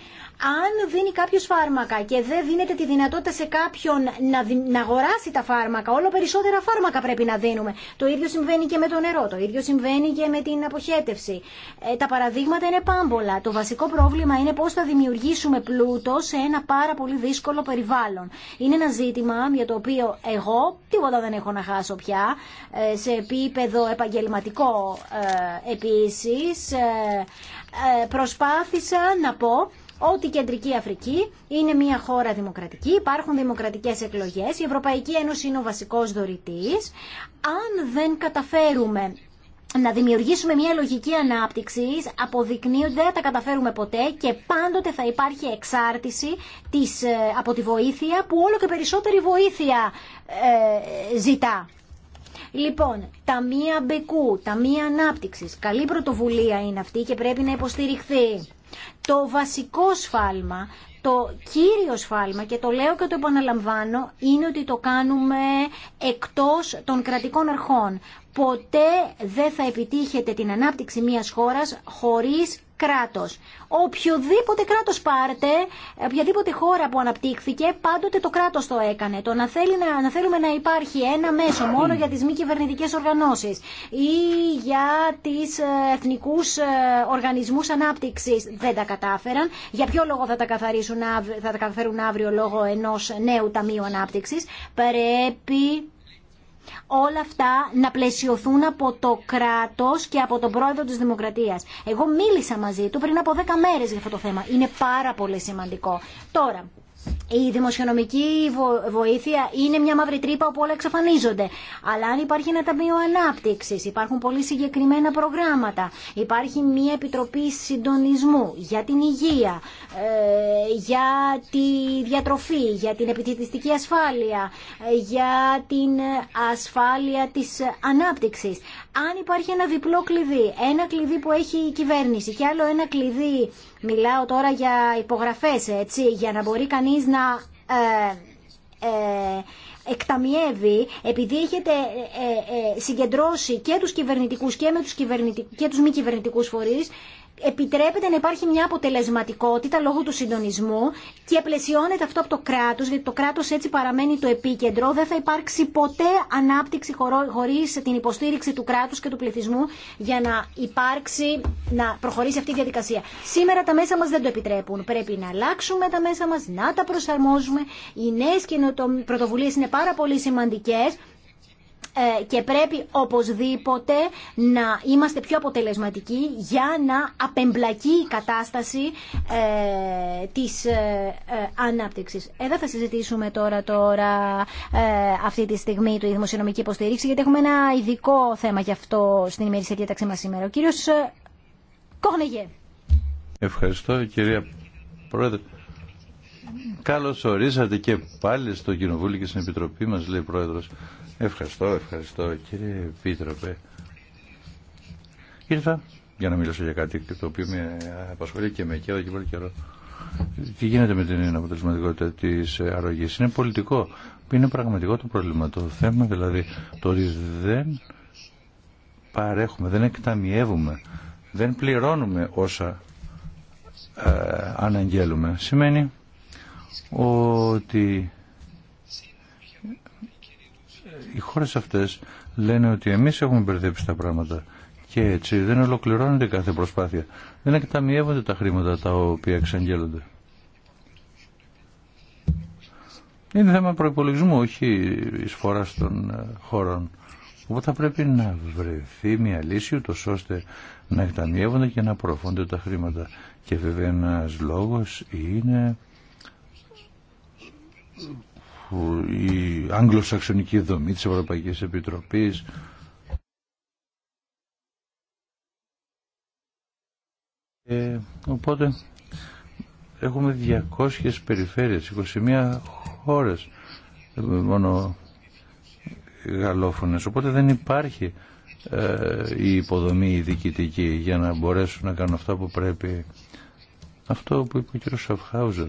αν δίνει κάποιο φάρμακα και δεν δίνεται τη δυνατότητα σε κάποιον να, να αγοράσει τα φάρμακα, όλο περισσότερα φάρμακα πρέπει να δίνουμε. Το ίδιο συμβαίνει και με το νερό, το ίδιο συμβαίνει και με την αποχέτευση. Ε, τα παραδείγματα είναι πάμπολα. Το βασικό πρόβλημα είναι πώς θα δημιουργήσουμε πλούτο σε ένα πάρα πολύ δύσκολο περιβάλλον. Είναι ένα ζήτημα για το οποίο εγώ τίποτα δεν έχω να χάσω πια, ε, σε επίπεδο επαγγελματικό ε, επίσης. Ε, προσπάθησα να πω ότι η Κεντρική Αφρική είναι μια χώρα δημοκρατική, υπάρχουν δημοκρατικές εκλογές, η Ευρωπαϊκή Ένωση είναι ο βασικός δωρητής. Αν δεν καταφέρουμε να δημιουργήσουμε μια λογική ανάπτυξη αποδεικνύει ότι δεν τα καταφέρουμε ποτέ και πάντοτε θα υπάρχει εξάρτηση της, ε, από τη βοήθεια που όλο και περισσότερη βοήθεια ε, ζητά. Λοιπόν, ταμεία Μπεκού, ταμεία ανάπτυξη. καλή πρωτοβουλία είναι αυτή και πρέπει να υποστηριχθεί. Το βασικό σφάλμα, το κύριο σφάλμα και το λέω και το επαναλαμβάνω είναι ότι το κάνουμε εκτός των κρατικών αρχών. Ποτέ δεν θα επιτύχετε την ανάπτυξη μιας χώρας χωρίς κράτος. Οποιοδήποτε κράτος πάρτε, οποιαδήποτε χώρα που αναπτύχθηκε, πάντοτε το κράτος το έκανε. Το να, θέλει να, θέλουμε να υπάρχει ένα μέσο μόνο για τις μη κυβερνητικέ οργανώσεις ή για τις ε, εθνικούς ε, οργανισμούς ανάπτυξης δεν τα κατάφεραν. Για ποιο λόγο θα τα, καθαρίσουν, θα τα καταφέρουν αύριο λόγω ενός νέου Ταμείου Ανάπτυξης. Πρέπει όλα αυτά να πλαισιωθούν από το κράτος και από τον πρόεδρο της Δημοκρατίας. Εγώ μίλησα μαζί του πριν από 10 μέρες για αυτό το θέμα. Είναι πάρα πολύ σημαντικό. Τώρα, η δημοσιονομική βοήθεια είναι μια μαύρη τρύπα όπου όλα εξαφανίζονται. Αλλά αν υπάρχει ένα ταμείο ανάπτυξη, υπάρχουν πολύ συγκεκριμένα προγράμματα, υπάρχει μια επιτροπή συντονισμού για την υγεία, ε, για τη διατροφή, για την επιτιστική ασφάλεια, ε, για την ασφάλεια της ανάπτυξη αν υπάρχει ένα διπλό κλειδί, ένα κλειδί που έχει η κυβέρνηση και άλλο ένα κλειδί, μιλάω τώρα για υπογραφές, έτσι, για να μπορεί κανείς να... Ε, ε, εκταμιεύει, επειδή έχετε ε, ε, ε, συγκεντρώσει και τους κυβερνητικούς και, με τους, κυβερνητικ... και τους μη κυβερνητικούς φορείς, επιτρέπεται να υπάρχει μια αποτελεσματικότητα λόγω του συντονισμού και πλαισιώνεται αυτό από το κράτος, γιατί το κράτος έτσι παραμένει το επίκεντρο. Δεν θα υπάρξει ποτέ ανάπτυξη χωρίς την υποστήριξη του κράτους και του πληθυσμού για να υπάρξει, να προχωρήσει αυτή η διαδικασία. Σήμερα τα μέσα μας δεν το επιτρέπουν. Πρέπει να αλλάξουμε τα μέσα μας, να τα προσαρμόζουμε. Οι νέες πρωτοβουλίες είναι πάρα πολύ σημαντικές ε, και πρέπει οπωσδήποτε να είμαστε πιο αποτελεσματικοί για να απεμπλακεί η κατάσταση ε, της ε, ανάπτυξης. Εδώ θα συζητήσουμε τώρα, τώρα αυτή τη στιγμή του δημοσιονομική υποστήριξη γιατί έχουμε ένα ειδικό θέμα γι' αυτό στην ημερήσια διάταξή μας σήμερα. Ο κύριος Κόγνεγε. Ευχαριστώ κυρία Πρόεδρε. Καλώ ορίσατε και πάλι στο Κοινοβούλιο και στην Επιτροπή μας, λέει ο Πρόεδρος. Ευχαριστώ, ευχαριστώ κύριε Επίτροπε. Ήρθα για να μιλήσω για κάτι το οποίο με απασχολεί και με καιρό και πολύ καιρό. Τι γίνεται με την αποτελεσματικότητα τη αρρωγή, Είναι πολιτικό. Είναι πραγματικό το πρόβλημα. Το θέμα δηλαδή το ότι δεν παρέχουμε, δεν εκταμιεύουμε, δεν πληρώνουμε όσα ε, αναγγέλουμε. Σημαίνει ότι οι χώρες αυτές λένε ότι εμείς έχουμε μπερδέψει τα πράγματα και έτσι δεν ολοκληρώνεται κάθε προσπάθεια. Δεν εκταμιεύονται τα χρήματα τα οποία εξαγγέλλονται. Είναι θέμα προπολογισμού, όχι εισφορά των ε, χώρων. Οπότε θα πρέπει να βρεθεί μια λύση ούτω ώστε να εκταμιεύονται και να προωθούνται τα χρήματα. Και βέβαια ένας λόγος είναι η Άγγλο-Σαξονική δομή της Ευρωπαϊκής Επιτροπής ε, οπότε έχουμε 200 περιφέρειες 21 χώρες ε, μόνο γαλλόφωνες οπότε δεν υπάρχει ε, η υποδομή η διοικητική για να μπορέσουν να κάνουν αυτά που πρέπει αυτό που είπε ο κ. Σαφχάουζερ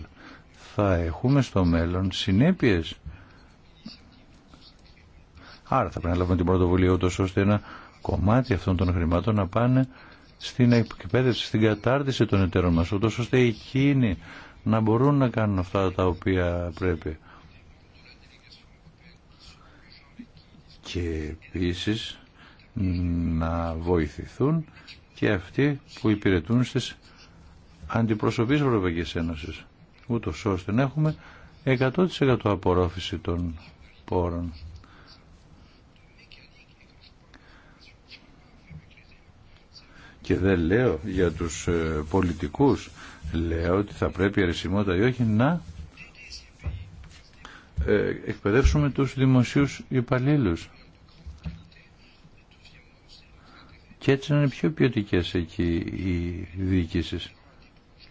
θα έχουμε στο μέλλον συνέπειες. Άρα θα πρέπει να λάβουμε την πρωτοβουλία ούτως ώστε ένα κομμάτι αυτών των χρημάτων να πάνε στην εκπαίδευση, στην κατάρτιση των εταίρων μας, ούτως ώστε εκείνοι να μπορούν να κάνουν αυτά τα οποία πρέπει. Και επίσης να βοηθηθούν και αυτοί που υπηρετούν στις αντιπροσωπείς Ευρωπαϊκής Ένωσης ούτως ώστε να έχουμε 100% απορρόφηση των πόρων. Και δεν λέω για τους ε, πολιτικούς, λέω ότι θα πρέπει ή όχι να ε, εκπαιδεύσουμε τους δημοσίους υπαλλήλου. Και έτσι να είναι πιο ποιοτικέ εκεί οι διοικήσεις.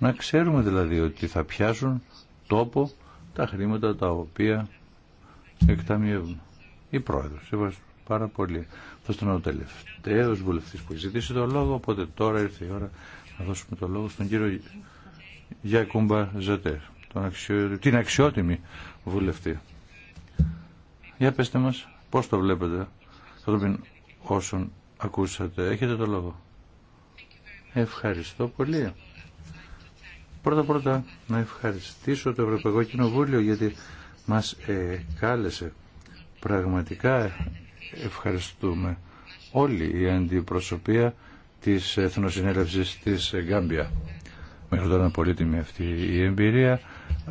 Να ξέρουμε δηλαδή ότι θα πιάσουν τόπο τα χρήματα τα οποία εκταμιεύουν. Η πρόεδρος, ευχαριστώ πάρα πολύ. Θα ήταν ο τελευταίος βουλευτής που έχει ζητήσει το λόγο, οπότε τώρα ήρθε η ώρα να δώσουμε το λόγο στον κύριο Γιακούμπα ζετερ τον την αξιότιμη βουλευτή. Για πέστε μας πώς το βλέπετε κατόπιν όσων ακούσατε. Έχετε το λόγο. Ευχαριστώ πολύ. Πρώτα πρώτα να ευχαριστήσω το Ευρωπαϊκό Κοινοβούλιο γιατί μας ε, κάλεσε. Πραγματικά ευχαριστούμε όλη η αντιπροσωπεία της Εθνοσυνέλευσης της Γκάμπια. Μέχρι τώρα πολύτιμη αυτή η εμπειρία.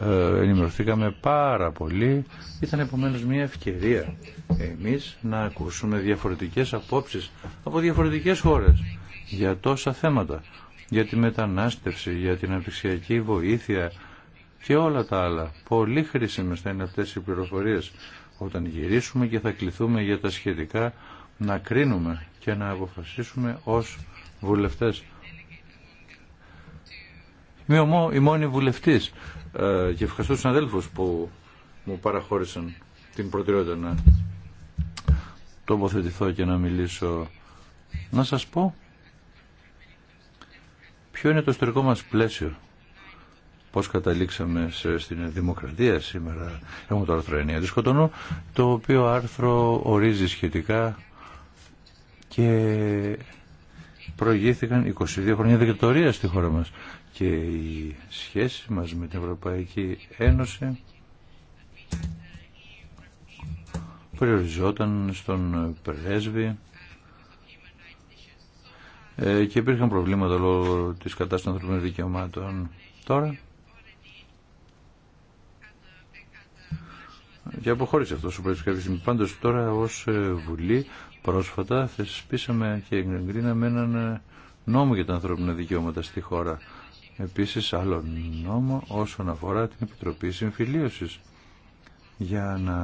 Ε, ενημερωθήκαμε πάρα πολύ. Ήταν επομένως μια ευκαιρία εμείς να ακούσουμε διαφορετικές απόψεις από διαφορετικές χώρες για τόσα θέματα για τη μετανάστευση, για την αναπτυξιακή βοήθεια και όλα τα άλλα. Πολύ χρήσιμε θα είναι αυτές οι πληροφορίες όταν γυρίσουμε και θα κληθούμε για τα σχετικά να κρίνουμε και να αποφασίσουμε ως βουλευτές. Είμαι η μόνη βουλευτής ε, και ευχαριστώ τους αδέλφους που μου παραχώρησαν την προτεραιότητα να τοποθετηθώ και να μιλήσω. Να σας πω Ποιο είναι το ιστορικό μας πλαίσιο. Πώς καταλήξαμε στην δημοκρατία σήμερα. Έχουμε το άρθρο 9 του Κοτονού, το οποίο άρθρο ορίζει σχετικά και προηγήθηκαν 22 χρόνια δικτατορία στη χώρα μας. Και η σχέση μας με την Ευρωπαϊκή Ένωση περιοριζόταν στον πρέσβη ε, και υπήρχαν προβλήματα λόγω της κατάστασης των ανθρωπίνων δικαιωμάτων τώρα. Και αποχώρησε αυτό ο πρόεδρος Πάντως τώρα ως ε, Βουλή πρόσφατα θεσπίσαμε και εγκρίναμε έναν ε, νόμο για τα ανθρώπινα δικαιώματα στη χώρα. Επίσης άλλο νόμο όσον αφορά την Επιτροπή Συμφιλίωσης για να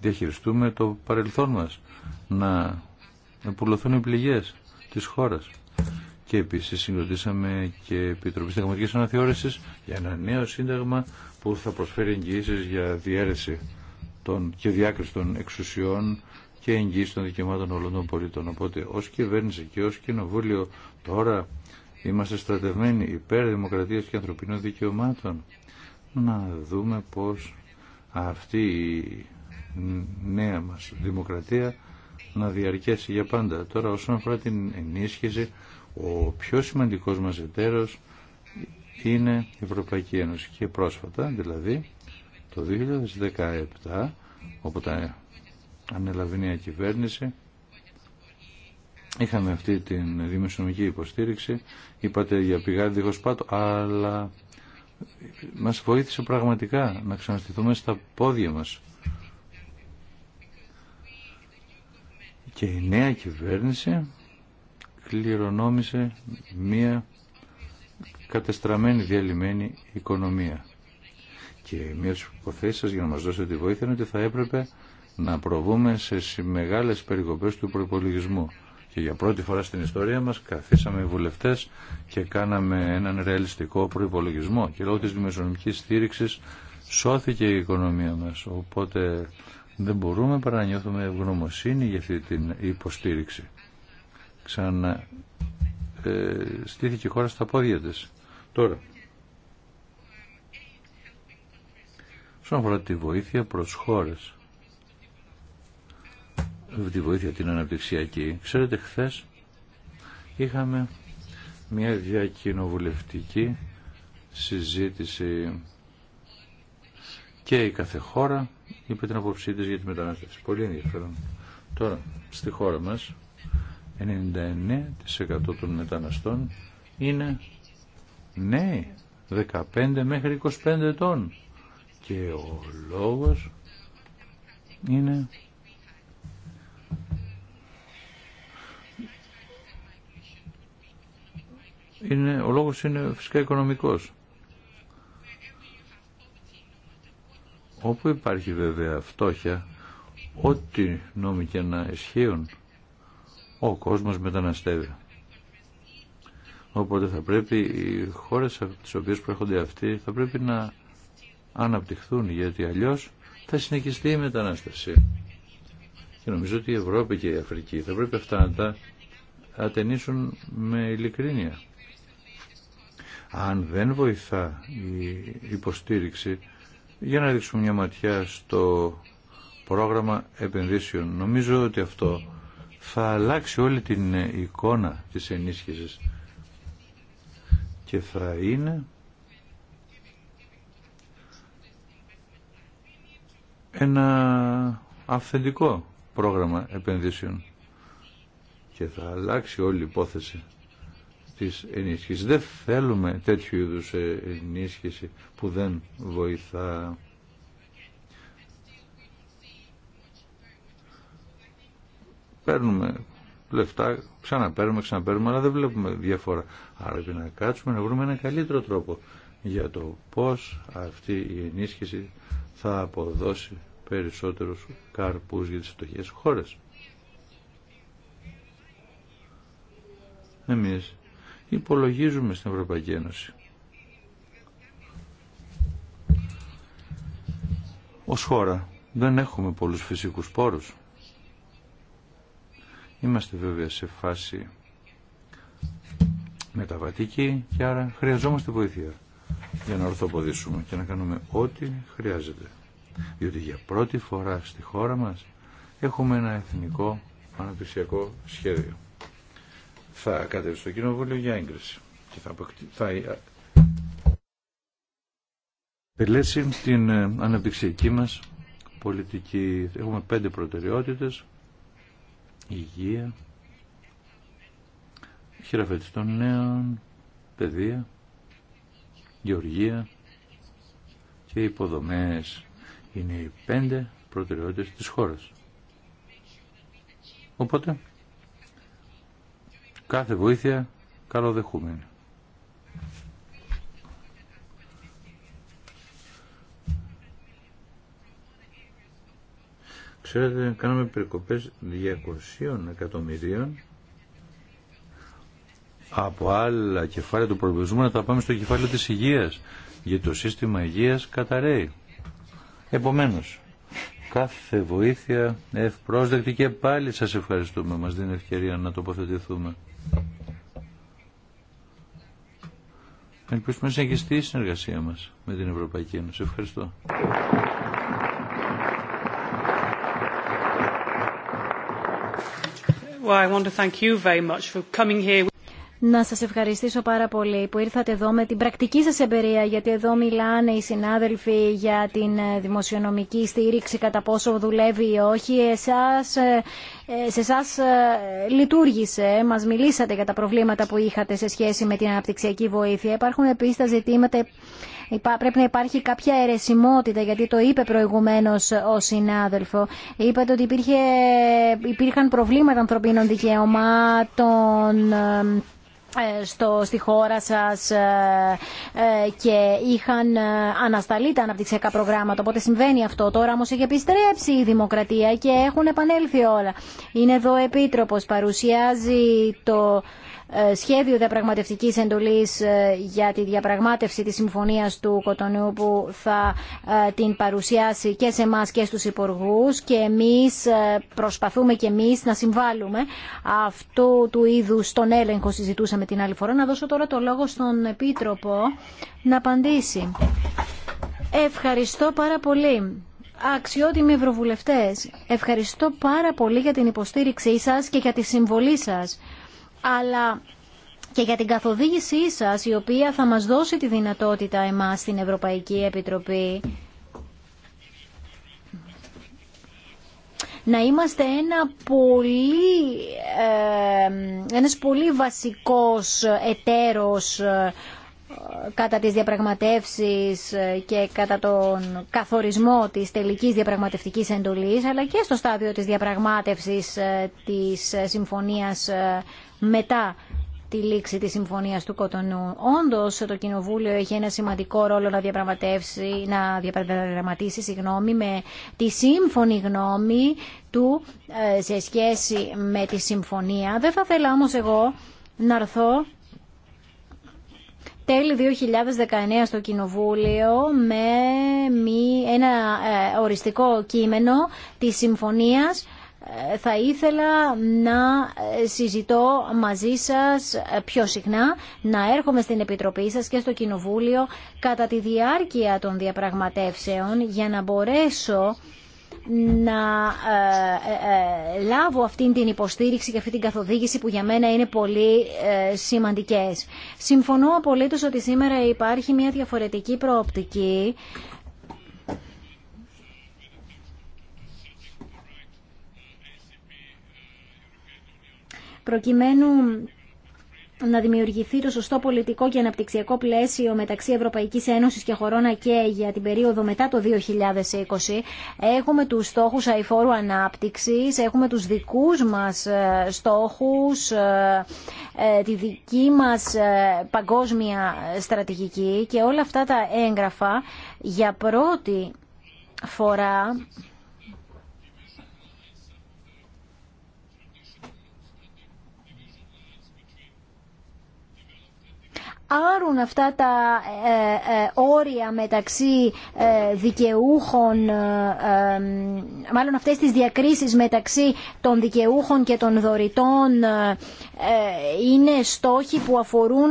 διαχειριστούμε το παρελθόν μας, να πουλωθούν οι πληγές Τη χώρα. Και επίσης συγκροτήσαμε και Επιτροπή Συνταγματικής Αναθεώρησης για ένα νέο σύνταγμα που θα προσφέρει εγγυήσεις για διαίρεση των και διάκριση των εξουσιών και εγγύηση των δικαιωμάτων όλων των πολιτών. Οπότε ως κυβέρνηση και ως κοινοβούλιο τώρα είμαστε στρατευμένοι υπέρ δημοκρατίας και ανθρωπινών δικαιωμάτων. Να δούμε πώς αυτή η νέα μας δημοκρατία να διαρκέσει για πάντα. Τώρα όσον αφορά την ενίσχυση, ο πιο σημαντικός μας εταίρος είναι η Ευρωπαϊκή Ένωση και πρόσφατα, δηλαδή το 2017, όπου τα μια κυβέρνηση, είχαμε αυτή την δημοσιονομική υποστήριξη, είπατε για πηγάδι δίχως πάτο, αλλά μας βοήθησε πραγματικά να ξαναστηθούμε στα πόδια μας. και η νέα κυβέρνηση κληρονόμησε μία κατεστραμμένη διαλυμένη οικονομία. Και μία στις υποθέσεις σας για να μας δώσετε τη βοήθεια είναι ότι θα έπρεπε να προβούμε σε μεγάλες περικοπές του προπολογισμού. Και για πρώτη φορά στην ιστορία μας καθίσαμε οι βουλευτές και κάναμε έναν ρεαλιστικό προϋπολογισμό. Και λόγω της δημοσιονομικής στήριξης σώθηκε η οικονομία μας. Οπότε δεν μπορούμε παρά να νιώθουμε ευγνωμοσύνη για αυτή την υποστήριξη. Ξανα ε, στήθηκε η χώρα στα πόδια της. Τώρα, όσον αφορά τη βοήθεια προς χώρες, τη βοήθεια την αναπτυξιακή, ξέρετε χθες είχαμε μια διακοινοβουλευτική συζήτηση και η κάθε χώρα είπε την απόψή της για τη μετανάστευση. Πολύ ενδιαφέρον. Τώρα, στη χώρα μας, 99% των μεταναστών είναι νέοι, 15 μέχρι 25 ετών. Και ο λόγος είναι είναι, ο λόγος είναι φυσικά οικονομικός. Όπου υπάρχει βέβαια φτώχεια, ό,τι νόμοι και να ισχύουν, ο κόσμος μεταναστεύει. Οπότε θα πρέπει οι χώρες από τις οποίες προέρχονται αυτοί θα πρέπει να αναπτυχθούν γιατί αλλιώς θα συνεχιστεί η μετανάστευση. Και νομίζω ότι η Ευρώπη και η Αφρική θα πρέπει αυτά να τα ατενίσουν με ειλικρίνεια. Αν δεν βοηθά η υποστήριξη για να δείξουμε μια ματιά στο πρόγραμμα επενδύσεων. Νομίζω ότι αυτό θα αλλάξει όλη την εικόνα της ενίσχυσης και θα είναι ένα αυθεντικό πρόγραμμα επενδύσεων και θα αλλάξει όλη η υπόθεση της ενίσχυσης. Δεν θέλουμε τέτοιου είδους ε, ενίσχυση που δεν βοηθά. Παίρνουμε λεφτά, ξαναπαίρνουμε, ξαναπαίρνουμε, αλλά δεν βλέπουμε διαφορά. Άρα πρέπει να κάτσουμε να βρούμε ένα καλύτερο τρόπο για το πώς αυτή η ενίσχυση θα αποδώσει περισσότερους καρπούς για τις φτωχές χώρες. Εμείς υπολογίζουμε στην Ευρωπαϊκή Ένωση. Ως χώρα δεν έχουμε πολλούς φυσικούς πόρους. Είμαστε βέβαια σε φάση μεταβατική και άρα χρειαζόμαστε βοήθεια για να ορθοποδήσουμε και να κάνουμε ό,τι χρειάζεται. Διότι για πρώτη φορά στη χώρα μας έχουμε ένα εθνικό αναπτυξιακό σχέδιο θα κατέβει στο Κοινοβούλιο για έγκριση και θα, αποκτήσει. θα ε, την ε, αναπτυξιακή μας πολιτική. Έχουμε πέντε προτεραιότητες. Υγεία, χειραφέτηση των νέων, παιδεία, γεωργία και υποδομές. Είναι οι πέντε προτεραιότητες της χώρας. Οπότε κάθε βοήθεια καλοδεχούμενη. Ξέρετε, κάναμε περικοπές 200 εκατομμυρίων από άλλα κεφάλαια του προβλησμού να τα πάμε στο κεφάλαιο της υγείας γιατί το σύστημα υγείας καταραίει. Επομένως, κάθε βοήθεια ευπρόσδεκτη και πάλι σας ευχαριστούμε μας δίνει ευκαιρία να τοποθετηθούμε. Ελπίζουμε να συνεχιστεί η συνεργασία μας με την Ευρωπαϊκή Ένωση. Ευχαριστώ. Να σας ευχαριστήσω πάρα πολύ που ήρθατε εδώ με την πρακτική σας εμπειρία, γιατί εδώ μιλάνε οι συνάδελφοι για την δημοσιονομική στήριξη, κατά πόσο δουλεύει ή όχι. Εσάς ε, ε, σε εσά ε, λειτουργήσε. Μας μιλήσατε για τα προβλήματα που είχατε σε σχέση με την αναπτυξιακή βοήθεια. Υπάρχουν επίση τα ζητήματα πρέπει να υπάρχει κάποια αιρεσιμότητα, γιατί το είπε προηγουμένω ο συνάδελφο. Είπατε ότι υπήρχε, ε, υπήρχαν προβλήματα ανθρωπίνων δικαιωμάτων ε, στο, στη χώρα σας ε, ε και είχαν ε, ανασταλεί τα αναπτυξιακά προγράμματα οπότε συμβαίνει αυτό τώρα όμως έχει επιστρέψει η δημοκρατία και έχουν επανέλθει όλα είναι εδώ ο Επίτροπος παρουσιάζει το ε, σχέδιο διαπραγματευτική εντολής ε, για τη διαπραγμάτευση της συμφωνίας του Κοτονού που θα ε, την παρουσιάσει και σε εμά και στους υπουργού. και εμείς προσπαθούμε και εμείς να συμβάλλουμε αυτού του είδου στον έλεγχο συζητούσαμε την άλλη φορά. Να δώσω τώρα το λόγο στον Επίτροπο να απαντήσει. Ευχαριστώ πάρα πολύ. Αξιότιμοι Ευρωβουλευτές, ευχαριστώ πάρα πολύ για την υποστήριξή σας και για τη συμβολή σας αλλά και για την καθοδήγησή σας, η οποία θα μας δώσει τη δυνατότητα εμάς στην Ευρωπαϊκή Επιτροπή να είμαστε ένα πολύ, ε, ένας πολύ βασικός εταίρος ε, κατά τις διαπραγματεύσεις ε, και κατά τον καθορισμό της τελικής διαπραγματευτικής εντολής αλλά και στο στάδιο της διαπραγμάτευσης ε, της ε, συμφωνίας μετά τη λήξη της συμφωνίας του Κοτονού. Όντως το Κοινοβούλιο έχει ένα σημαντικό ρόλο να διαπραγματεύσει, να διαπραγματήσει, συγγνώμη, με τη σύμφωνη γνώμη του σε σχέση με τη συμφωνία. Δεν θα ήθελα όμως εγώ να έρθω τέλη 2019 στο Κοινοβούλιο με μη, ένα ε, οριστικό κείμενο της συμφωνίας ε, θα ήθελα να ε, συζητώ μαζί σας πιο συχνά, να έρχομαι στην Επιτροπή σας και στο Κοινοβούλιο κατά τη διάρκεια των διαπραγματεύσεων για να μπορέσω να ε, ε, ε, λάβω αυτή την υποστήριξη και αυτή την καθοδήγηση που για μένα είναι πολύ σημαντικές. Συμφωνώ απολύτως ότι σήμερα υπάρχει μια διαφορετική προοπτική προκειμένου να δημιουργηθεί το σωστό πολιτικό και αναπτυξιακό πλαίσιο μεταξύ Ευρωπαϊκής Ένωσης και χωρών και για την περίοδο μετά το 2020. Έχουμε τους στόχους αηφόρου ανάπτυξης, έχουμε τους δικούς μας ε, στόχους, ε, ε, τη δική μας παγκόσμια στρατηγική και όλα αυτά τα έγγραφα για πρώτη φορά άρουν αυτά τα ε, ε, όρια μεταξύ ε, δικαιούχων, μάλλον αυτές τις διακρίσεις μεταξύ των δικαιούχων και των δωρητών είναι στόχοι που αφορούν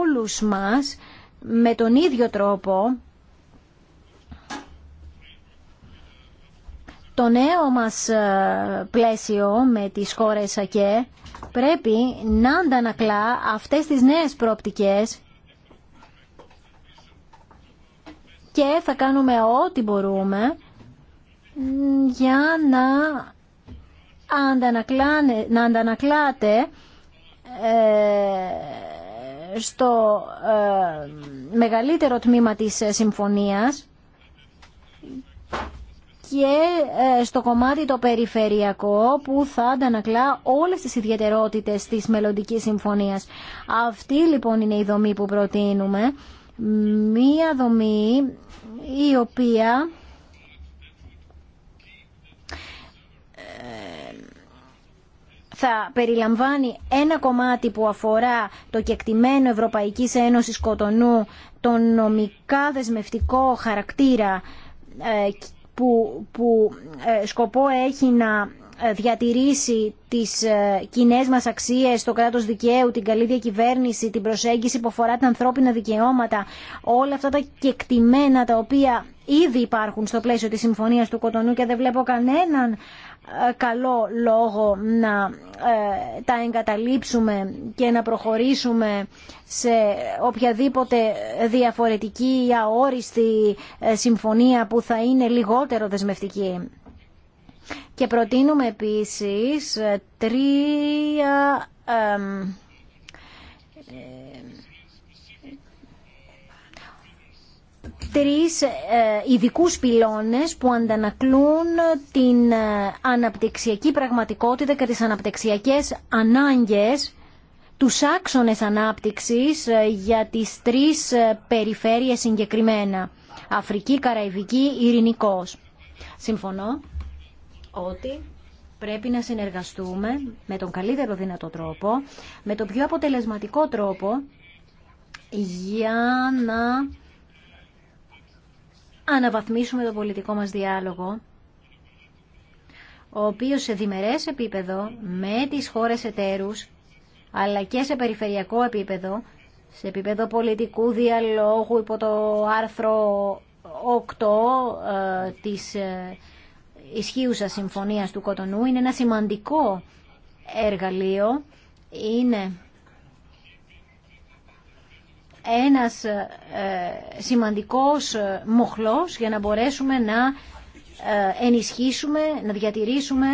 όλους μας με τον ίδιο τρόπο. Το νέο μας πλαίσιο με τις χώρες ΑΚΕ πρέπει να αντανακλά αυτές τις νέες προοπτικές και θα κάνουμε ό,τι μπορούμε για να, αντανακλάνε, να αντανακλάτε ε, στο ε, μεγαλύτερο τμήμα της ε, συμφωνίας και ε, στο κομμάτι το περιφερειακό που θα αντανακλά όλες τις ιδιαιτερότητες της μελλοντική συμφωνίας. Αυτή λοιπόν είναι η δομή που προτείνουμε. Μία δομή η οποία ε, θα περιλαμβάνει ένα κομμάτι που αφορά το κεκτημένο Ευρωπαϊκής Ένωσης Κοτονού, τον νομικά δεσμευτικό χαρακτήρα ε, που, που ε, σκοπό έχει να ε, διατηρήσει τις ε, κοινέ μας αξίες, το κράτος δικαίου, την καλή διακυβέρνηση, την προσέγγιση που αφορά τα ανθρώπινα δικαιώματα, όλα αυτά τα κεκτημένα τα οποία ήδη υπάρχουν στο πλαίσιο της Συμφωνίας του Κοτονού και δεν βλέπω κανέναν ε, καλό λόγο να ε, τα εγκαταλείψουμε και να προχωρήσουμε σε οποιαδήποτε διαφορετική ή αόριστη ε, συμφωνία που θα είναι λιγότερο δεσμευτική. Και προτείνουμε επίσης τρία τρεις ε, ειδικούς πυλώνες που αντανακλούν την ε, αναπτυξιακή πραγματικότητα και τις αναπτυξιακές ανάγκες του άξονες ανάπτυξης ε, για τις τρεις περιφέρειες συγκεκριμένα. Αφρική, Καραϊβική, Ειρηνικός. Συμφωνώ ότι πρέπει να συνεργαστούμε με τον καλύτερο δυνατό τρόπο, με τον πιο αποτελεσματικό τρόπο για να αναβαθμίσουμε τον πολιτικό μας διάλογο ο οποίος σε διμερές επίπεδο με τις χώρες εταίρους αλλά και σε περιφερειακό επίπεδο σε επίπεδο πολιτικού διαλόγου υπό το άρθρο 8 ε, της ε, ισχύουσας συμφωνίας του Κοτονού είναι ένα σημαντικό εργαλείο είναι ένας ε, σημαντικός ε, μοχλός για να μπορέσουμε να ε, ενισχύσουμε, να διατηρήσουμε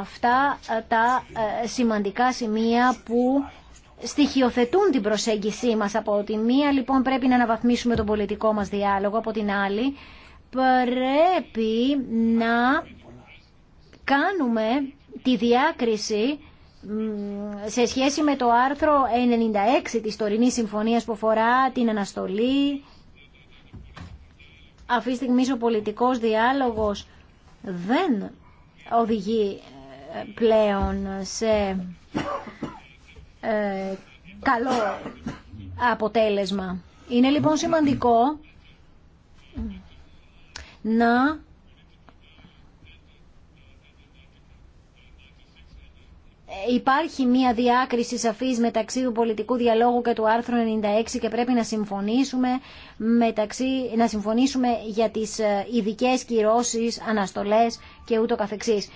αυτά τα σημαντικά σημεία που στοιχειοθετούν την προσέγγισή μας από τη μία λοιπόν πρέπει να αναβαθμίσουμε τον πολιτικό μας διάλογο από την άλλη πρέπει να κάνουμε τη διάκριση σε σχέση με το άρθρο 96 της τωρινής συμφωνίας που αφορά την αναστολή αυτή τη στιγμή ο πολιτικός διάλογος δεν οδηγεί ε, πλέον σε ε, καλό αποτέλεσμα. Είναι λοιπόν σημαντικό να υπάρχει μια διάκριση σαφής μεταξύ του πολιτικού διαλόγου και του άρθρου 96 και πρέπει να συμφωνήσουμε, μεταξύ, να συμφωνήσουμε για τις ε, ειδικέ κυρώσεις, αναστολές και ούτω καθεξής.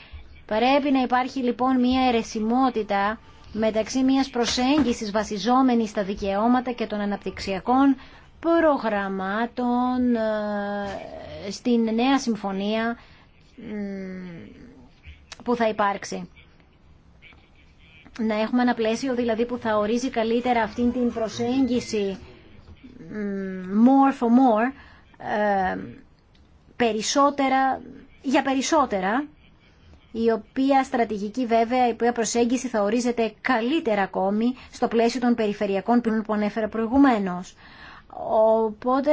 Πρέπει να υπάρχει λοιπόν μια αιρεσιμότητα μεταξύ μιας προσέγγισης βασιζόμενη στα δικαιώματα και των αναπτυξιακών προγραμμάτων ε, στην νέα συμφωνία που θα υπάρξει να έχουμε ένα πλαίσιο δηλαδή που θα ορίζει καλύτερα αυτή την προσέγγιση more for more, ε, περισσότερα για περισσότερα, η οποία στρατηγική βέβαια, η οποία προσέγγιση θα ορίζεται καλύτερα ακόμη στο πλαίσιο των περιφερειακών ποινών που ανέφερα προηγουμένως. Οπότε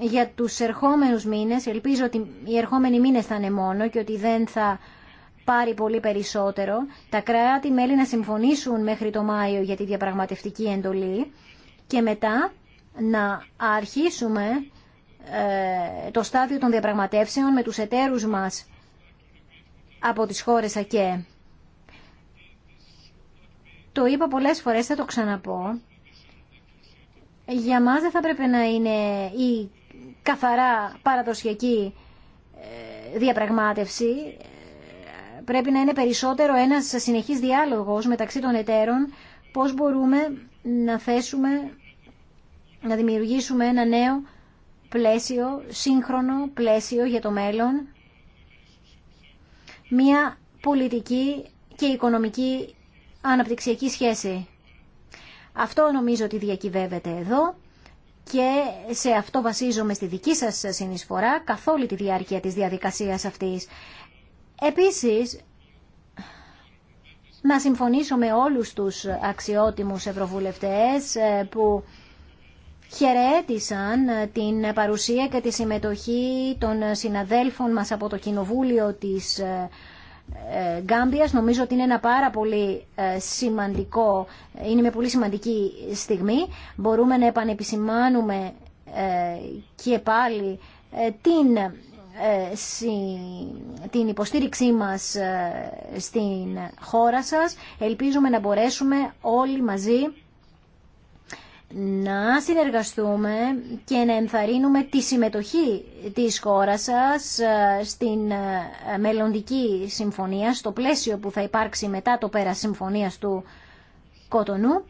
για τους ερχόμενους μήνες, ελπίζω ότι οι ερχόμενοι μήνες θα είναι μόνο και ότι δεν θα πάρει πολύ περισσότερο, τα κράτη-μέλη να συμφωνήσουν μέχρι το Μάιο για τη διαπραγματευτική εντολή και μετά να αρχίσουμε ε, το στάδιο των διαπραγματεύσεων με τους εταίρους μας από τις χώρες ΑΚΕ. Το είπα πολλές φορές, θα το ξαναπώ. Για δεν θα πρέπει να είναι η καθαρά παραδοσιακή ε, διαπραγμάτευση. Ε, πρέπει να είναι περισσότερο ένας συνεχής διάλογος μεταξύ των εταίρων πώς μπορούμε να θέσουμε, να δημιουργήσουμε ένα νέο πλαίσιο, σύγχρονο πλαίσιο για το μέλλον, μια πολιτική και οικονομική αναπτυξιακή σχέση. Αυτό νομίζω ότι διακυβεύεται εδώ και σε αυτό βασίζομαι στη δική σας συνεισφορά καθ' όλη τη διάρκεια της διαδικασίας αυτής. Επίσης, να συμφωνήσω με όλους τους αξιότιμους ευρωβουλευτές ε, που χαιρέτησαν ε, την παρουσία και τη συμμετοχή των συναδέλφων μας από το Κοινοβούλιο της ε, ε, Γκάμπιας. Νομίζω ότι είναι ένα πάρα πολύ ε, σημαντικό, είναι μια πολύ σημαντική στιγμή. Μπορούμε να επανεπισημάνουμε ε, και πάλι την την υποστήριξή μας στην χώρα σας. Ελπίζουμε να μπορέσουμε όλοι μαζί να συνεργαστούμε και να ενθαρρύνουμε τη συμμετοχή της χώρας σας ε, στην ε, μελλοντική συμφωνία, στο πλαίσιο που θα υπάρξει μετά το πέρα συμφωνίας του Κότονου.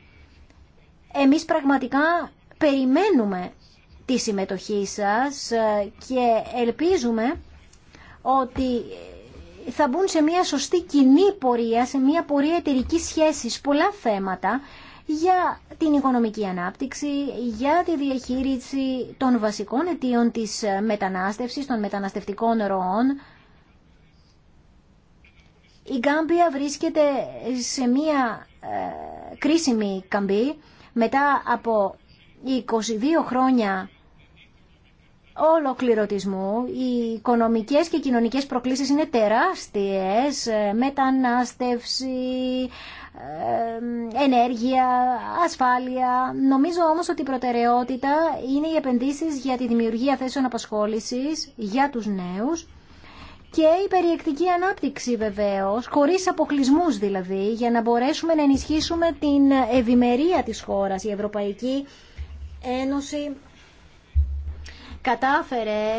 Εμείς πραγματικά περιμένουμε τη συμμετοχή σας ε, και ελπίζουμε ότι θα μπουν σε μια σωστή κοινή πορεία, σε μια πορεία εταιρική σχέσης πολλά θέματα για την οικονομική ανάπτυξη, για τη διαχείριση των βασικών αιτίων της μετανάστευσης, των μεταναστευτικών ροών. Η Γκάμπια βρίσκεται σε μία ε, κρίσιμη καμπή μετά από 22 χρόνια ολοκληρωτισμού. Οι οικονομικές και κοινωνικές προκλήσεις είναι τεράστιες. Ε, μετανάστευση, ε, ενέργεια, ασφάλεια. Νομίζω όμως ότι η προτεραιότητα είναι οι επενδύσεις για τη δημιουργία θέσεων απασχόλησης για τους νέους και η περιεκτική ανάπτυξη βεβαίως, χωρίς αποκλεισμούς δηλαδή, για να μπορέσουμε να ενισχύσουμε την ευημερία της χώρας. Η Ευρωπαϊκή Ένωση κατάφερε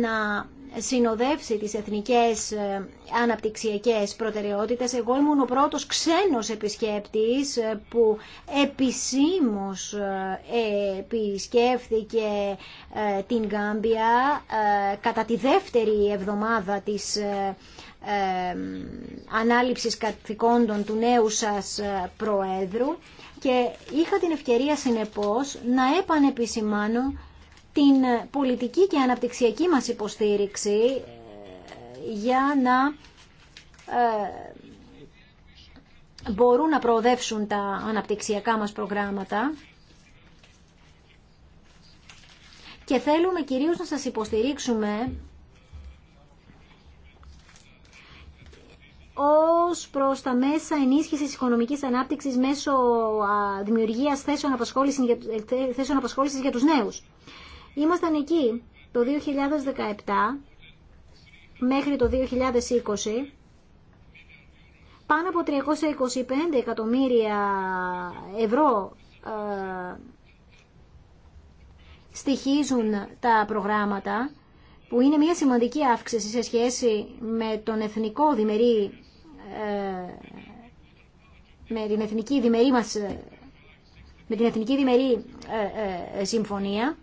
να συνοδεύσει τις εθνικές ε, αναπτυξιακές προτεραιότητες. Εγώ ήμουν ο πρώτος ξένος επισκέπτης ε, που επισήμως ε, επισκέφθηκε την Γκάμπια κατά τη δεύτερη εβδομάδα της ανάληψης καθηκόντων του νέου σας Προέδρου και είχα την ευκαιρία συνεπώς να επανεπισημάνω την πολιτική και αναπτυξιακή μας υποστήριξη ε, για να ε, μπορούν να προοδεύσουν τα αναπτυξιακά μας προγράμματα και θέλουμε κυρίως να σας υποστηρίξουμε ως προς τα μέσα ενίσχυσης οικονομικής ανάπτυξης μέσω δημιουργίας θέσεων απασχόλησης για τους νέους. Ήμασταν εκεί το 2017 μέχρι το 2020 πάνω από 325 εκατομμύρια ευρώ ε, στοιχίζουν τα προγράμματα που είναι μια σημαντική αύξηση σε σχέση με τον εθνικό διμερή ε, με την εθνική διμερή μας ε, με την εθνική διμερή ε, συμφωνία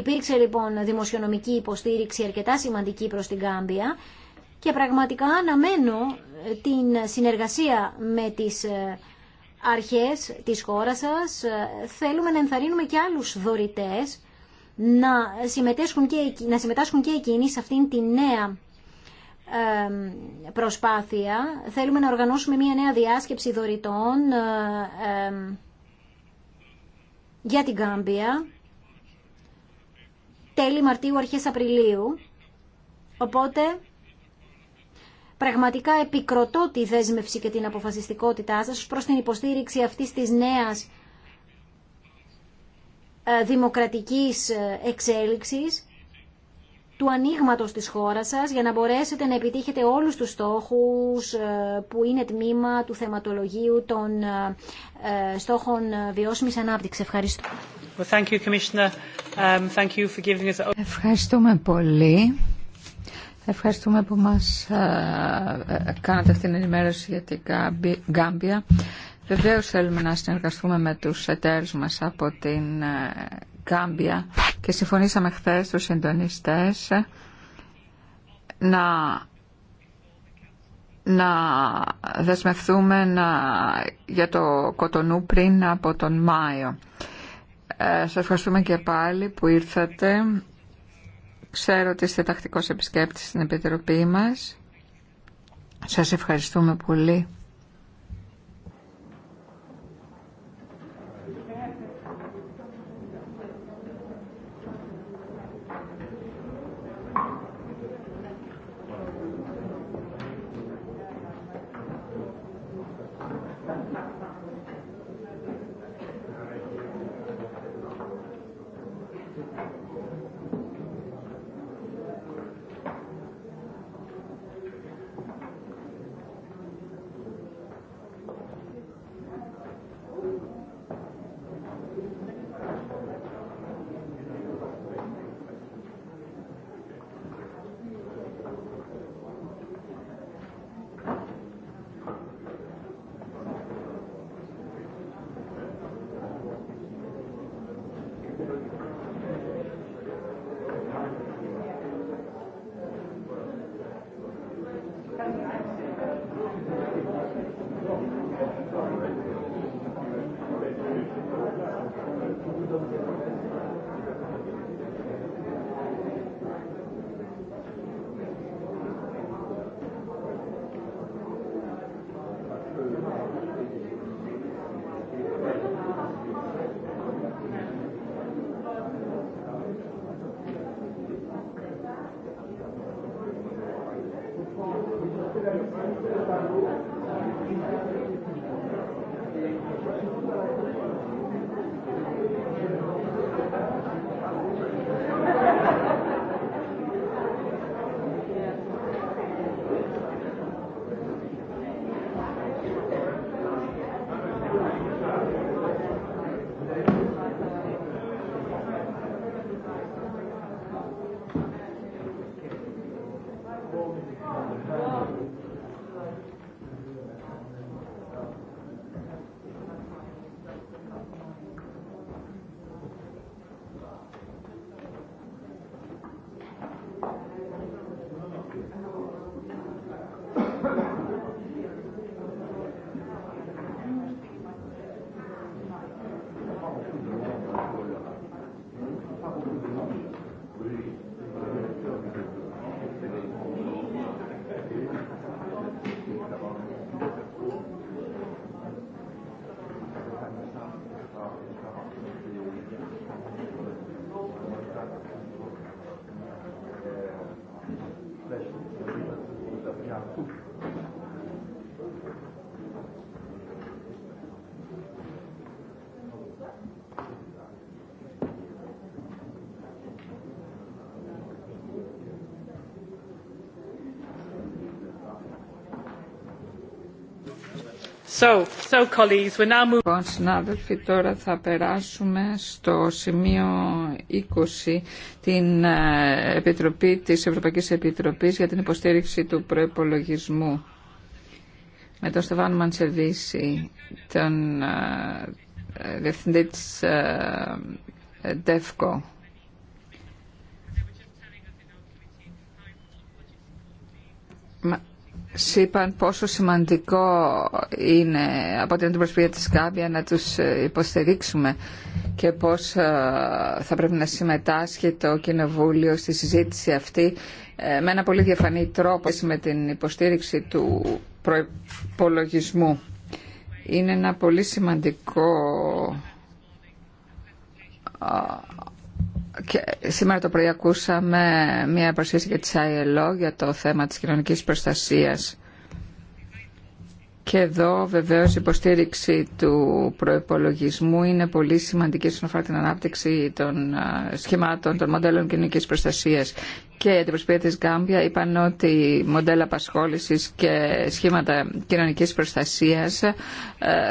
Υπήρξε λοιπόν δημοσιονομική υποστήριξη αρκετά σημαντική προς την Κάμπια και πραγματικά αναμένω ε, την συνεργασία με τις ε, αρχές της χώρας σας. Ε, θέλουμε να ενθαρρύνουμε και άλλους δωρητές να συμμετάσχουν και, να συμμετάσχουν και εκείνοι σε αυτήν τη νέα προσπάθεια. Θέλουμε να οργανώσουμε μια νέα διάσκεψη δωρητών για την Κάμπια τέλη Μαρτίου, αρχές Απριλίου. Οπότε πραγματικά επικροτώ τη δέσμευση και την αποφασιστικότητά σας προς την υποστήριξη αυτής της νέας ε, δημοκρατικής ε, εξέλιξης του ανοίγματο της χώρας σας για να μπορέσετε να επιτύχετε όλους τους στόχους ε, που είναι τμήμα του θεματολογίου των στόχων βιώσιμης ανάπτυξης. Ευχαριστώ. Ευχαριστούμε πολύ. Ευχαριστούμε που μας ε, ε, κάνατε αυτήν την ενημέρωση για την Γκάμπια. Βεβαίως θέλουμε να συνεργαστούμε με τους εταίρους μας από την ε, Γκάμπια και συμφωνήσαμε χθες τους συντονιστές να να δεσμευτούμε για το Κοτονού πριν από τον Μάιο. Ε, σας ευχαριστούμε και πάλι που ήρθατε. Ξέρω ότι είστε τακτικός επισκέπτης στην Επιτροπή μας. Σας ευχαριστούμε πολύ. Λοιπόν, συνάδελφοι, τώρα θα περάσουμε στο σημείο 20 την ε, Επιτροπή της Ευρωπαϊκής Επιτροπής για την υποστήριξη του προϋπολογισμού με τον Στεβάν Μαντσεβίση, τον ε, διευθυντή της ε, ΔΕΦΚΟ. Σήπαν πόσο σημαντικό είναι από την αντιπροσωπεία της κάπια να τους ε, υποστηρίξουμε και πώς ε, θα πρέπει να συμμετάσχει το Κοινοβούλιο στη συζήτηση αυτή ε, με ένα πολύ διαφανή τρόπο με την υποστήριξη του προπολογισμού. Είναι ένα πολύ σημαντικό σήμερα το πρωί ακούσαμε μια παρουσίαση για τη ILO για το θέμα της κοινωνικής προστασίας. Και εδώ βεβαίως η υποστήριξη του προϋπολογισμού είναι πολύ σημαντική στον αφορά την ανάπτυξη των ε, σχημάτων, των μοντέλων κοινωνικής προστασίας και η Προσπία της Γκάμπια είπαν ότι μοντέλα απασχόλησης και σχήματα κοινωνικής προστασίας ε,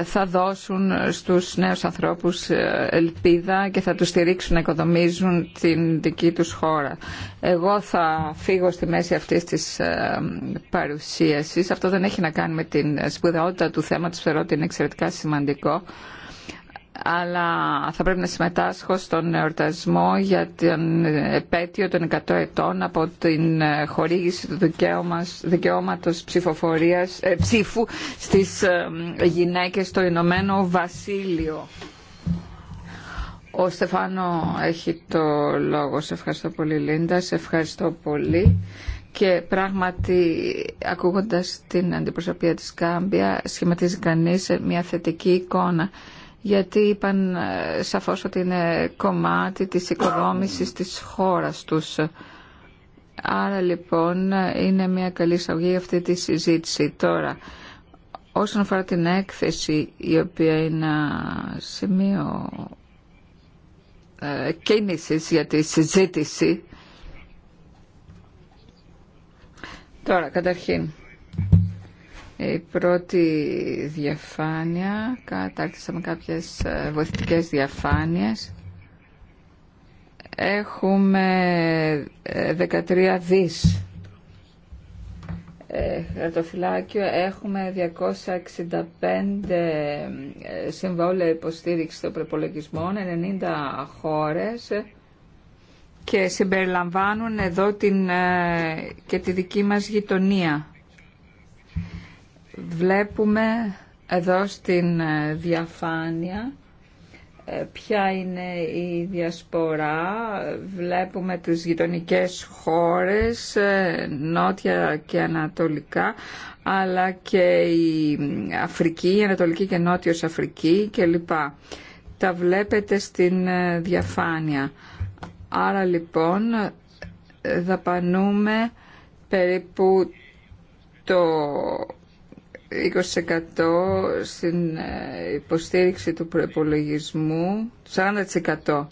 θα δώσουν στους νέους ανθρώπους ε, ελπίδα και θα τους στηρίξουν να οικοδομίζουν την δική τους χώρα. Εγώ θα φύγω στη μέση αυτής της ε, παρουσίασης. Αυτό δεν έχει να κάνει με την σπουδαιότητα του θέματος, θεωρώ ότι είναι εξαιρετικά σημαντικό αλλά θα πρέπει να συμμετάσχω στον εορτασμό για την επέτειο των 100 ετών από την ε, χορήγηση του δικαιώματος ψηφοφορίας, ε, ψήφου στις ε, γυναίκες στο Ηνωμένο Βασίλειο. Ο Στεφάνο έχει το λόγο. Σε ευχαριστώ πολύ Λίντα, σε ευχαριστώ πολύ και πράγματι ακούγοντας την αντιπροσωπεία της Κάμπια σχηματίζει κανείς μια θετική εικόνα γιατί είπαν ε, σαφώς ότι είναι κομμάτι της οικοδόμησης της χώρας τους. Άρα λοιπόν είναι μια καλή εισαγωγή αυτή τη συζήτηση. Τώρα, όσον αφορά την έκθεση η οποία είναι σημείο ε, κίνηση για τη συζήτηση. Τώρα, καταρχήν, η πρώτη διαφάνεια, με κάποιες ε, βοηθητικές διαφάνειες. Έχουμε 13 ε, δις ε, χαρτοφυλάκιο. Έχουμε 265 συμβόλαια υποστήριξη των προπολογισμών, 90 χώρες και συμπεριλαμβάνουν εδώ την, και τη δική μας γειτονία. Βλέπουμε εδώ στην ε, διαφάνεια ε, ποια είναι η διασπορά. Βλέπουμε τις γειτονικές χώρες, ε, νότια και ανατολικά, αλλά και η Αφρική, η Ανατολική και Νότιος Αφρική κλπ. Τα βλέπετε στην διαφάνεια. Άρα λοιπόν δαπανούμε περίπου το 20% στην ε, υποστήριξη του προπολογισμού, 40%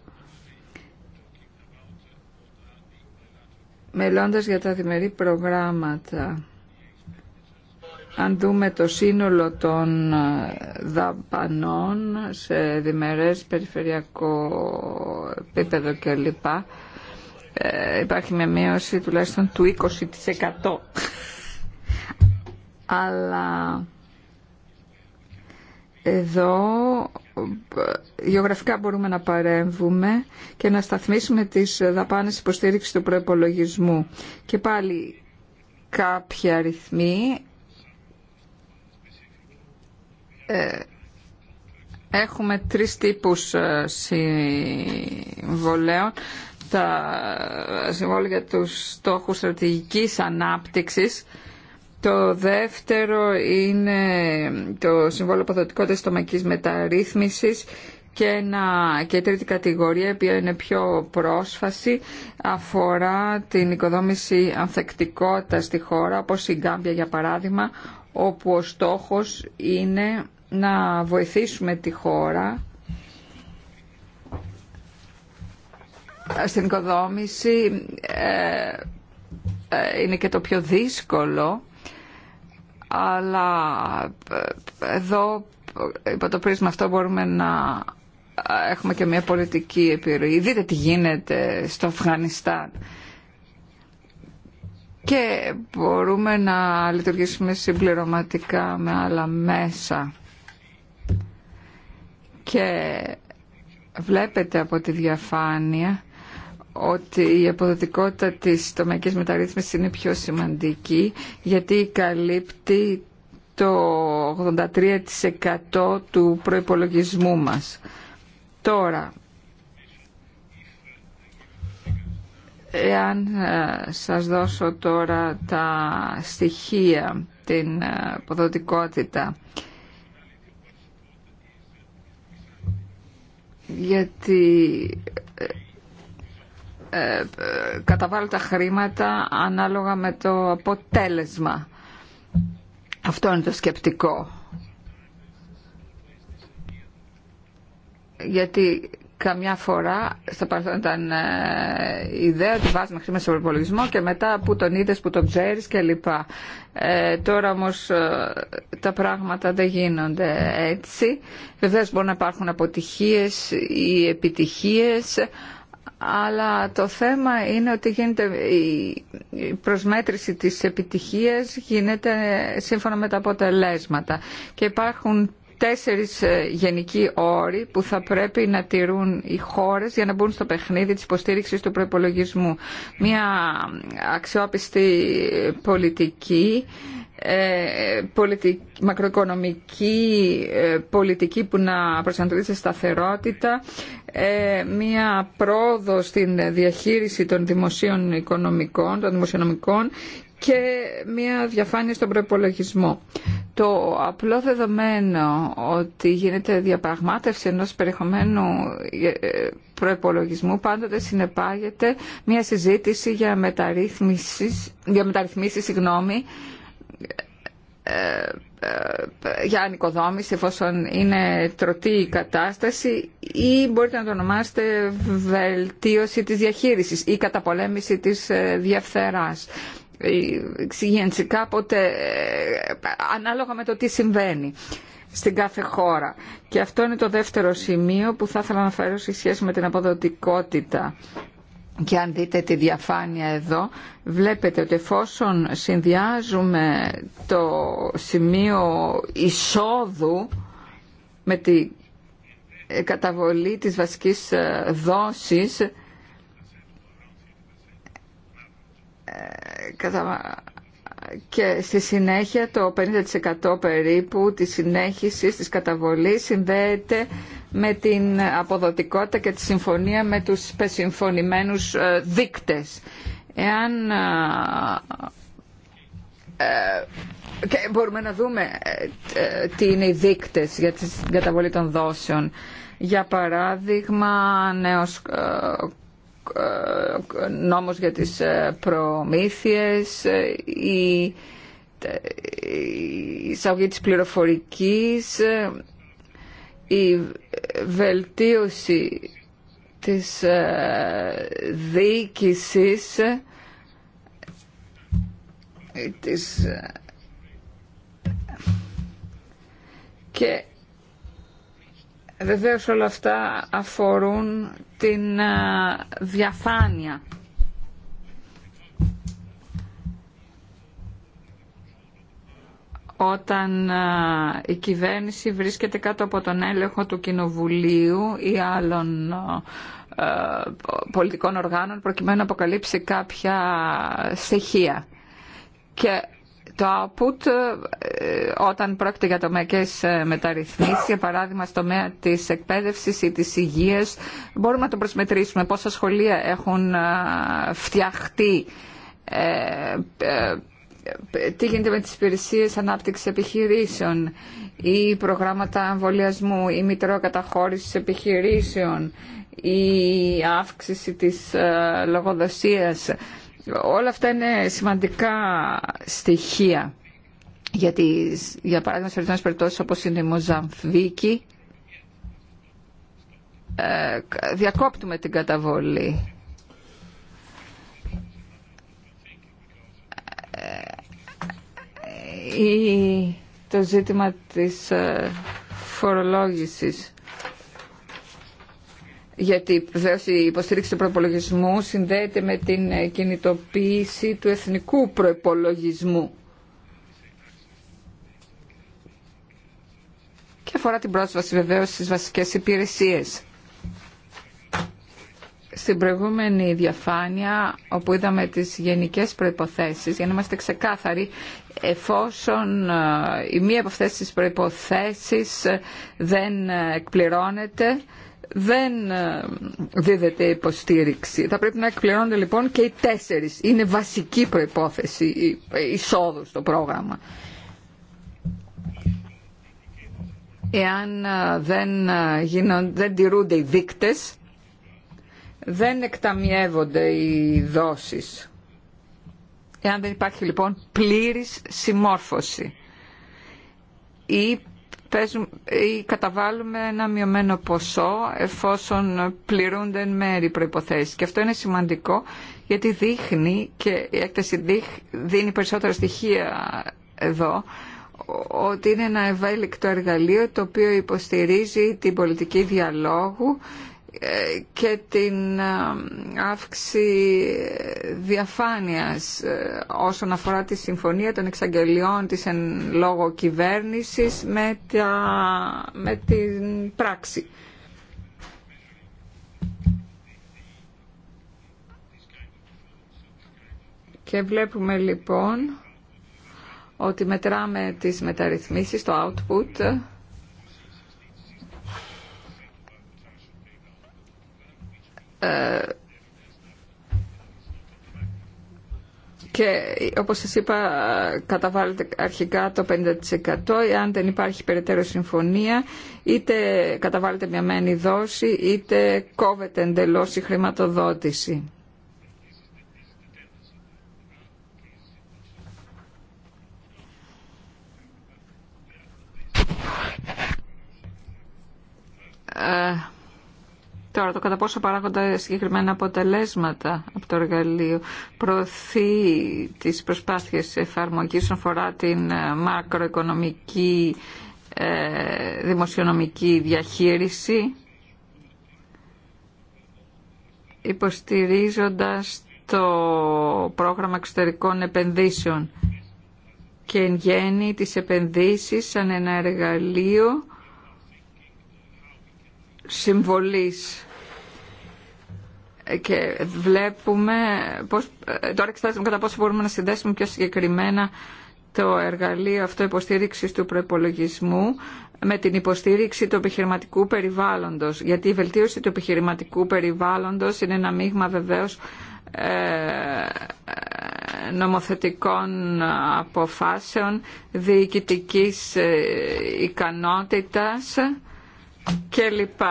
μελώντας για τα διμερή προγράμματα. Αν δούμε το σύνολο των ε, δαπανών σε διμερές περιφερειακό επίπεδο κλπ. Ε, υπάρχει μια μείωση τουλάχιστον του 20% αλλά εδώ γεωγραφικά μπορούμε να παρέμβουμε και να σταθμίσουμε τις δαπάνες υποστήριξης του προϋπολογισμού. Και πάλι κάποια αριθμοί ε, έχουμε τρεις τύπους ε, συμβολέων τα συμβόλαια του τους στόχους στρατηγικής ανάπτυξης το δεύτερο είναι το συμβόλαιο παθοτικότητας Στομακής μεταρρύθμισης και, ένα, και η τρίτη κατηγορία, η οποία είναι πιο πρόσφαση, αφορά την οικοδόμηση ανθεκτικότητα στη χώρα, όπως η Γκάμπια για παράδειγμα, όπου ο στόχος είναι να βοηθήσουμε τη χώρα στην οικοδόμηση. Ε, ε, είναι και το πιο δύσκολο αλλά ε, εδώ υπό το πρίσμα αυτό μπορούμε να έχουμε και μια πολιτική επιρροή. Δείτε τι γίνεται στο Αφγανιστάν και μπορούμε να λειτουργήσουμε συμπληρωματικά με άλλα μέσα. Και βλέπετε από τη διαφάνεια ότι η αποδοτικότητα της τομεακής μεταρρύθμισης είναι πιο σημαντική γιατί καλύπτει το 83% του προϋπολογισμού μας. Τώρα, εάν ε, σας δώσω τώρα τα στοιχεία, την ε, αποδοτικότητα, γιατί ε, ε, καταβάλω τα χρήματα ανάλογα με το αποτέλεσμα. Αυτό είναι το σκεπτικό. Γιατί καμιά φορά στα παρελθόν ήταν ε, ιδέα ότι βάζουμε χρήματα στον προπολογισμό και μετά που τον είδε, που τον ξέρει κλπ. Ε, τώρα όμω ε, τα πράγματα δεν γίνονται έτσι. Βεβαίω μπορούν να υπάρχουν αποτυχίε ή επιτυχίε αλλά το θέμα είναι ότι γίνεται η προσμέτρηση της επιτυχίας γίνεται σύμφωνα με τα αποτελέσματα και υπάρχουν τέσσερις ε, γενικοί όροι που θα πρέπει να τηρούν οι χώρες για να μπουν στο παιχνίδι της υποστήριξης του προϋπολογισμού. Μια ε, αξιόπιστη ε, πολιτική, ε, πολιτικ, μακροοικονομική ε, πολιτική που να προσανατολίσει σταθερότητα, ε, μία πρόοδο στην διαχείριση των δημοσίων οικονομικών, των δημοσιονομικών και μία διαφάνεια στον προπολογισμό. Το απλό δεδομένο ότι γίνεται διαπραγμάτευση ενός περιεχομένου προπολογισμού πάντοτε συνεπάγεται μία συζήτηση για μεταρρυθμίσεις, για μεταρρυθμίσεις συγγνώμη, για ανοικοδόμηση εφόσον είναι τρωτή η κατάσταση ή μπορείτε να το ονομάσετε βελτίωση της διαχείρισης ή καταπολέμηση της ε, διαφθεράς εξυγένση κάποτε ε, ανάλογα με το τι συμβαίνει στην κάθε χώρα. Και αυτό είναι το δεύτερο σημείο που θα ήθελα να φέρω σε σχέση με την αποδοτικότητα. Και αν δείτε τη διαφάνεια εδώ, βλέπετε ότι εφόσον συνδυάζουμε το σημείο εισόδου με τη καταβολή της βασικής ε, δόσης, ε, και στη συνέχεια το 50% περίπου της συνέχισης της καταβολής συνδέεται με την αποδοτικότητα και τη συμφωνία με τους πεσυμφωνημένους ε, δίκτες. Εάν ε, ε, και μπορούμε να δούμε τι είναι οι δείκτες για την καταβολή των δόσεων. Για παράδειγμα, νέος νόμος για τις προμήθειες, η εισαγωγή της πληροφορικής, η βελτίωση της ε, διοίκησης ε, της ε, και βεβαίως όλα αυτά αφορούν την διαφάνεια. όταν η κυβέρνηση βρίσκεται κάτω από τον έλεγχο του Κοινοβουλίου ή άλλων πολιτικών οργάνων προκειμένου να αποκαλύψει κάποια στοιχεία. Και το output ε, όταν πρόκειται για τομεακές ε, μεταρρυθμίσεις, για παράδειγμα στο τομέα της εκπαίδευσης ή της υγείας, μπορούμε να το προσμετρήσουμε πόσα σχολεία έχουν φτιαχτεί ε, τι γίνεται με τις υπηρεσίες ανάπτυξης επιχειρήσεων ή προγράμματα εμβολιασμού ή μητρό καταχώρησης ε, ανάπτυξη στοιχεία. Γιατί, για παράδειγμα, σε ορισμένε περιπτώσει όπω είναι η προγραμματα εμβολιασμου η μητρο καταχωρηση επιχειρησεων η αυξηση της λογοδοσιας ολα αυτα ειναι διακόπτουμε την καταβολή. το ζήτημα της ε, φορολόγησης. Γιατί βεβαίω η υποστήριξη του προπολογισμού συνδέεται με την ε, κινητοποίηση του εθνικού προπολογισμού. Και αφορά την πρόσβαση βεβαίω στις βασικές υπηρεσίες στην προηγούμενη διαφάνεια όπου είδαμε τις γενικές προϋποθέσεις για να είμαστε ξεκάθαροι εφόσον ε, η μία από αυτές τις προϋποθέσεις ε, δεν ε, εκπληρώνεται δεν δίδεται υποστήριξη. Θα πρέπει να εκπληρώνονται λοιπόν και οι τέσσερις. Είναι βασική προϋπόθεση εισόδου στο πρόγραμμα. Εάν δεν, γίνον, δεν τηρούνται οι δείκτες, δεν εκταμιεύονται οι δόσεις. Εάν δεν υπάρχει λοιπόν πλήρης συμμόρφωση ή, παίζουμε, ή καταβάλουμε ένα μειωμένο ποσό εφόσον πληρούνται εν μέρη προϋποθέσεις. Και αυτό είναι σημαντικό γιατί δείχνει και η έκταση δίνει περισσότερα στοιχεία εδώ ότι είναι ένα ευέλικτο εργαλείο το οποίο υποστηρίζει την πολιτική διαλόγου και την ε, αύξηση διαφάνειας ε, όσον αφορά τη συμφωνία των εξαγγελιών της εν λόγω κυβέρνησης με, με την πράξη. Και βλέπουμε λοιπόν ότι μετράμε τις μεταρρυθμίσεις, το output, Ε, και όπως σας είπα καταβάλλεται αρχικά το 50% εάν δεν υπάρχει περαιτέρω συμφωνία είτε καταβάλλεται μια μένη δόση είτε κόβεται εντελώς η χρηματοδότηση. Ε, Τώρα, το κατά πόσο παράγονται συγκεκριμένα αποτελέσματα από το εργαλείο προωθεί τις προσπάθειες εφαρμογής όσον αφορά την ε, μακροοικονομική ε, δημοσιονομική διαχείριση υποστηρίζοντας το πρόγραμμα εξωτερικών επενδύσεων και εν γέννη τις επενδύσεις σαν ένα εργαλείο συμβολής και βλέπουμε πώς, ε, τώρα εξετάζουμε κατά πόσο μπορούμε να συνδέσουμε πιο συγκεκριμένα το εργαλείο αυτό υποστήριξη του προπολογισμού με την υποστήριξη του επιχειρηματικού περιβάλλοντος. Γιατί η βελτίωση του επιχειρηματικού περιβάλλοντος είναι ένα μείγμα βεβαίως ε, νομοθετικών αποφάσεων, διοικητικής ε, ικανότητας κλπ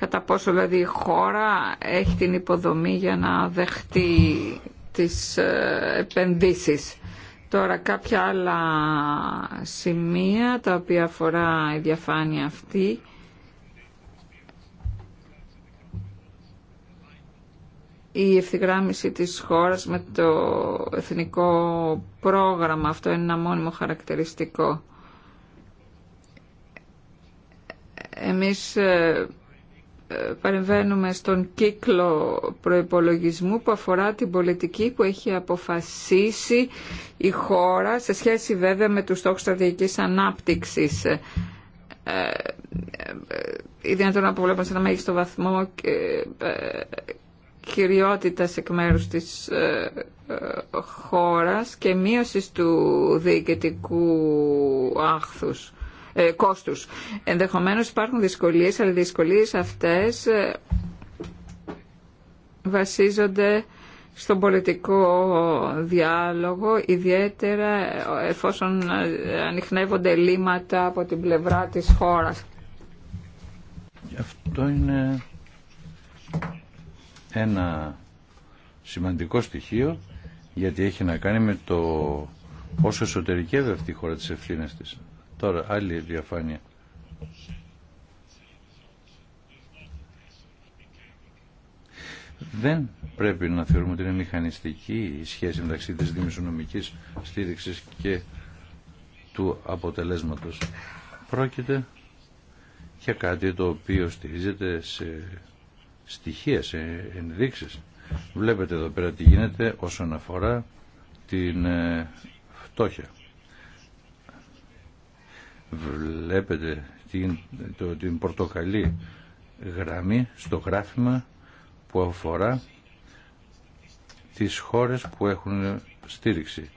κατά πόσο δηλαδή η χώρα έχει την υποδομή για να δεχτεί τις ε, επενδύσεις. Τώρα κάποια άλλα σημεία τα οποία αφορά η διαφάνεια αυτή η ευθυγράμμιση της χώρας με το εθνικό πρόγραμμα αυτό είναι ένα μόνιμο χαρακτηριστικό εμείς ε, παρεμβαίνουμε στον κύκλο προϋπολογισμού που αφορά την πολιτική που έχει αποφασίσει η χώρα σε σχέση βέβαια με τους στόχους στρατηγικής ανάπτυξης. Ιδιαίτερα δυνατόν να αποβλέπουμε σε ένα μέγιστο βαθμό κυριότητας εκ μέρους της χώρας και μείωση του διοικητικού άχθους. Ε, κόστους. Ενδεχομένως υπάρχουν δυσκολίες, αλλά οι δυσκολίες αυτές ε, βασίζονται στον πολιτικό διάλογο, ιδιαίτερα ε, εφόσον ανοιχνεύονται λύματα από την πλευρά της χώρας. Αυτό είναι ένα σημαντικό στοιχείο γιατί έχει να κάνει με το πόσο εσωτερικεύει αυτή η χώρα τις ευθύνες της. Τώρα άλλη διαφάνεια. Δεν πρέπει να θεωρούμε ότι είναι μηχανιστική η σχέση μεταξύ της δημοσιονομικής στήριξης και του αποτελέσματος. Πρόκειται για κάτι το οποίο στηρίζεται σε στοιχεία, σε ενδείξεις. Βλέπετε εδώ πέρα τι γίνεται όσον αφορά την ε, φτώχεια. Βλέπετε την, το, πορτοκαλί γραμμή στο γράφημα που αφορά τις χώρες που έχουν στήριξη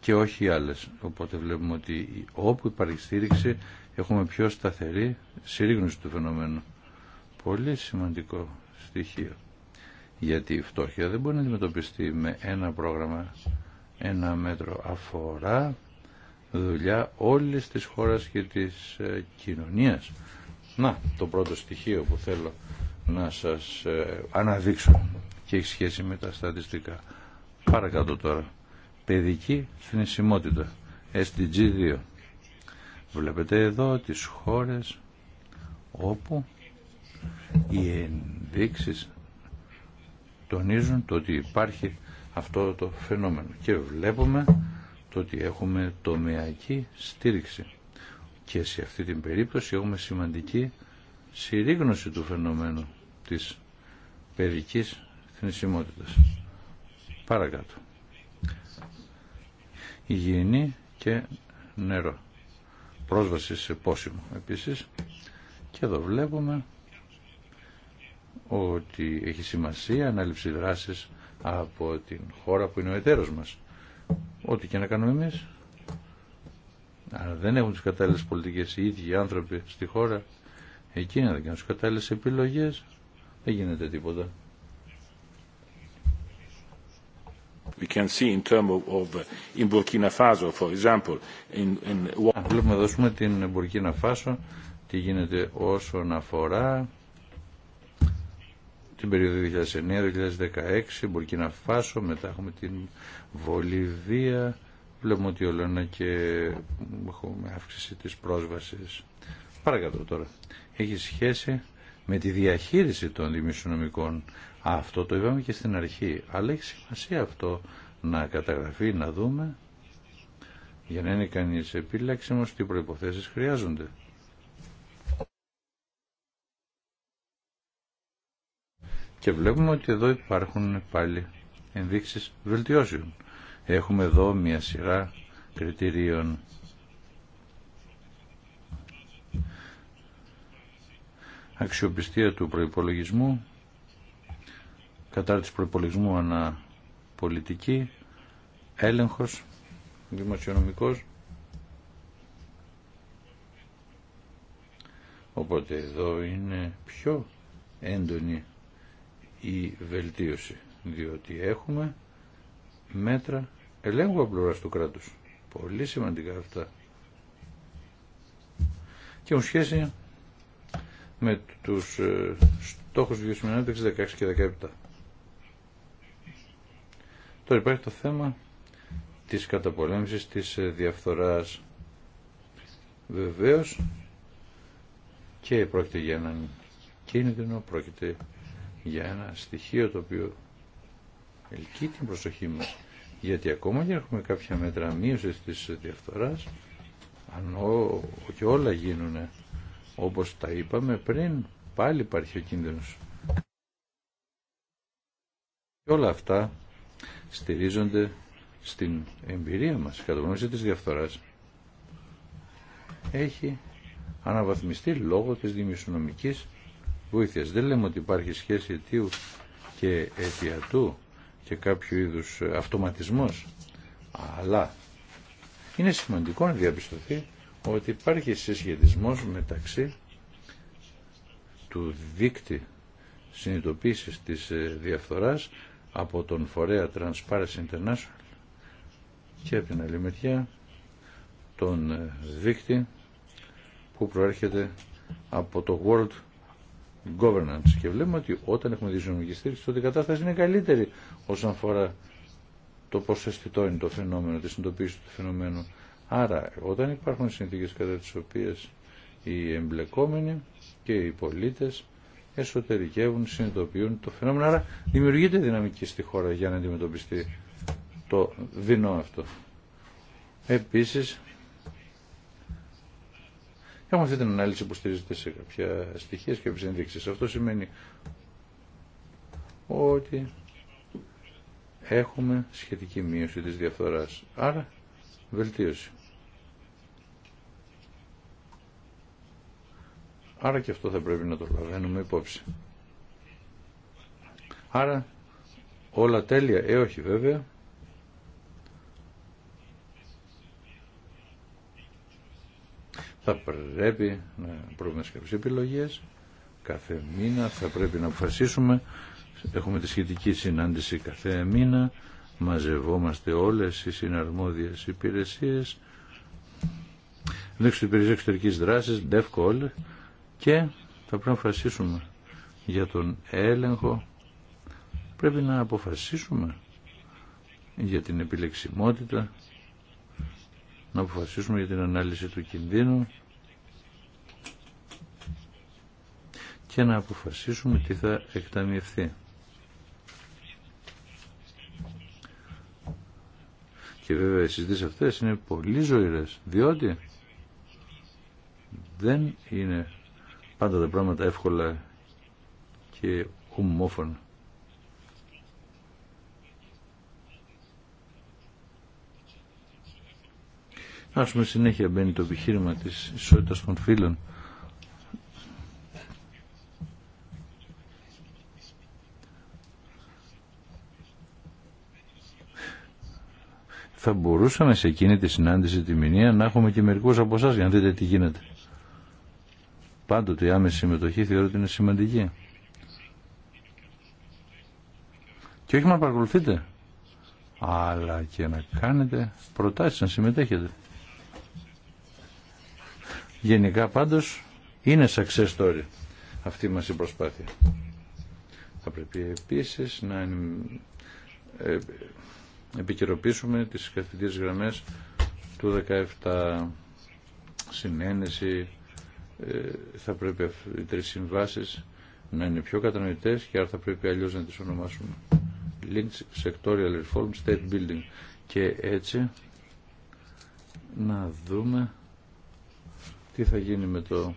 και όχι οι άλλες. Οπότε βλέπουμε ότι όπου υπάρχει στήριξη έχουμε πιο σταθερή συρρήγνωση του φαινομένου. Πολύ σημαντικό στοιχείο. Γιατί η φτώχεια δεν μπορεί να αντιμετωπιστεί με ένα πρόγραμμα, ένα μέτρο. Αφορά δουλειά όλης της χώρας και της ε, κοινωνίας. Να, το πρώτο στοιχείο που θέλω να σας ε, αναδείξω και έχει σχέση με τα στατιστικά. Παρακάτω τώρα. Παιδική θνησιμότητα. SDG 2. Βλέπετε εδώ τις χώρες όπου οι ενδείξεις τονίζουν το ότι υπάρχει αυτό το φαινόμενο. Και βλέπουμε το ότι έχουμε τομεακή στήριξη. Και σε αυτή την περίπτωση έχουμε σημαντική συρρήγνωση του φαινομένου της παιδικής θνησιμότητας. Παρακάτω. Υγιεινή και νερό. Πρόσβαση σε πόσιμο επίσης. Και εδώ βλέπουμε ότι έχει σημασία ανάληψη δράσης από την χώρα που είναι ο εταίρος μας ό,τι και να κάνουμε εμείς. Αλλά δεν έχουν τις κατάλληλες πολιτικές οι ίδιοι οι άνθρωποι στη χώρα, εκείνα δεν κάνουν τις κατάλληλες επιλογές, δεν γίνεται τίποτα. We can see in terms of, uh, in Burkina Faso, for example, in, in... βλέπουμε δώσουμε την Burkina Faso, τι γίνεται όσον αφορά την περίοδο 2009-2016, να Φάσο, μετά έχουμε την Βολιβία, βλέπουμε ότι ένα και έχουμε αύξηση της πρόσβασης. παρακαλώ τώρα. Έχει σχέση με τη διαχείριση των δημοσιονομικών. Αυτό το είπαμε και στην αρχή, αλλά έχει σημασία αυτό να καταγραφεί, να δούμε, για να είναι κανείς επιλέξιμος τι προϋποθέσεις χρειάζονται. και βλέπουμε ότι εδώ υπάρχουν πάλι ενδείξεις βελτιώσεων. Έχουμε εδώ μια σειρά κριτηρίων αξιοπιστία του προϋπολογισμού, κατάρτιση προϋπολογισμού αναπολιτική, έλεγχος δημοσιονομικός. Οπότε εδώ είναι πιο έντονη η βελτίωση, διότι έχουμε μέτρα ελέγχου απλουράς του κράτους. Πολύ σημαντικά αυτά. Και έχουν σχέση με τους ε, στόχους του 16 και 17. Τώρα υπάρχει το θέμα της καταπολέμησης της ε, διαφθοράς. Βεβαίως και πρόκειται για έναν κίνδυνο, πρόκειται για ένα στοιχείο το οποίο ελκύει την προσοχή μας. Γιατί ακόμα και έχουμε κάποια μέτρα μείωση της διαφθοράς, αν ό, και όλα γίνουν όπως τα είπαμε πριν, πάλι υπάρχει ο κίνδυνος. Και όλα αυτά στηρίζονται στην εμπειρία μας, η κατανόηση της διαφθοράς έχει αναβαθμιστεί λόγω της δημοσιονομικής βοήθειας. Δεν λέμε ότι υπάρχει σχέση αιτίου και αιτιατού και κάποιο είδους αυτοματισμός, αλλά είναι σημαντικό να διαπιστωθεί ότι υπάρχει συσχετισμός μεταξύ του δίκτυ συνειδητοποίησης της ε, διαφθοράς από τον φορέα Transparency International και από την άλλη μεριά τον ε, δίκτυ που προέρχεται από το World governance και βλέπουμε ότι όταν έχουμε δημιουργηθεί στήριξη τότε η κατάσταση είναι καλύτερη όσον αφορά το πόσο αισθητό είναι το φαινόμενο, τη συνειδητοποίηση του φαινομένου. Άρα όταν υπάρχουν συνθήκες κατά τι οποίε οι εμπλεκόμενοι και οι πολίτες εσωτερικεύουν, συνειδητοποιούν το φαινόμενο. Άρα δημιουργείται δυναμική στη χώρα για να αντιμετωπιστεί το δεινό αυτό. Επίσης Έχουμε αυτή την ανάλυση που στηρίζεται σε κάποια στοιχεία και επισυνδείξεις. Αυτό σημαίνει ότι έχουμε σχετική μείωση της διαφθοράς. Άρα, βελτίωση. Άρα και αυτό θα πρέπει να το λαμβάνουμε υπόψη. Άρα όλα τέλεια, ε όχι βέβαια. θα πρέπει να προβλέψουμε κάποιες επιλογές. Κάθε μήνα θα πρέπει να αποφασίσουμε. Έχουμε τη σχετική συνάντηση κάθε μήνα. Μαζευόμαστε όλες οι συναρμόδιες υπηρεσίες. Λέξτε υπηρεσίες εξωτερικής δράσης, ντεύκο Και θα πρέπει να αποφασίσουμε για τον έλεγχο. Πρέπει να αποφασίσουμε για την επιλεξιμότητα να αποφασίσουμε για την ανάλυση του κινδύνου και να αποφασίσουμε τι θα εκταμιευθεί. Και βέβαια οι συζητήσεις αυτές είναι πολύ ζωηρές, διότι δεν είναι πάντα τα πράγματα εύκολα και ομόφωνα. Ας πούμε συνέχεια μπαίνει το επιχείρημα της ισότητας των φύλων. Θα μπορούσαμε σε εκείνη τη συνάντηση τη μηνία να έχουμε και μερικούς από εσά για να δείτε τι γίνεται. Πάντοτε η άμεση συμμετοχή θεωρώ ότι είναι σημαντική. Και όχι να παρακολουθείτε, αλλά και να κάνετε προτάσεις, να συμμετέχετε. Γενικά πάντως είναι success story αυτή μας η προσπάθεια. Θα πρέπει επίσης να ε, επικαιροποιήσουμε τις καθηγητές γραμμές του 17 συνένεση ε, θα πρέπει οι τρεις συμβάσεις να είναι πιο κατανοητές και άρα θα πρέπει αλλιώς να τις ονομάσουμε Links Sectorial Reform State Building και έτσι να δούμε τι θα γίνει με το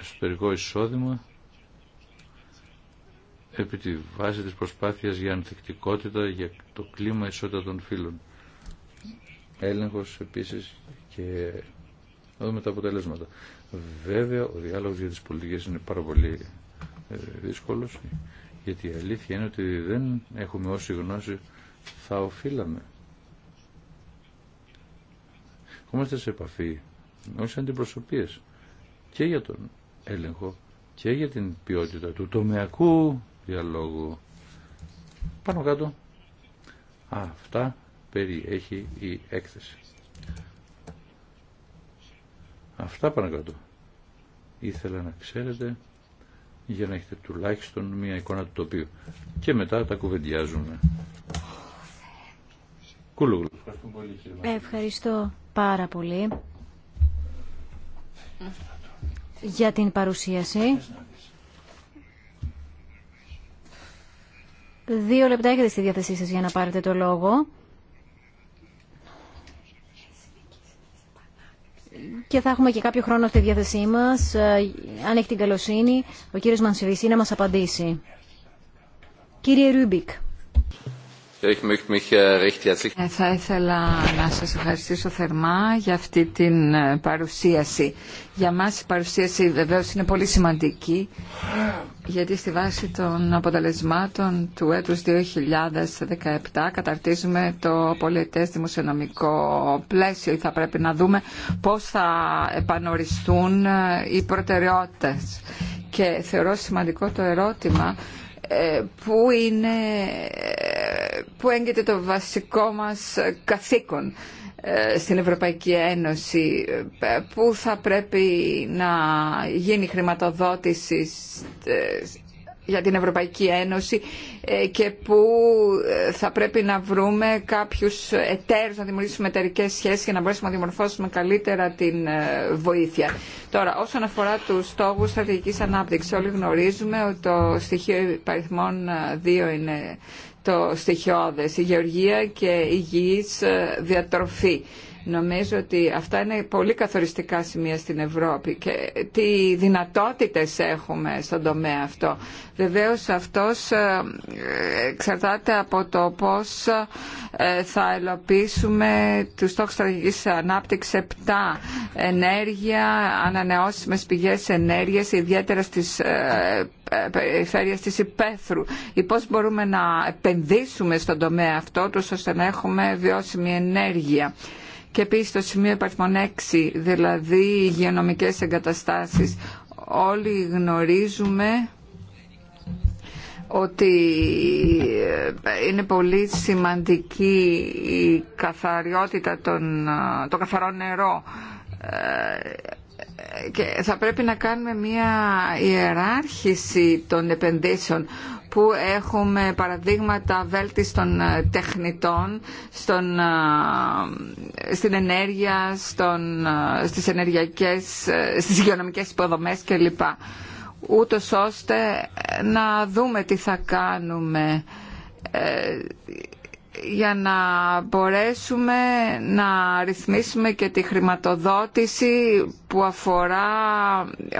εσωτερικό εισόδημα επί τη βάση της προσπάθειας για ανθεκτικότητα, για το κλίμα ισότητα των φύλων. Έλεγχος επίσης και να δούμε τα αποτελέσματα. Βέβαια, ο διάλογος για τις πολιτικές είναι πάρα πολύ ε, δύσκολος, γιατί η αλήθεια είναι ότι δεν έχουμε όση γνώση θα οφείλαμε. Είμαστε σε επαφή όσες αντιπροσωπίες και για τον έλεγχο και για την ποιότητα του τομεακού διαλόγου. Πάνω κάτω αυτά περιέχει η έκθεση. Αυτά πάνω κάτω. Ήθελα να ξέρετε για να έχετε τουλάχιστον μία εικόνα του τοπίου. Και μετά τα κουβεντιάζουμε. Ευχαριστώ πάρα πολύ για την παρουσίαση. Δύο λεπτά έχετε στη διάθεσή σας για να πάρετε το λόγο. Και θα έχουμε και κάποιο χρόνο στη διάθεσή μας, ε, αν έχει την καλοσύνη, ο κύριος Μανσιβησή να μας απαντήσει. Κύριε Ρούμπικ. Äh, ε, θα ήθελα να σας ευχαριστήσω θερμά για αυτή την ε, παρουσίαση. Για μας η παρουσίαση βεβαίως είναι πολύ σημαντική γιατί στη βάση των αποτελεσμάτων του έτους 2017 καταρτίζουμε το πολιτές δημοσιονομικό πλαίσιο ή θα πρέπει να δούμε πώς θα επανοριστούν ε, οι προτεραιότητες. Και θεωρώ σημαντικό το ερώτημα που είναι πού έγκυται το βασικό μας καθήκον ε, στην Ευρωπαϊκή Ένωση, ε, πού θα πρέπει να γίνει χρηματοδότηση ε, για την Ευρωπαϊκή Ένωση και που θα πρέπει να βρούμε κάποιους εταίρους να δημιουργήσουμε εταιρικέ σχέσεις για να μπορέσουμε να δημορφώσουμε καλύτερα την βοήθεια. Τώρα, όσον αφορά τους στόχους στρατηγικής ανάπτυξης, όλοι γνωρίζουμε ότι το στοιχείο υπαριθμών 2 είναι το στοιχειώδες, η γεωργία και η γης ε, διατροφή. Νομίζω ότι αυτά είναι πολύ καθοριστικά σημεία στην Ευρώπη και τι δυνατότητες έχουμε στον τομέα αυτό. Βεβαίως αυτός ε, εξαρτάται από το πώς ε, θα ελοπίσουμε τους στόχους στρατηγικής ανάπτυξης 7 ενέργεια, ανανεώσιμες πηγές ενέργειας, ιδιαίτερα στις ε, περιφέρειες της υπαίθρου ή πώς μπορούμε να επενδύσουμε στον τομέα αυτό τους ώστε να έχουμε βιώσιμη ενέργεια και επίση το σημείο υπαριθμών 6, δηλαδή υγειονομικέ εγκαταστάσεις. Όλοι γνωρίζουμε ότι ε, είναι πολύ σημαντική η καθαριότητα των, ε, το καθαρό νερό ε, και θα πρέπει να κάνουμε μια ιεράρχηση των επενδύσεων που έχουμε παραδείγματα βέλτιστων τεχνητών στον, στην ενέργεια, στον, στις, ενεργειακές, στις υγειονομικές υποδομές κλπ. Ούτως ώστε να δούμε τι θα κάνουμε ε, για να μπορέσουμε να ρυθμίσουμε και τη χρηματοδότηση που αφορά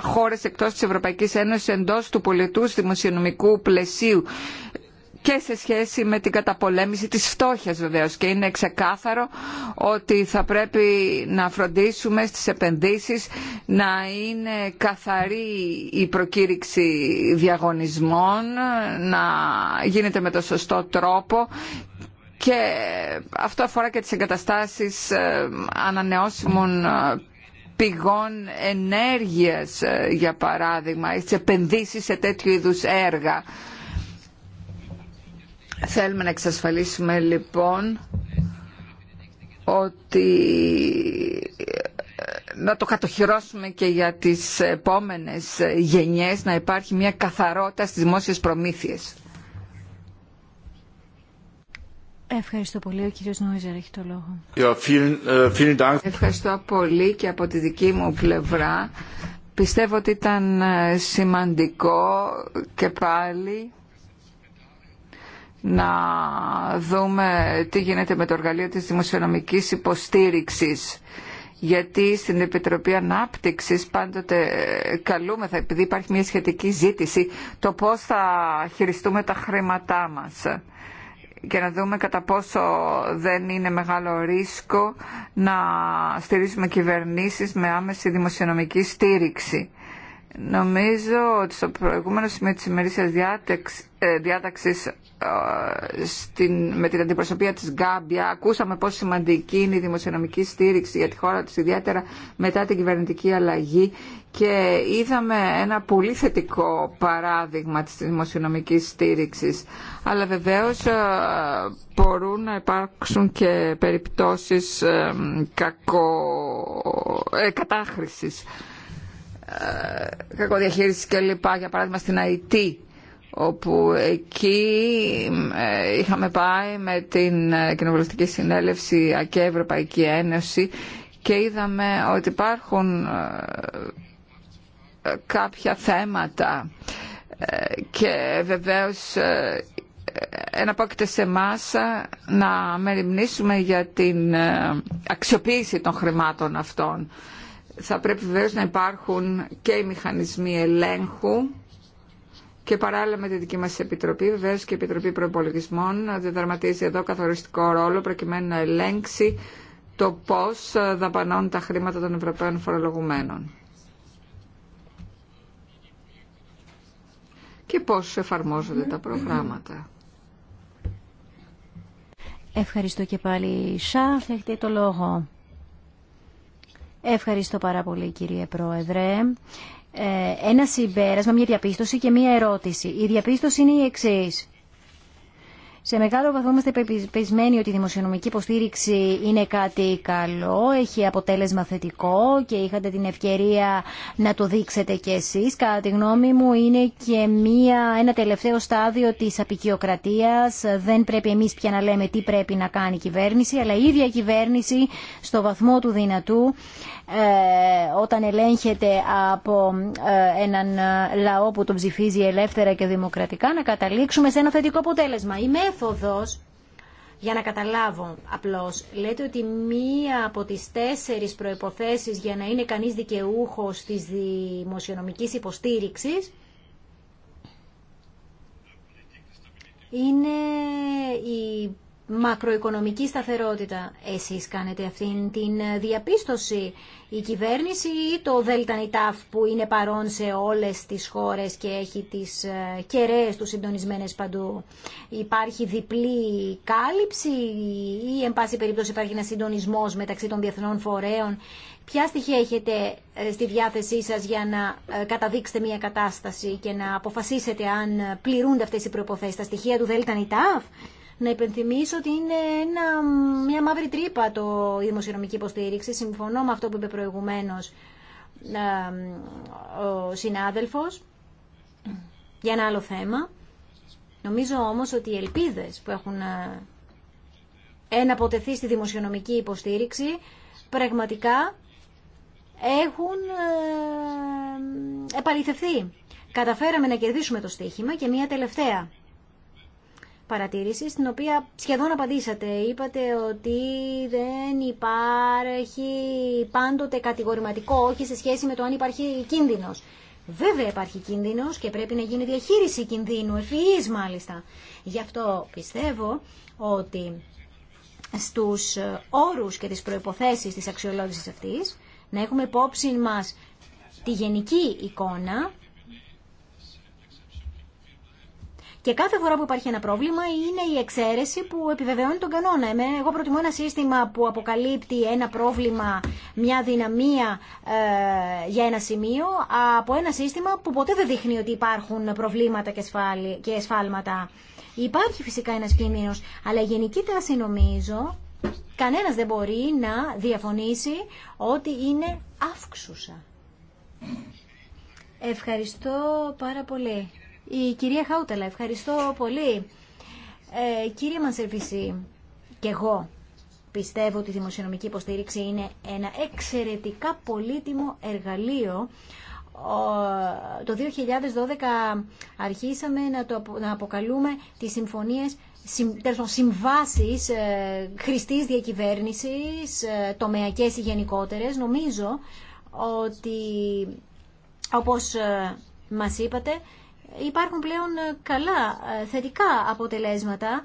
χώρες εκτός της Ευρωπαϊκής Ένωσης εντός του πολιτού δημοσιονομικού πλαισίου και σε σχέση με την καταπολέμηση της φτώχειας βεβαίως και είναι ξεκάθαρο ότι θα πρέπει να φροντίσουμε στις επενδύσεις να είναι καθαρή η προκήρυξη διαγωνισμών, να γίνεται με το σωστό τρόπο και αυτό αφορά και τις εγκαταστάσεις ε, ανανεώσιμων ε, πηγών ενέργειας ε, για παράδειγμα, τις επενδύσεις σε τέτοιου είδους έργα. Θέλουμε να εξασφαλίσουμε λοιπόν ότι να το κατοχυρώσουμε και για τις επόμενες γενιές να υπάρχει μια καθαρότητα στις δημόσιες προμήθειες. Ευχαριστώ πολύ. Ο κύριος Νόιζερ έχει το λόγο. Äh, Ευχαριστώ πολύ και από τη δική μου πλευρά. Πιστεύω ότι ήταν ε, σημαντικό και πάλι να δούμε τι γίνεται με το εργαλείο της δημοσιονομικής υποστήριξης γιατί στην Επιτροπή Ανάπτυξης πάντοτε ε, καλούμε επειδή υπάρχει μια σχετική ζήτηση, το πώς θα χειριστούμε τα χρήματά μας και να δούμε κατά πόσο δεν είναι μεγάλο ρίσκο να στηρίζουμε κυβερνήσεις με άμεση δημοσιονομική στήριξη. Νομίζω ότι στο προηγούμενο σημείο της ημερήσιας ε, διάταξης ε, στην, με την αντιπροσωπεία της Γκάμπια ακούσαμε πόσο σημαντική είναι η δημοσιονομική στήριξη για τη χώρα της ιδιαίτερα μετά την κυβερνητική αλλαγή και είδαμε ένα πολύ θετικό παράδειγμα της δημοσιονομικής στήριξης. Αλλά βεβαίως ε, μπορούν να υπάρξουν και περιπτώσεις ε, κακο... Ε, κατάχρησης, κακοδιαχείρισης κλπ. Για παράδειγμα στην ΑΕΤ όπου εκεί είχαμε πάει με την Κοινοβουλευτική Συνέλευση και Ευρωπαϊκή Ένωση και είδαμε ότι υπάρχουν κάποια θέματα και βεβαίως ε, εναπόκειται σε εμά να μεριμνήσουμε για την ε, αξιοποίηση των χρημάτων αυτών. Θα πρέπει βεβαίως να υπάρχουν και οι μηχανισμοί ελέγχου και παράλληλα με τη δική μας Επιτροπή, βεβαίως και η Επιτροπή Προπολογισμών διαδραματίζει εδώ καθοριστικό ρόλο προκειμένου να ελέγξει το πώς ε, δαπανώνουν τα χρήματα των Ευρωπαίων φορολογουμένων. και πώς εφαρμόζονται τα προγράμματα. Ευχαριστώ και πάλι. θα έχετε το λόγο. Ευχαριστώ πάρα πολύ κύριε Πρόεδρε. Ε, ένα συμπέρασμα, μια διαπίστωση και μια ερώτηση. Η διαπίστωση είναι η εξής. Σε μεγάλο βαθμό είμαστε πεπισμένοι ότι η δημοσιονομική υποστήριξη είναι κάτι καλό, έχει αποτέλεσμα θετικό και είχατε την ευκαιρία να το δείξετε κι εσείς. Κατά τη γνώμη μου είναι και μία, ένα τελευταίο στάδιο της απεικιοκρατίας. Δεν πρέπει εμείς πια να λέμε τι πρέπει να κάνει η κυβέρνηση, αλλά η ίδια κυβέρνηση στο βαθμό του δυνατού ε, όταν ελέγχεται από ε, έναν ε, λαό που τον ψηφίζει ελεύθερα και δημοκρατικά να καταλήξουμε σε ένα θετικό αποτέλεσμα. Η μέθοδος για να καταλάβω απλώς, λέτε ότι μία από τις τέσσερις προϋποθέσεις για να είναι κανείς δικαιούχος της δημοσιονομικής υποστήριξης είναι η μακροοικονομική σταθερότητα. Εσείς κάνετε αυτήν την διαπίστωση. Η κυβέρνηση ή το ΔΕΛΤΑΝΙΤΑΦ που είναι παρόν σε όλες τις χώρες και έχει τις ε, κεραίες του συντονισμένες παντού. Υπάρχει διπλή κάλυψη ή εν πάση περίπτωση υπάρχει ένα συντονισμός μεταξύ των διεθνών φορέων. Ποια στοιχεία έχετε ε, στη διάθεσή σας για να ε, καταδείξετε μια κατάσταση και να αποφασίσετε αν πληρούνται αυτές οι προϋποθέσεις. Τα στοιχεία του ΔΝΤ να υπενθυμίσω ότι είναι μια μαύρη τρύπα το, η δημοσιονομική υποστήριξη. Συμφωνώ με αυτό που είπε προηγουμένω ο συνάδελφο για ένα άλλο θέμα. Νομίζω όμως ότι οι ελπίδες που έχουν ε, εναποτεθεί στη δημοσιονομική υποστήριξη πραγματικά έχουν ε, επαληθευθεί. Καταφέραμε να κερδίσουμε το στοίχημα και μια τελευταία παρατήρηση στην οποία σχεδόν απαντήσατε. Είπατε ότι δεν υπάρχει πάντοτε κατηγορηματικό όχι σε σχέση με το αν υπάρχει κίνδυνος. Βέβαια υπάρχει κίνδυνος και πρέπει να γίνει διαχείριση κινδύνου, ευφυή μάλιστα. Γι' αυτό πιστεύω ότι στους όρους και τις προϋποθέσεις της αξιολόγησης αυτής, να έχουμε υπόψη μας τη γενική εικόνα Και κάθε φορά που υπάρχει ένα πρόβλημα είναι η εξαίρεση που επιβεβαιώνει τον κανόνα. εγώ προτιμώ ένα σύστημα που αποκαλύπτει ένα πρόβλημα, μια δυναμία ε, για ένα σημείο, από ένα σύστημα που ποτέ δεν δείχνει ότι υπάρχουν προβλήματα και εσφάλματα. Υπάρχει φυσικά ένας κίνδυνος, αλλά η γενική τάση νομίζω κανένα δεν μπορεί να διαφωνήσει ότι είναι αύξουσα. Ευχαριστώ πάρα πολύ. Η κυρία Χάουτελα, ευχαριστώ πολύ. Ε, κύριε Μανσερβισή, και εγώ πιστεύω ότι η δημοσιονομική υποστήριξη είναι ένα εξαιρετικά πολύτιμο εργαλείο το 2012 αρχίσαμε να, το, να αποκαλούμε τις συμφωνίες συμβάσεις ε, χρηστής διακυβέρνησης, ε, τομεακές ή γενικότερες. Νομίζω ότι, όπως ε, μας είπατε, υπάρχουν πλέον ε, καλά ε, θετικά αποτελέσματα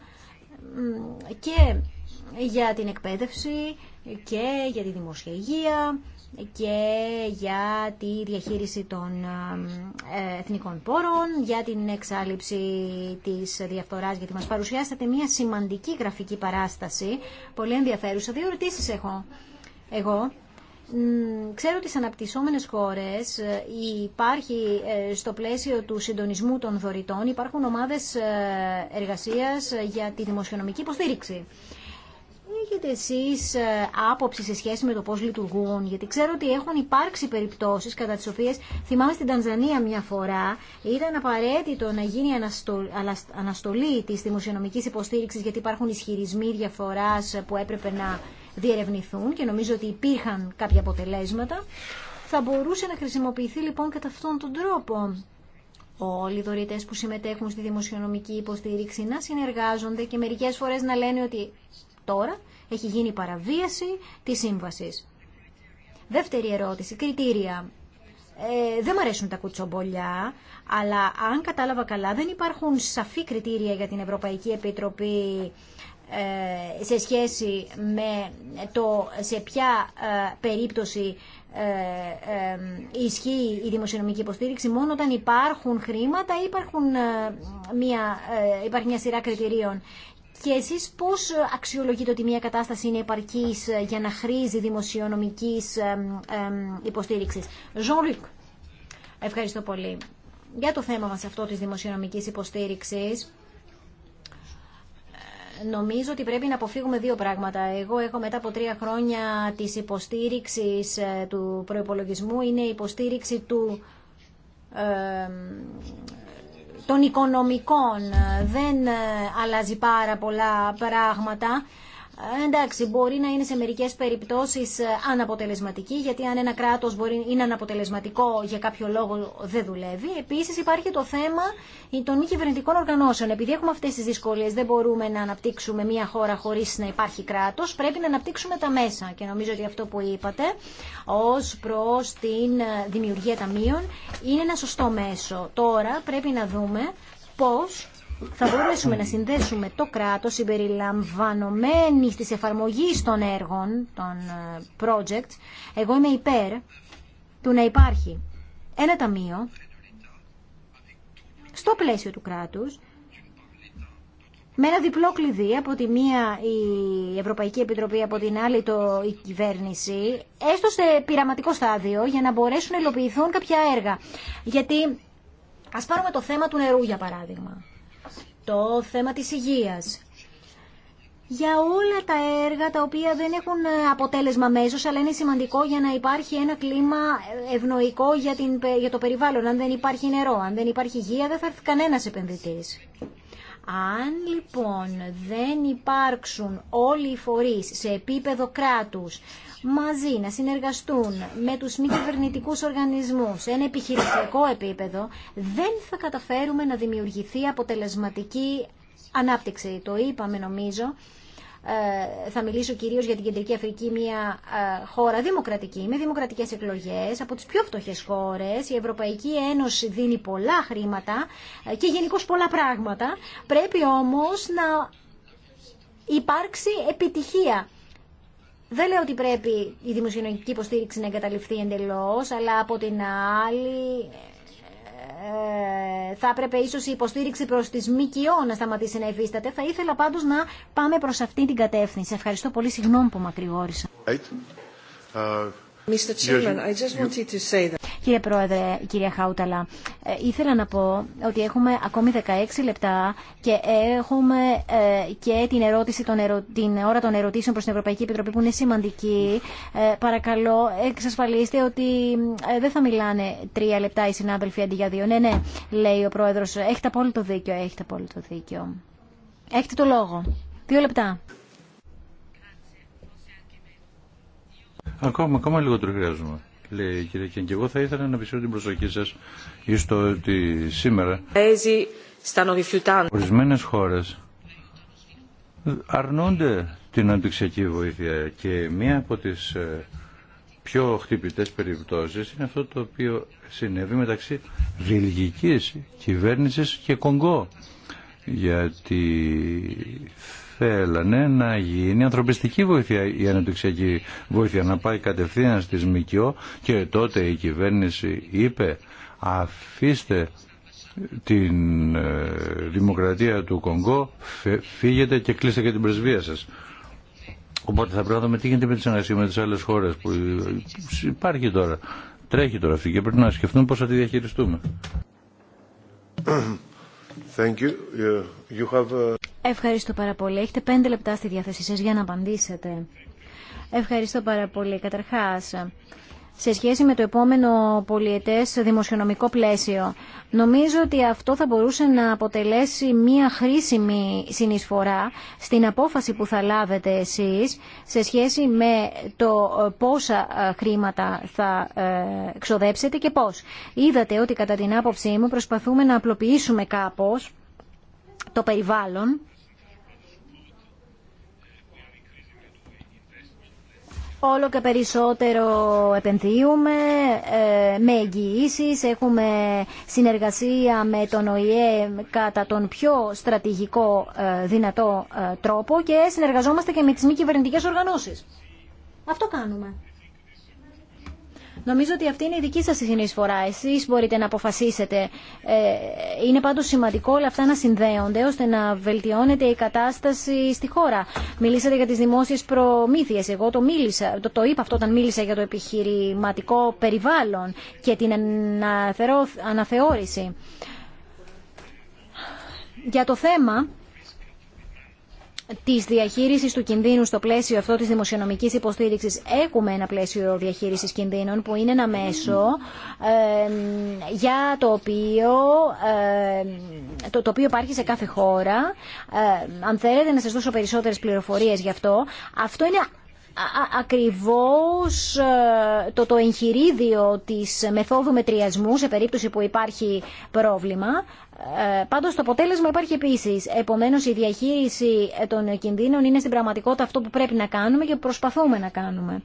και για την εκπαίδευση και για τη δημόσια υγεία και για τη διαχείριση των ε, εθνικών πόρων, για την εξάλληψη της διαφθοράς, γιατί μας παρουσιάσατε μια σημαντική γραφική παράσταση, πολύ ενδιαφέρουσα. Δύο ερωτήσεις έχω εγώ. Ξέρω ότι στι αναπτυσσόμενε χώρε ε, υπάρχει ε, στο πλαίσιο του συντονισμού των δωρητών υπάρχουν ομάδε εργασία ε, για τη δημοσιονομική υποστήριξη. Έχετε εσεί άποψη σε σχέση με το πώ λειτουργούν, γιατί ξέρω ότι έχουν υπάρξει περιπτώσει κατά τι οποίε θυμάμαι στην Τανζανία μια φορά, ήταν απαραίτητο να γίνει αναστολή τη δημοσιονομική υποστήριξη γιατί υπάρχουν ισχυρισμοί διαφορά που έπρεπε να διερευνηθούν και νομίζω ότι υπήρχαν κάποια αποτελέσματα. Θα μπορούσε να χρησιμοποιηθεί λοιπόν κατά αυτόν τον τρόπο. Όλοι οι δωρητέ που συμμετέχουν στη δημοσιονομική υποστήριξη να συνεργάζονται και μερικές φορές να λένε ότι τώρα έχει γίνει παραβίαση της σύμβασης. Δεύτερη ερώτηση, κριτήρια. Ε, δεν μου αρέσουν τα κουτσομπολιά, αλλά αν κατάλαβα καλά δεν υπάρχουν σαφή κριτήρια για την Ευρωπαϊκή Επιτροπή ε, σε σχέση με το σε ποια ε, περίπτωση ε, ισχύει η δημοσιονομική υποστήριξη μόνο όταν υπάρχουν χρήματα ή υπάρχουν μια, υπάρχει μια σειρά κριτηρίων. Και εσείς πώς αξιολογείτε ότι μια κατάσταση είναι επαρκής για να χρήζει δημοσιονομικής υποστήριξης. Jean-Luc, ευχαριστώ πολύ για το θέμα μας αυτό της δημοσιονομικής υποστήριξης νομίζω ότι πρέπει να αποφύγουμε δύο πράγματα. Εγώ έχω μετά από τρία χρόνια τη υποστήριξη ε, του προπολογισμού, είναι η υποστήριξη του, των οικονομικών. Δεν ε, αλλάζει πάρα πολλά πράγματα εντάξει, μπορεί να είναι σε μερικέ περιπτώσει ε, αναποτελεσματική, γιατί αν ένα κράτο είναι αναποτελεσματικό για κάποιο λόγο δεν δουλεύει. Επίση, υπάρχει το θέμα των μη κυβερνητικών οργανώσεων. Επειδή έχουμε αυτέ τι δυσκολίε. δεν μπορούμε να αναπτύξουμε μια χώρα χωρί να υπάρχει κράτο, πρέπει να αναπτύξουμε τα μέσα. Και νομίζω ότι αυτό που είπατε ω προ την ε, δημιουργία ταμείων είναι ένα σωστό μέσο. Τώρα πρέπει να δούμε πώς θα μπορέσουμε να συνδέσουμε το κράτος συμπεριλαμβανομένη της εφαρμογής των έργων, των ε, projects. Εγώ είμαι υπέρ του να υπάρχει ένα ταμείο στο πλαίσιο του κράτους με ένα διπλό κλειδί, από τη μία η Ευρωπαϊκή Επιτροπή, από την άλλη το, η κυβέρνηση, έστω σε πειραματικό στάδιο για να μπορέσουν να υλοποιηθούν κάποια έργα. Γιατί ας πάρουμε το θέμα του νερού για παράδειγμα το θέμα της υγείας. Για όλα τα έργα τα οποία δεν έχουν αποτέλεσμα μέσως, αλλά είναι σημαντικό για να υπάρχει ένα κλίμα ευνοϊκό για, την, για το περιβάλλον. Αν δεν υπάρχει νερό, αν δεν υπάρχει υγεία, δεν θα έρθει κανένας επενδυτής. Αν λοιπόν δεν υπάρξουν όλοι οι φορείς σε επίπεδο κράτους μαζί να συνεργαστούν με τους μη κυβερνητικού οργανισμούς σε ένα επιχειρησιακό επίπεδο, δεν θα καταφέρουμε να δημιουργηθεί αποτελεσματική ανάπτυξη. Το είπαμε νομίζω ε, θα μιλήσω κυρίως για την Κεντρική Αφρική, μια ε, χώρα δημοκρατική, με δημοκρατικές εκλογές, από τις πιο φτωχές χώρες. Η Ευρωπαϊκή Ένωση δίνει πολλά χρήματα ε, και γενικώ πολλά πράγματα. Πρέπει όμως να υπάρξει επιτυχία. Δεν λέω ότι πρέπει η δημοσιονομική υποστήριξη να εγκαταλειφθεί εντελώς, αλλά από την άλλη θα έπρεπε ίσως η υποστήριξη προς τις ΜΚΟ να σταματήσει να υφίσταται. Θα ήθελα πάντως να πάμε προς αυτή την κατεύθυνση. Ευχαριστώ πολύ. Συγγνώμη που μακρηγόρησα. Κύριε Πρόεδρε, κυρία Χάουταλα, ε, ήθελα να πω ότι έχουμε ακόμη 16 λεπτά και έχουμε ε, και την, ερώτηση των την ώρα των ερωτήσεων προς την Ευρωπαϊκή Επιτροπή που είναι σημαντική. Ε, παρακαλώ, εξασφαλίστε ότι δεν θα μιλάνε τρία λεπτά οι συνάδελφοι αντί για δύο. Ναι, ναι, λέει ο Πρόεδρος, έχετε απόλυτο δίκιο, έχετε απόλυτο δίκιο. Έχετε το λόγο. Δύο λεπτά. Ακόμα, ακόμα λιγότερο χρειάζομαι. Λέει η κυρία Και εγώ θα ήθελα να πιστεύω την προσοχή σα στο ότι σήμερα Ορισμένε χώρε αρνούνται την αντιξιακή βοήθεια και μία από τι ε, πιο χτυπητέ περιπτώσει είναι αυτό το οποίο συνέβη μεταξύ βιλγικής κυβέρνηση και Κονγκό γιατί θέλανε να γίνει ανθρωπιστική βοήθεια η ανεπτυξιακή βοήθεια, να πάει κατευθείαν στις ΜΚΟ και τότε η κυβέρνηση είπε αφήστε την ε, δημοκρατία του Κονγκό, φύγετε και κλείστε και την πρεσβεία σας. Οπότε θα πρέπει να δούμε τι γίνεται με τη συνεργασία με τις άλλε χώρε που ε, υπάρχει τώρα. Τρέχει τώρα αυτή και πρέπει να σκεφτούμε πώ θα τη διαχειριστούμε. Thank you. You have... Uh, Ευχαριστώ πάρα πολύ. Έχετε πέντε λεπτά στη διάθεσή σας για να απαντήσετε. Ευχαριστώ πάρα πολύ. Καταρχάς, σε σχέση με το επόμενο πολιετές δημοσιονομικό πλαίσιο. Νομίζω ότι αυτό θα μπορούσε να αποτελέσει μία χρήσιμη συνεισφορά στην απόφαση που θα λάβετε εσείς σε σχέση με το πόσα ε, χρήματα θα ε, ξοδέψετε και πώς. Είδατε ότι κατά την άποψή μου προσπαθούμε να απλοποιήσουμε κάπως το περιβάλλον Όλο και περισσότερο επενδύουμε ε, με εγγυήσει. Έχουμε συνεργασία με τον ΟΗΕ κατά τον πιο στρατηγικό ε, δυνατό ε, τρόπο και συνεργαζόμαστε και με τις μη κυβερνητικές οργανώσεις. Αυτό κάνουμε. Νομίζω ότι αυτή είναι η δική σα συνεισφορά. εσεί μπορείτε να αποφασίσετε. Ε, είναι πάντως σημαντικό όλα αυτά να συνδέονται ώστε να βελτιώνεται η κατάσταση στη χώρα. Μιλήσατε για τι δημόσιε προμήθειε. Εγώ το, μίλησα, το, το είπα αυτό όταν μίλησα για το επιχειρηματικό περιβάλλον και την αναθεώρηση. Για το θέμα Τη διαχείριση του κινδύνου στο πλαίσιο αυτό της δημοσιονομικής υποστήριξης έχουμε ένα πλαίσιο διαχείρισης κινδύνων που είναι ένα μέσο ε, για το οποίο, το, το οποίο υπάρχει σε κάθε χώρα. Ε, αν θέλετε να σας δώσω περισσότερες πληροφορίες γι' αυτό. Αυτό είναι ακριβώς ε, το, το εγχειρίδιο της μεθόδου μετριασμού σε περίπτωση που υπάρχει πρόβλημα. Ε, πάντως το αποτέλεσμα υπάρχει επίσης. Επομένως η διαχείριση των κινδύνων είναι στην πραγματικότητα αυτό που πρέπει να κάνουμε και που προσπαθούμε να κάνουμε.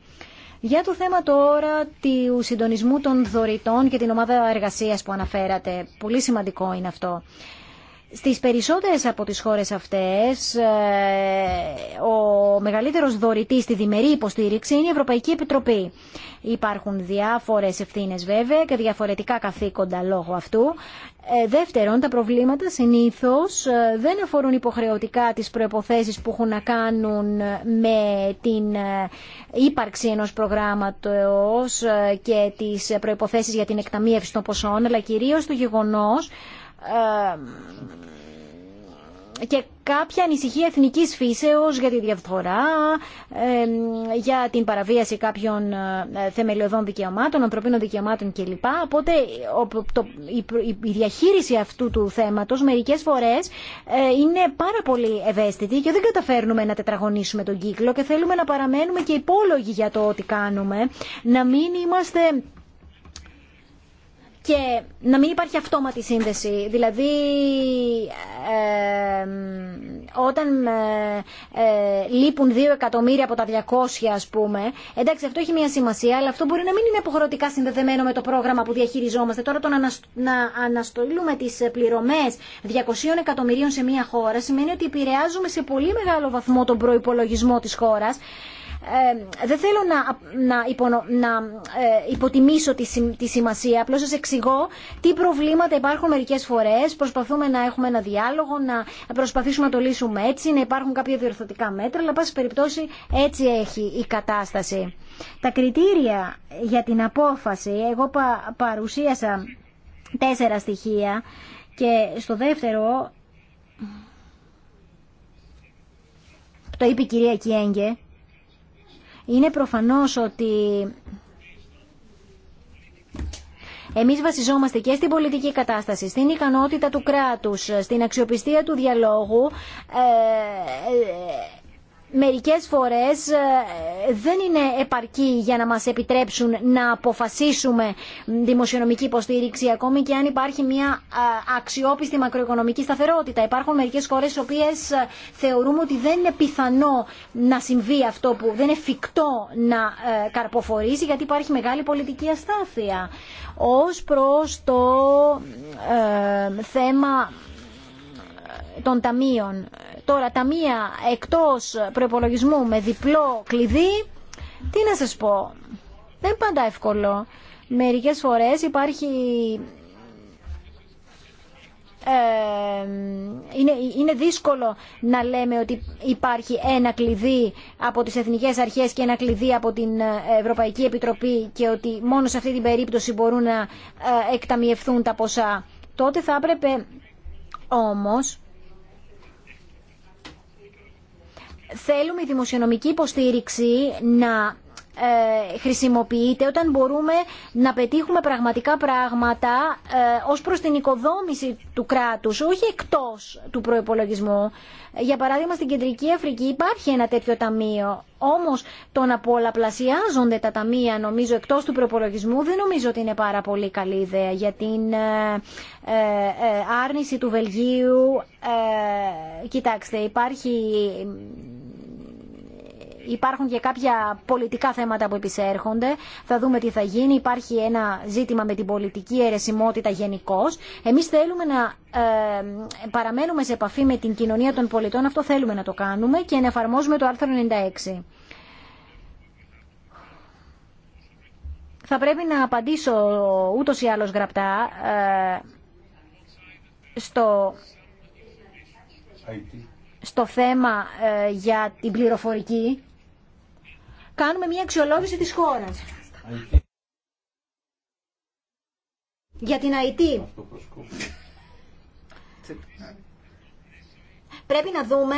Για το θέμα τώρα του συντονισμού των δωρητών και την ομάδα εργασίας που αναφέρατε. Πολύ σημαντικό είναι αυτό. Στις περισσότερες από τις χώρες αυτές, ε, ο μεγαλύτερος δωρητής στη διμερή υποστήριξη είναι η Ευρωπαϊκή Επιτροπή. Υπάρχουν διάφορες ευθύνες βέβαια και διαφορετικά καθήκοντα λόγω αυτού. Ε, δεύτερον, τα προβλήματα συνήθως ε, δεν αφορούν υποχρεωτικά τις προϋποθέσεις που έχουν να κάνουν με την ύπαρξη ενός προγράμματος και τις προϋποθέσεις για την εκταμείευση των ποσών, αλλά κυρίως το γεγονός ε, και κάποια ανησυχία εθνικής φύσεως για τη διαφθορά, ε, για την παραβίαση κάποιων ε, θεμελιωδών δικαιωμάτων, ανθρωπίνων δικαιωμάτων κλπ. Οπότε η διαχείριση αυτού του θέματος μερικές φορές είναι πάρα πολύ ευαίσθητη και δεν καταφέρνουμε να τετραγωνίσουμε τον κύκλο και θέλουμε να παραμένουμε και υπόλογοι για το ότι κάνουμε, να μην είμαστε και να μην υπάρχει αυτόματη σύνδεση. Δηλαδή, ε, όταν ε, ε λείπουν 2 εκατομμύρια από τα 200, ας πούμε, εντάξει, αυτό έχει μια σημασία, αλλά αυτό μπορεί να μην είναι υποχρεωτικά συνδεδεμένο με το πρόγραμμα που διαχειριζόμαστε. Τώρα, το να αναστολούμε τι πληρωμέ 200 εκατομμυρίων σε μια χώρα σημαίνει ότι επηρεάζουμε σε πολύ μεγάλο βαθμό τον προπολογισμό τη χώρα δεν θέλω να, να, να ε, υποτιμήσω τη, σημασία, απλώς σας εξηγώ τι προβλήματα υπάρχουν μερικές φορές, προσπαθούμε να έχουμε ένα διάλογο, να προσπαθήσουμε να το λύσουμε έτσι, να υπάρχουν κάποια διορθωτικά μέτρα, αλλά πάση περιπτώσει έτσι έχει η κατάσταση. Τα κριτήρια για την απόφαση, εγώ πα, παρουσίασα τέσσερα στοιχεία και στο δεύτερο, το είπε η κυρία Κιέγγε, είναι προφανώς ότι εμείς βασιζόμαστε και στην πολιτική κατάσταση, στην ικανότητα του κράτους, στην αξιοπιστία του διαλόγου. Ε, ε, μερικές φορές ε, δεν είναι επαρκή για να μας επιτρέψουν να αποφασίσουμε δημοσιονομική υποστήριξη ακόμη και αν υπάρχει μια ε, αξιόπιστη μακροοικονομική σταθερότητα. Υπάρχουν μερικές χώρες οι οποίες ε, θεωρούμε ότι δεν είναι πιθανό να συμβεί αυτό που δεν είναι φυκτό να καρποφορήσει γιατί υπάρχει μεγάλη πολιτική αστάθεια. Ως προς το θέμα των ταμείων Τώρα ταμεία εκτός προπολογισμού με διπλό κλειδί, τι να σας πω, δεν είναι πάντα εύκολο. Μερικές φορές υπάρχει ε, είναι, είναι δύσκολο να λέμε ότι υπάρχει ένα κλειδί από τις Εθνικές Αρχές και ένα κλειδί από την Ευρωπαϊκή Επιτροπή και ότι μόνο σε αυτή την περίπτωση μπορούν να ε, εκταμιευθούν τα ποσά. Τότε θα έπρεπε όμως θέλουμε η δημοσιονομική υποστήριξη να ε, χρησιμοποιείται όταν μπορούμε να πετύχουμε πραγματικά πράγματα ε, ως προς την οικοδόμηση του κράτους, όχι εκτός του προϋπολογισμού. Για παράδειγμα, στην Κεντρική Αφρική υπάρχει ένα τέτοιο ταμείο, όμως το να πολλαπλασιάζονται τα ταμεία, νομίζω, εκτός του προπολογισμού. δεν νομίζω ότι είναι πάρα πολύ καλή ιδέα για την ε, άρνηση του Βελγίου. Κοιτάξτε, υπάρχει υπάρχουν και κάποια πολιτικά θέματα που επισέρχονται. Θα δούμε τι θα γίνει. Υπάρχει ένα ζήτημα με την πολιτική αιρεσιμότητα γενικώ. Εμείς θέλουμε να ε, παραμένουμε σε επαφή με την κοινωνία των πολιτών. Αυτό θέλουμε να το κάνουμε και να εφαρμόζουμε το άρθρο 96. Θα πρέπει να απαντήσω ούτως ή άλλως γραπτά ε, στο, στο θέμα ε, για την πληροφορική κάνουμε μια αξιολόγηση της χώρας. Για την Αιτή. Πρέπει να δούμε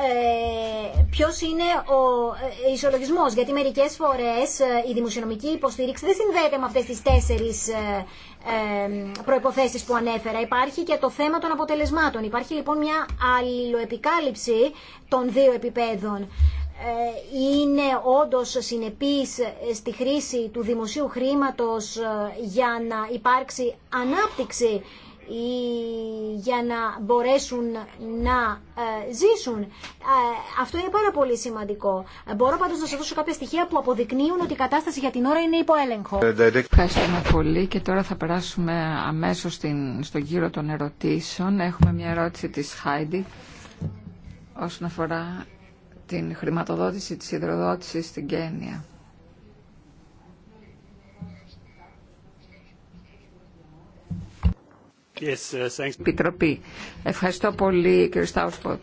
ε, ποιος είναι ο ε, ισολογισμός. Γιατί μερικές φορές ε, η δημοσιονομική υποστήριξη δεν συνδέεται με αυτές τις τέσσερις ε, ε, προϋποθέσεις που ανέφερα. Υπάρχει και το θέμα των αποτελεσμάτων. Υπάρχει λοιπόν μια αλληλοεπικάλυψη των δύο επιπέδων. Ε, είναι όντως συνεπής ε, στη χρήση του δημοσίου χρήματος ε, για να υπάρξει ανάπτυξη ή για να μπορέσουν να ζήσουν. Αυτό είναι πάρα πολύ σημαντικό. Μπορώ πάντως να σας δώσω κάποια στοιχεία που αποδεικνύουν ότι η κατάσταση για την ώρα είναι υπό έλεγχο. Ευχαριστούμε πολύ και τώρα θα περάσουμε αμέσως στον γύρο των ερωτήσεων. Έχουμε μια ερώτηση της Χάιντι όσον αφορά την χρηματοδότηση της υδροδότησης στην Κένια. Uh, Ευχαριστώ πολύ κύριε Στάουσποτ.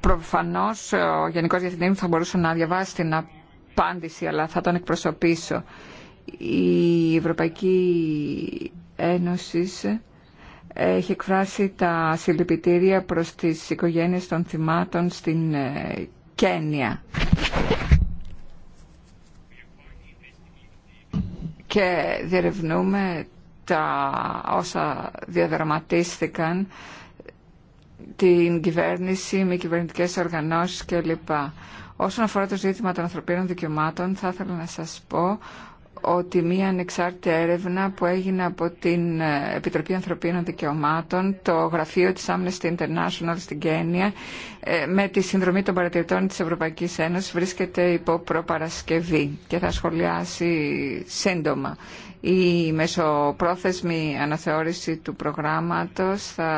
Προφανώς ο Γενικός Διευθυντής θα μπορούσε να διαβάσει την απάντηση αλλά θα τον εκπροσωπήσω. Η Ευρωπαϊκή Ένωση έχει εκφράσει τα συλληπιτήρια προς τις οικογένειες των θυμάτων στην ε, Κένια. Και διερευνούμε τα όσα διαδραματίστηκαν την κυβέρνηση, μη κυβερνητικέ οργανώσεις κλπ. Όσον αφορά το ζήτημα των ανθρωπίνων δικαιωμάτων, θα ήθελα να σας πω ότι μία ανεξάρτητη έρευνα που έγινε από την ε, Επιτροπή Ανθρωπίνων Δικαιωμάτων, το γραφείο της Amnesty International στην Κένια, ε, με τη συνδρομή των παρατηρητών της Ευρωπαϊκής Ένωσης, βρίσκεται υπό προπαρασκευή και θα σχολιάσει σύντομα. Η μεσοπρόθεσμη αναθεώρηση του προγράμματος θα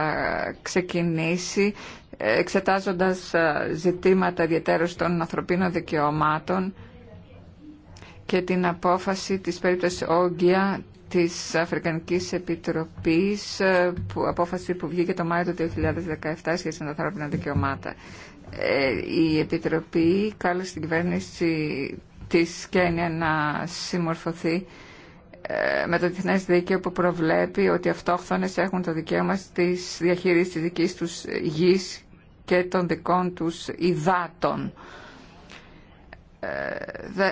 ξεκινήσει ε, εξετάζοντας ζητήματα ιδιαίτερως των ανθρωπίνων δικαιωμάτων και την απόφαση της περίπτωσης Όγκια της Αφρικανικής Επιτροπής, ε, που, απόφαση που βγήκε το Μάιο του 2017 σχετικά με τα ανθρώπινα δικαιωμάτα. Ε, η Επιτροπή κάλεσε την κυβέρνηση της Κένια να συμμορφωθεί ε, με το διεθνές δίκαιο που προβλέπει ότι οι αυτόχθονες έχουν το δικαίωμα στις διαχείριση της δικής τους γης και των δικών τους υδάτων.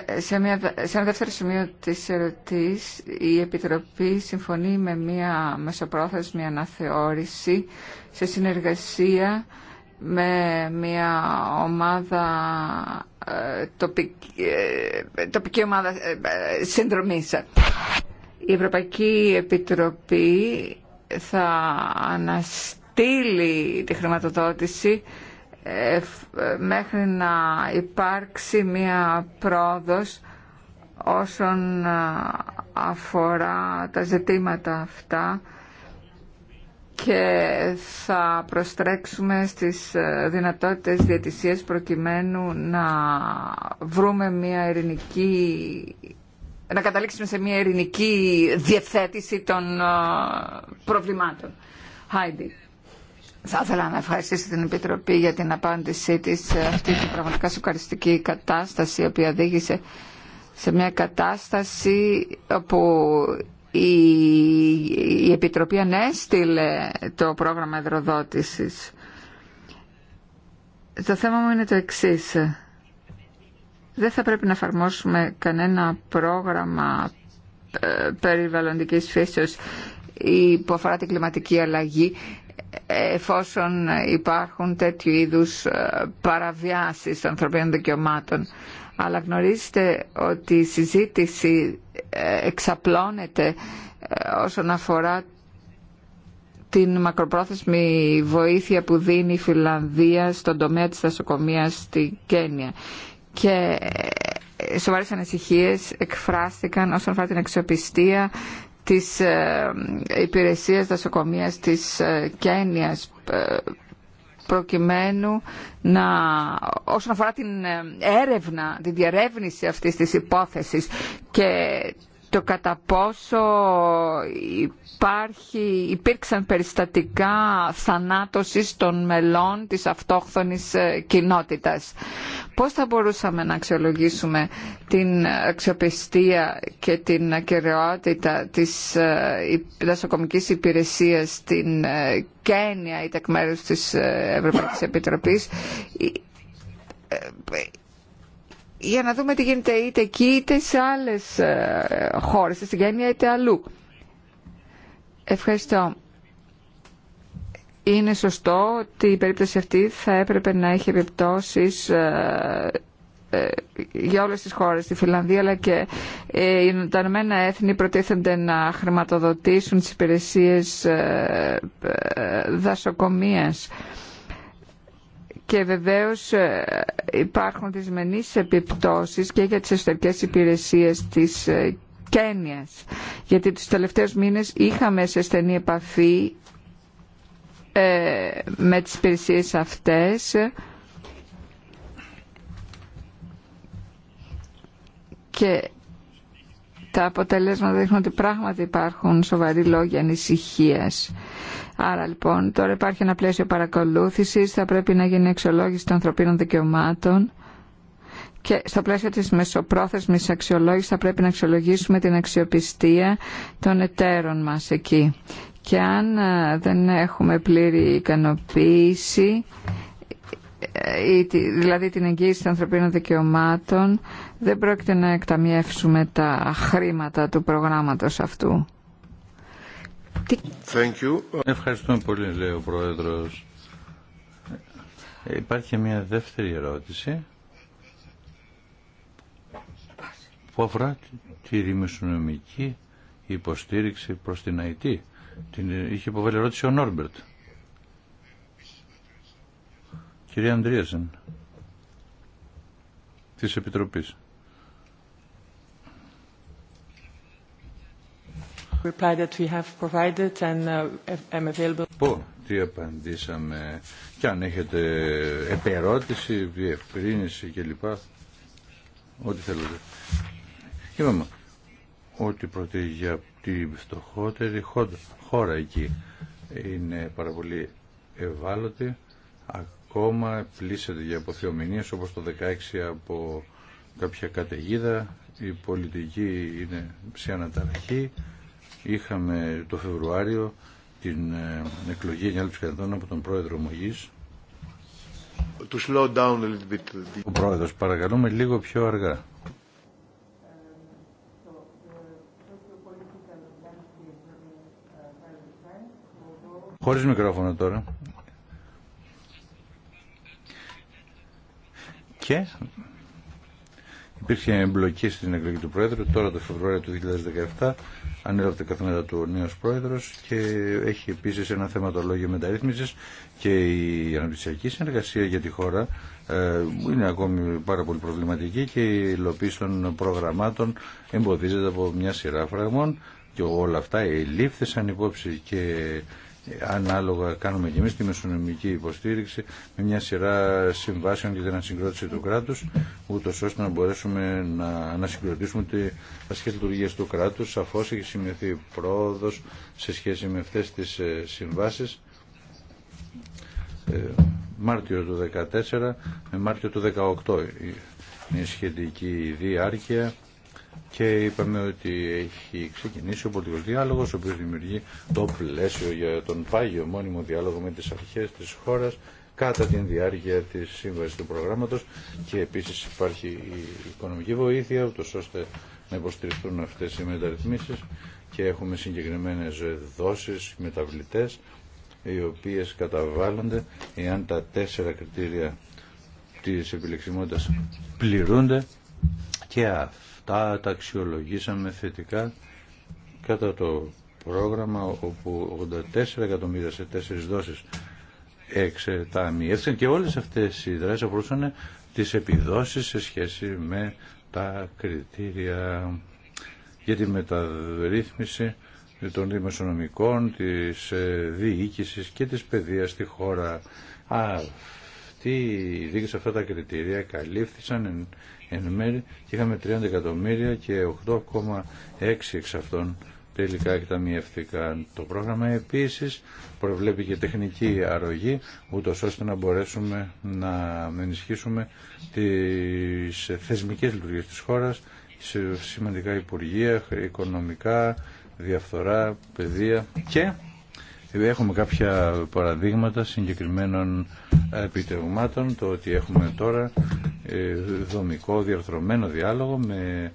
Ε, σε, μια, σε ένα δεύτερο σημείο της ερωτής, η Επιτροπή συμφωνεί με μια μεσοπρόθεσμη αναθεώρηση σε συνεργασία με μια ομάδα ε, τοπική, ε, τοπική ομάδα συνδρομής. Η Ευρωπαϊκή Επιτροπή θα αναστείλει τη χρηματοδότηση μέχρι να υπάρξει μία πρόοδος όσον αφορά τα ζητήματα αυτά και θα προστρέξουμε στις ε, δυνατότητες διατησίας προκειμένου να βρούμε μια ειρηνική να καταλήξουμε σε μια ειρηνική διευθέτηση των ε, προβλημάτων. Heidi. Θα ήθελα να ευχαριστήσω την Επιτροπή για την απάντησή της σε αυτή την πραγματικά σοκαριστική κατάσταση η οποία οδήγησε σε μια κατάσταση όπου η, Επιτροπή ανέστηλε το πρόγραμμα εδροδότησης. Το θέμα μου είναι το εξής. Δεν θα πρέπει να εφαρμόσουμε κανένα πρόγραμμα ε, περιβαλλοντικής φύσεως που αφορά την κλιματική αλλαγή εφόσον υπάρχουν τέτοιου είδους ε, παραβιάσεις των ανθρωπίνων δικαιωμάτων. Αλλά γνωρίζετε ότι η συζήτηση ε, εξαπλώνεται ε, όσον αφορά την μακροπρόθεσμη βοήθεια που δίνει η Φιλανδία στον τομέα της δασοκομείας στη Κένια. Και σοβαρές ανησυχίες εκφράστηκαν όσον αφορά την αξιοπιστία της ε, υπηρεσίας δασοκομείας της ε, Κένιας ε, προκειμένου να, όσον αφορά την έρευνα, τη διαρεύνηση αυτής της υπόθεσης και το κατά πόσο υπάρχει, υπήρξαν περιστατικά θανάτωσης των μελών της αυτόχθονης ε, κοινότητας. Πώς θα μπορούσαμε να αξιολογήσουμε την αξιοπιστία και την ακεραιότητα της δασοκομικής ε, υπηρεσίας στην ε, Κένια ή εκ μέρους της Ευρωπαϊκής Επιτροπής για να δούμε τι γίνεται είτε εκεί είτε σε άλλες ε, χώρες, στην Κένια είτε αλλού. Ευχαριστώ. Είναι σωστό ότι η περίπτωση αυτή θα έπρεπε να έχει επιπτώσεις ε, ε, για όλες τις χώρες, τη Φιλανδία αλλά και τα Ηνωμένα Έθνη προτίθενται να χρηματοδοτήσουν τις υπηρεσίες δασοκομείας και βεβαίως ε, υπάρχουν δυσμενείς επιπτώσεις και για τις εσωτερικές υπηρεσίες της ε, Κένιας. Γιατί τους τελευταίους μήνες είχαμε σε στενή επαφή ε, με τις υπηρεσίε αυτές και τα αποτελέσματα δείχνουν ότι πράγματι υπάρχουν σοβαροί λόγοι ανησυχίας. Άρα λοιπόν τώρα υπάρχει ένα πλαίσιο παρακολούθησης, θα πρέπει να γίνει αξιολόγηση των ανθρωπίνων δικαιωμάτων και στο πλαίσιο της μεσοπρόθεσμης αξιολόγησης θα πρέπει να αξιολογήσουμε την αξιοπιστία των εταίρων μας εκεί. Και αν ε, δεν έχουμε πλήρη ικανοποίηση ε, δηλαδή την εγγύηση των ανθρωπίνων δικαιωμάτων, δεν πρόκειται να εκταμιεύσουμε τα χρήματα του προγράμματος αυτού. Thank you. Ευχαριστούμε πολύ, λέει ο Πρόεδρος. Ε, υπάρχει μια δεύτερη ερώτηση που αφορά τη δημοσιονομική υποστήριξη προς την ΑΕΤ. Την είχε υποβάλει ερώτηση ο Νόρμπερτ κυρία Αντρίασεν της Επιτροπής. Reply that we have provided and uh, available. Πω, τι απαντήσαμε και αν έχετε επερώτηση, διευκρίνηση κλπ. Ό,τι θέλετε. Είπαμε ότι πρώτη για τη φτωχότερη χώρα εκεί. Είναι πάρα πολύ ευάλωτη, ακόμα πλήσεται για αποθεομηνίες όπως το 16 από κάποια καταιγίδα η πολιτική είναι σε αναταραχή είχαμε το Φεβρουάριο την ε, εκλογή γενιάλψη κρατών από τον πρόεδρο Μογής To slow down a little bit. Ο πρόεδρος παρακαλούμε λίγο πιο αργά Χωρίς μικρόφωνο τώρα και υπήρχε εμπλοκή στην εκλογή του Πρόεδρου τώρα το Φεβρουάριο του 2017 ανέλαβε τα του ο νέος Πρόεδρος και έχει επίσης ένα θεματολόγιο μεταρρύθμισης και η αναπτυξιακή συνεργασία για τη χώρα ε, είναι ακόμη πάρα πολύ προβληματική και η υλοποίηση των προγραμμάτων εμποδίζεται από μια σειρά φραγμών και όλα αυτά ελήφθησαν υπόψη και Ανάλογα κάνουμε και εμείς τη μεσονομική υποστήριξη με μια σειρά συμβάσεων για την ανασυγκρότηση του κράτους ούτως ώστε να μπορέσουμε να ανασυγκροτήσουμε τη βασική λειτουργία του κράτους. Σαφώς έχει σημειωθεί πρόοδος σε σχέση με αυτές τις ε, συμβάσεις. Ε, Μάρτιο του 2014 με Μάρτιο του 2018 είναι σχετική διάρκεια και είπαμε ότι έχει ξεκινήσει ο πολιτικός διάλογο, ο οποίος δημιουργεί το πλαίσιο για τον πάγιο μόνιμο διάλογο με τις αρχέ της χώρας κατά την διάρκεια της σύμβαση του προγράμματο και επίσης υπάρχει η οικονομική βοήθεια ούτω ώστε να υποστηριχθούν αυτές οι μεταρρυθμίσεις και έχουμε συγκεκριμένε δόσεις, μεταβλητέ, οι οποίε καταβάλλονται εάν τα τέσσερα κριτήρια τη επιλεξιμότητας πληρούνται και τα αξιολογήσαμε θετικά κατά το πρόγραμμα όπου 84 εκατομμύρια σε τέσσερις δόσεις εξετάμιευσαν και όλες αυτές οι δράσεις αφορούσαν τις επιδόσεις σε σχέση με τα κριτήρια για τη μεταρρύθμιση των δημοσιονομικών, της ε, διοίκησης και της παιδείας στη χώρα. Αυτοί η αυτά τα κριτήρια καλύφθησαν εν μέρη και είχαμε 30 εκατομμύρια και 8,6 εξ αυτών τελικά εκταμιεύθηκαν. Το πρόγραμμα επίσης προβλέπει και τεχνική αρρωγή ούτως ώστε να μπορέσουμε να ενισχύσουμε τις θεσμικές λειτουργίες της χώρας σε σημαντικά υπουργεία, οικονομικά, διαφθορά, παιδεία και Έχουμε κάποια παραδείγματα συγκεκριμένων ε, επιτευγμάτων, το ότι έχουμε τώρα ε, δομικό διαρθρωμένο διάλογο με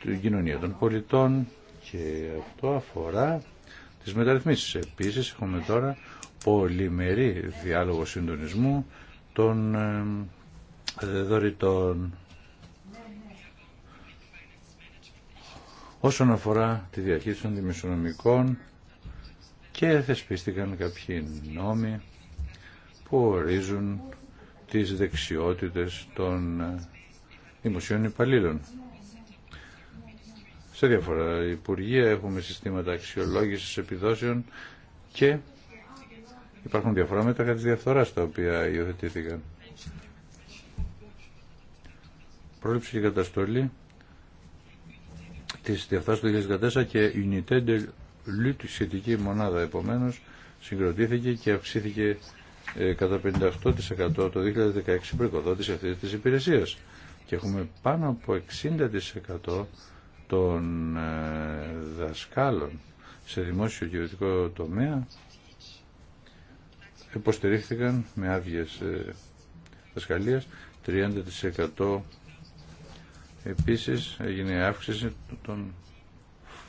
την κοινωνία των πολιτών και αυτό αφορά τις μεταρρυθμίσεις. Επίσης έχουμε τώρα πολυμερή διάλογο συντονισμού των ε, δωρητών. Όσον αφορά τη διαχείριση των δημοσιονομικών και θεσπίστηκαν κάποιοι νόμοι που ορίζουν τις δεξιότητες των δημοσίων υπαλλήλων. Σε διάφορα υπουργεία έχουμε συστήματα αξιολόγησης επιδόσεων και υπάρχουν διαφορά μεταξύ της διαφθοράς τα οποία υιοθετήθηκαν. Πρόληψη και καταστολή της διαφθοράς του 2014 και United Λύτου σχετική μονάδα. Επομένως, συγκροτήθηκε και αυξήθηκε ε, κατά 58% το 2016 προοικοδότηση αυτή της υπηρεσίας. Και έχουμε πάνω από 60% των ε, δασκάλων σε δημόσιο και ιδιωτικό τομέα υποστηρίχθηκαν με άδειε ε, δασκαλίας 30% επίσης έγινε αύξηση των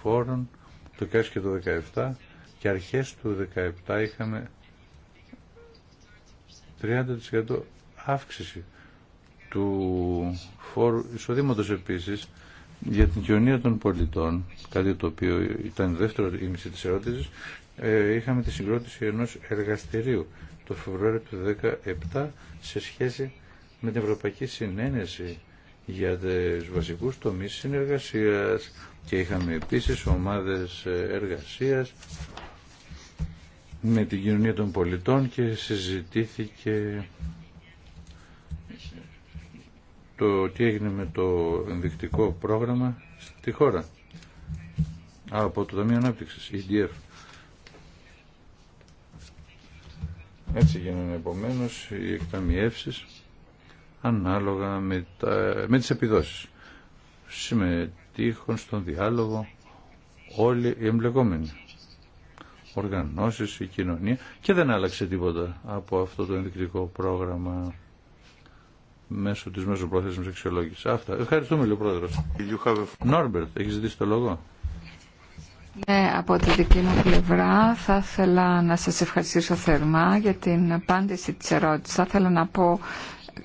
φόρων το 16 και το 17 και αρχές του 17 είχαμε 30% αύξηση του φόρου εισοδήματος επίσης για την κοινωνία των πολιτών, κάτι το οποίο ήταν δεύτερο ήμιση της ερώτησης, ε, είχαμε τη συγκρότηση ενός εργαστηρίου το Φεβρουάριο του 2017 σε σχέση με την Ευρωπαϊκή Συνένεση για τους βασικούς τομείς συνεργασίας και είχαμε επίσης ομάδες εργασίας με την κοινωνία των πολιτών και συζητήθηκε το τι έγινε με το ενδεικτικό πρόγραμμα στη χώρα από το Ταμείο Ανάπτυξης, EDF. Έτσι γίνανε επομένω οι εκταμιεύσεις ανάλογα με, τα, με τις επιδόσεις συμμετείχουν στον διάλογο όλοι οι εμπλεκόμενοι οργανώσεις, η κοινωνία και δεν άλλαξε τίποτα από αυτό το ενδεικτικό πρόγραμμα μέσω της μεσοπρόθεσμης αξιολόγηση. Αυτά. Ευχαριστούμε, λέει Πρόεδρος. Νόρμπερτ, έχεις ζητήσει το λόγο. Ναι, από τη δική μου πλευρά θα ήθελα να σας ευχαριστήσω θερμά για την απάντηση της ερώτησης. Θα ήθελα να πω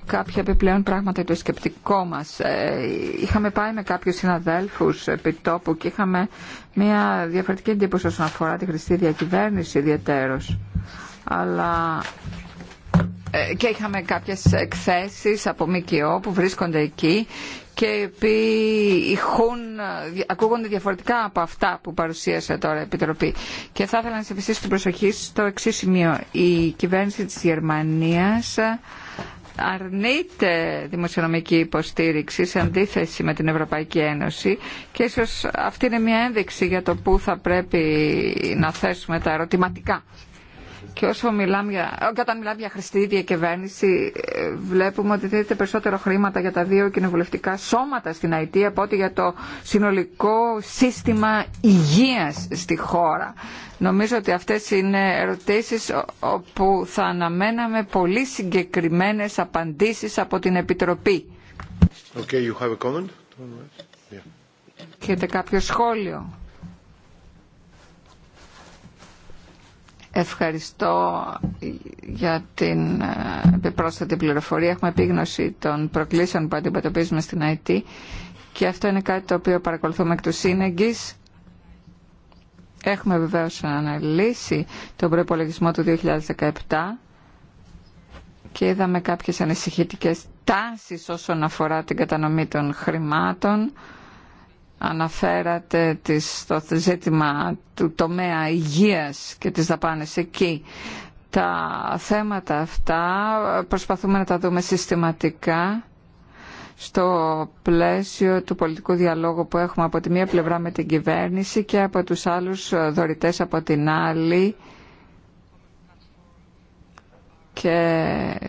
κάποια επιπλέον πράγματα το σκεπτικό μας. Ε, είχαμε πάει με κάποιους συναδέλφους επί τόπου και είχαμε μια διαφορετική εντύπωση όσον αφορά τη χρηστή διακυβέρνηση ιδιαίτερος. Αλλά ε, και είχαμε κάποιες εκθέσεις από ΜΚΟ που βρίσκονται εκεί και ηχούν, ακούγονται διαφορετικά από αυτά που παρουσίασε τώρα η Επιτροπή. Και θα ήθελα να σε ευχαριστήσω την προσοχή στο εξή σημείο. Η κυβέρνηση της Γερμανίας αρνείται δημοσιονομική υποστήριξη σε αντίθεση με την Ευρωπαϊκή Ένωση και ίσως αυτή είναι μια ένδειξη για το που θα πρέπει να θέσουμε τα ερωτηματικά. Και όσο μιλάμε για, όταν μιλάμε για χρηστή διακυβέρνηση, βλέπουμε ότι δίνεται περισσότερο χρήματα για τα δύο κοινοβουλευτικά σώματα στην ΑΕΤ από ότι για το συνολικό σύστημα υγείας στη χώρα. Νομίζω ότι αυτές είναι ερωτήσεις όπου θα αναμέναμε πολύ συγκεκριμένες απαντήσεις από την Επιτροπή. Okay, you have a Έχετε κάποιο σχόλιο. Ευχαριστώ για την ε, επιπρόσθετη πληροφορία. Έχουμε επίγνωση των προκλήσεων που αντιμετωπίζουμε στην ΑΕΤ και αυτό είναι κάτι το οποίο παρακολουθούμε εκ του σύνεγγυς Έχουμε βεβαίω αναλύσει τον προπολογισμό του 2017 και είδαμε κάποιες ανησυχητικές τάσεις όσον αφορά την κατανομή των χρημάτων. Αναφέρατε το ζήτημα του τομέα υγείας και τις δαπάνες εκεί. Τα θέματα αυτά προσπαθούμε να τα δούμε συστηματικά στο πλαίσιο του πολιτικού διαλόγου που έχουμε από τη μία πλευρά με την κυβέρνηση και από τους άλλους ε, δωρητές από την άλλη και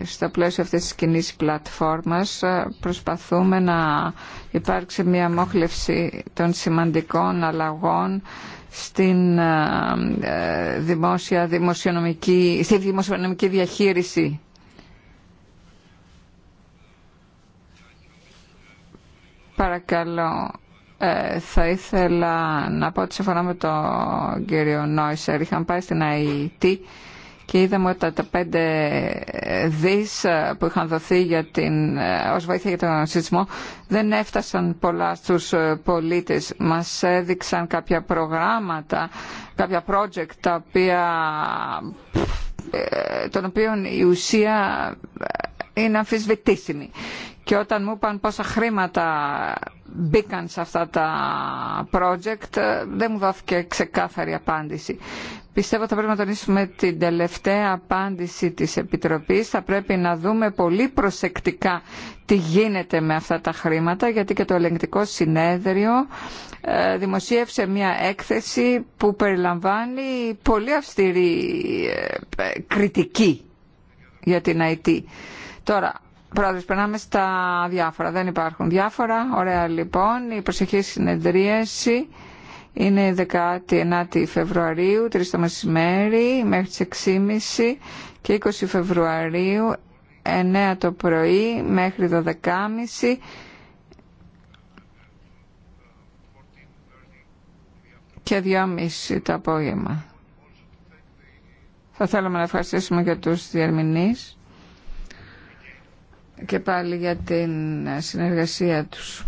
στο πλαίσιο αυτής της κοινή πλατφόρμας ε, προσπαθούμε να υπάρξει μια μόχλευση των σημαντικών αλλαγών στην ε, δημόσια, δημοσιονομική, στη δημοσιονομική διαχείριση Παρακαλώ. Ε, θα ήθελα να πω ότι συμφωνώ με τον κύριο Νόισερ. Είχαμε πάει στην ΑΕΤ και είδαμε ότι τα πέντε δις που είχαν δοθεί για την, ε, ως βοήθεια για τον σεισμό δεν έφτασαν πολλά στους πολίτες. Μας έδειξαν κάποια προγράμματα, κάποια project τα οποία, ε, των οποίων η ουσία είναι αμφισβητήσιμη και όταν μου είπαν πόσα χρήματα μπήκαν σε αυτά τα project ε, δεν μου δόθηκε ξεκάθαρη απάντηση. Πιστεύω θα πρέπει να τονίσουμε την τελευταία απάντηση της Επιτροπής. Θα πρέπει να δούμε πολύ προσεκτικά τι γίνεται με αυτά τα χρήματα γιατί και το ελεγκτικό συνέδριο ε, δημοσίευσε μια έκθεση που περιλαμβάνει πολύ αυστηρή ε, κριτική για την IT. Τώρα, Πρόεδρος, περνάμε στα διάφορα. Δεν υπάρχουν διάφορα. Ωραία, λοιπόν. Η προσεχή συνεδρίαση είναι 19η Φεβρουαρίου, 3 το μεσημέρι, μέχρι τις 6.30 και 20 Φεβρουαρίου, 9 το πρωί, μέχρι 12.30 και 2.30 το απόγευμα. Θα θέλαμε να ευχαριστήσουμε και τους διερμηνείς και πάλι για την συνεργασία τους.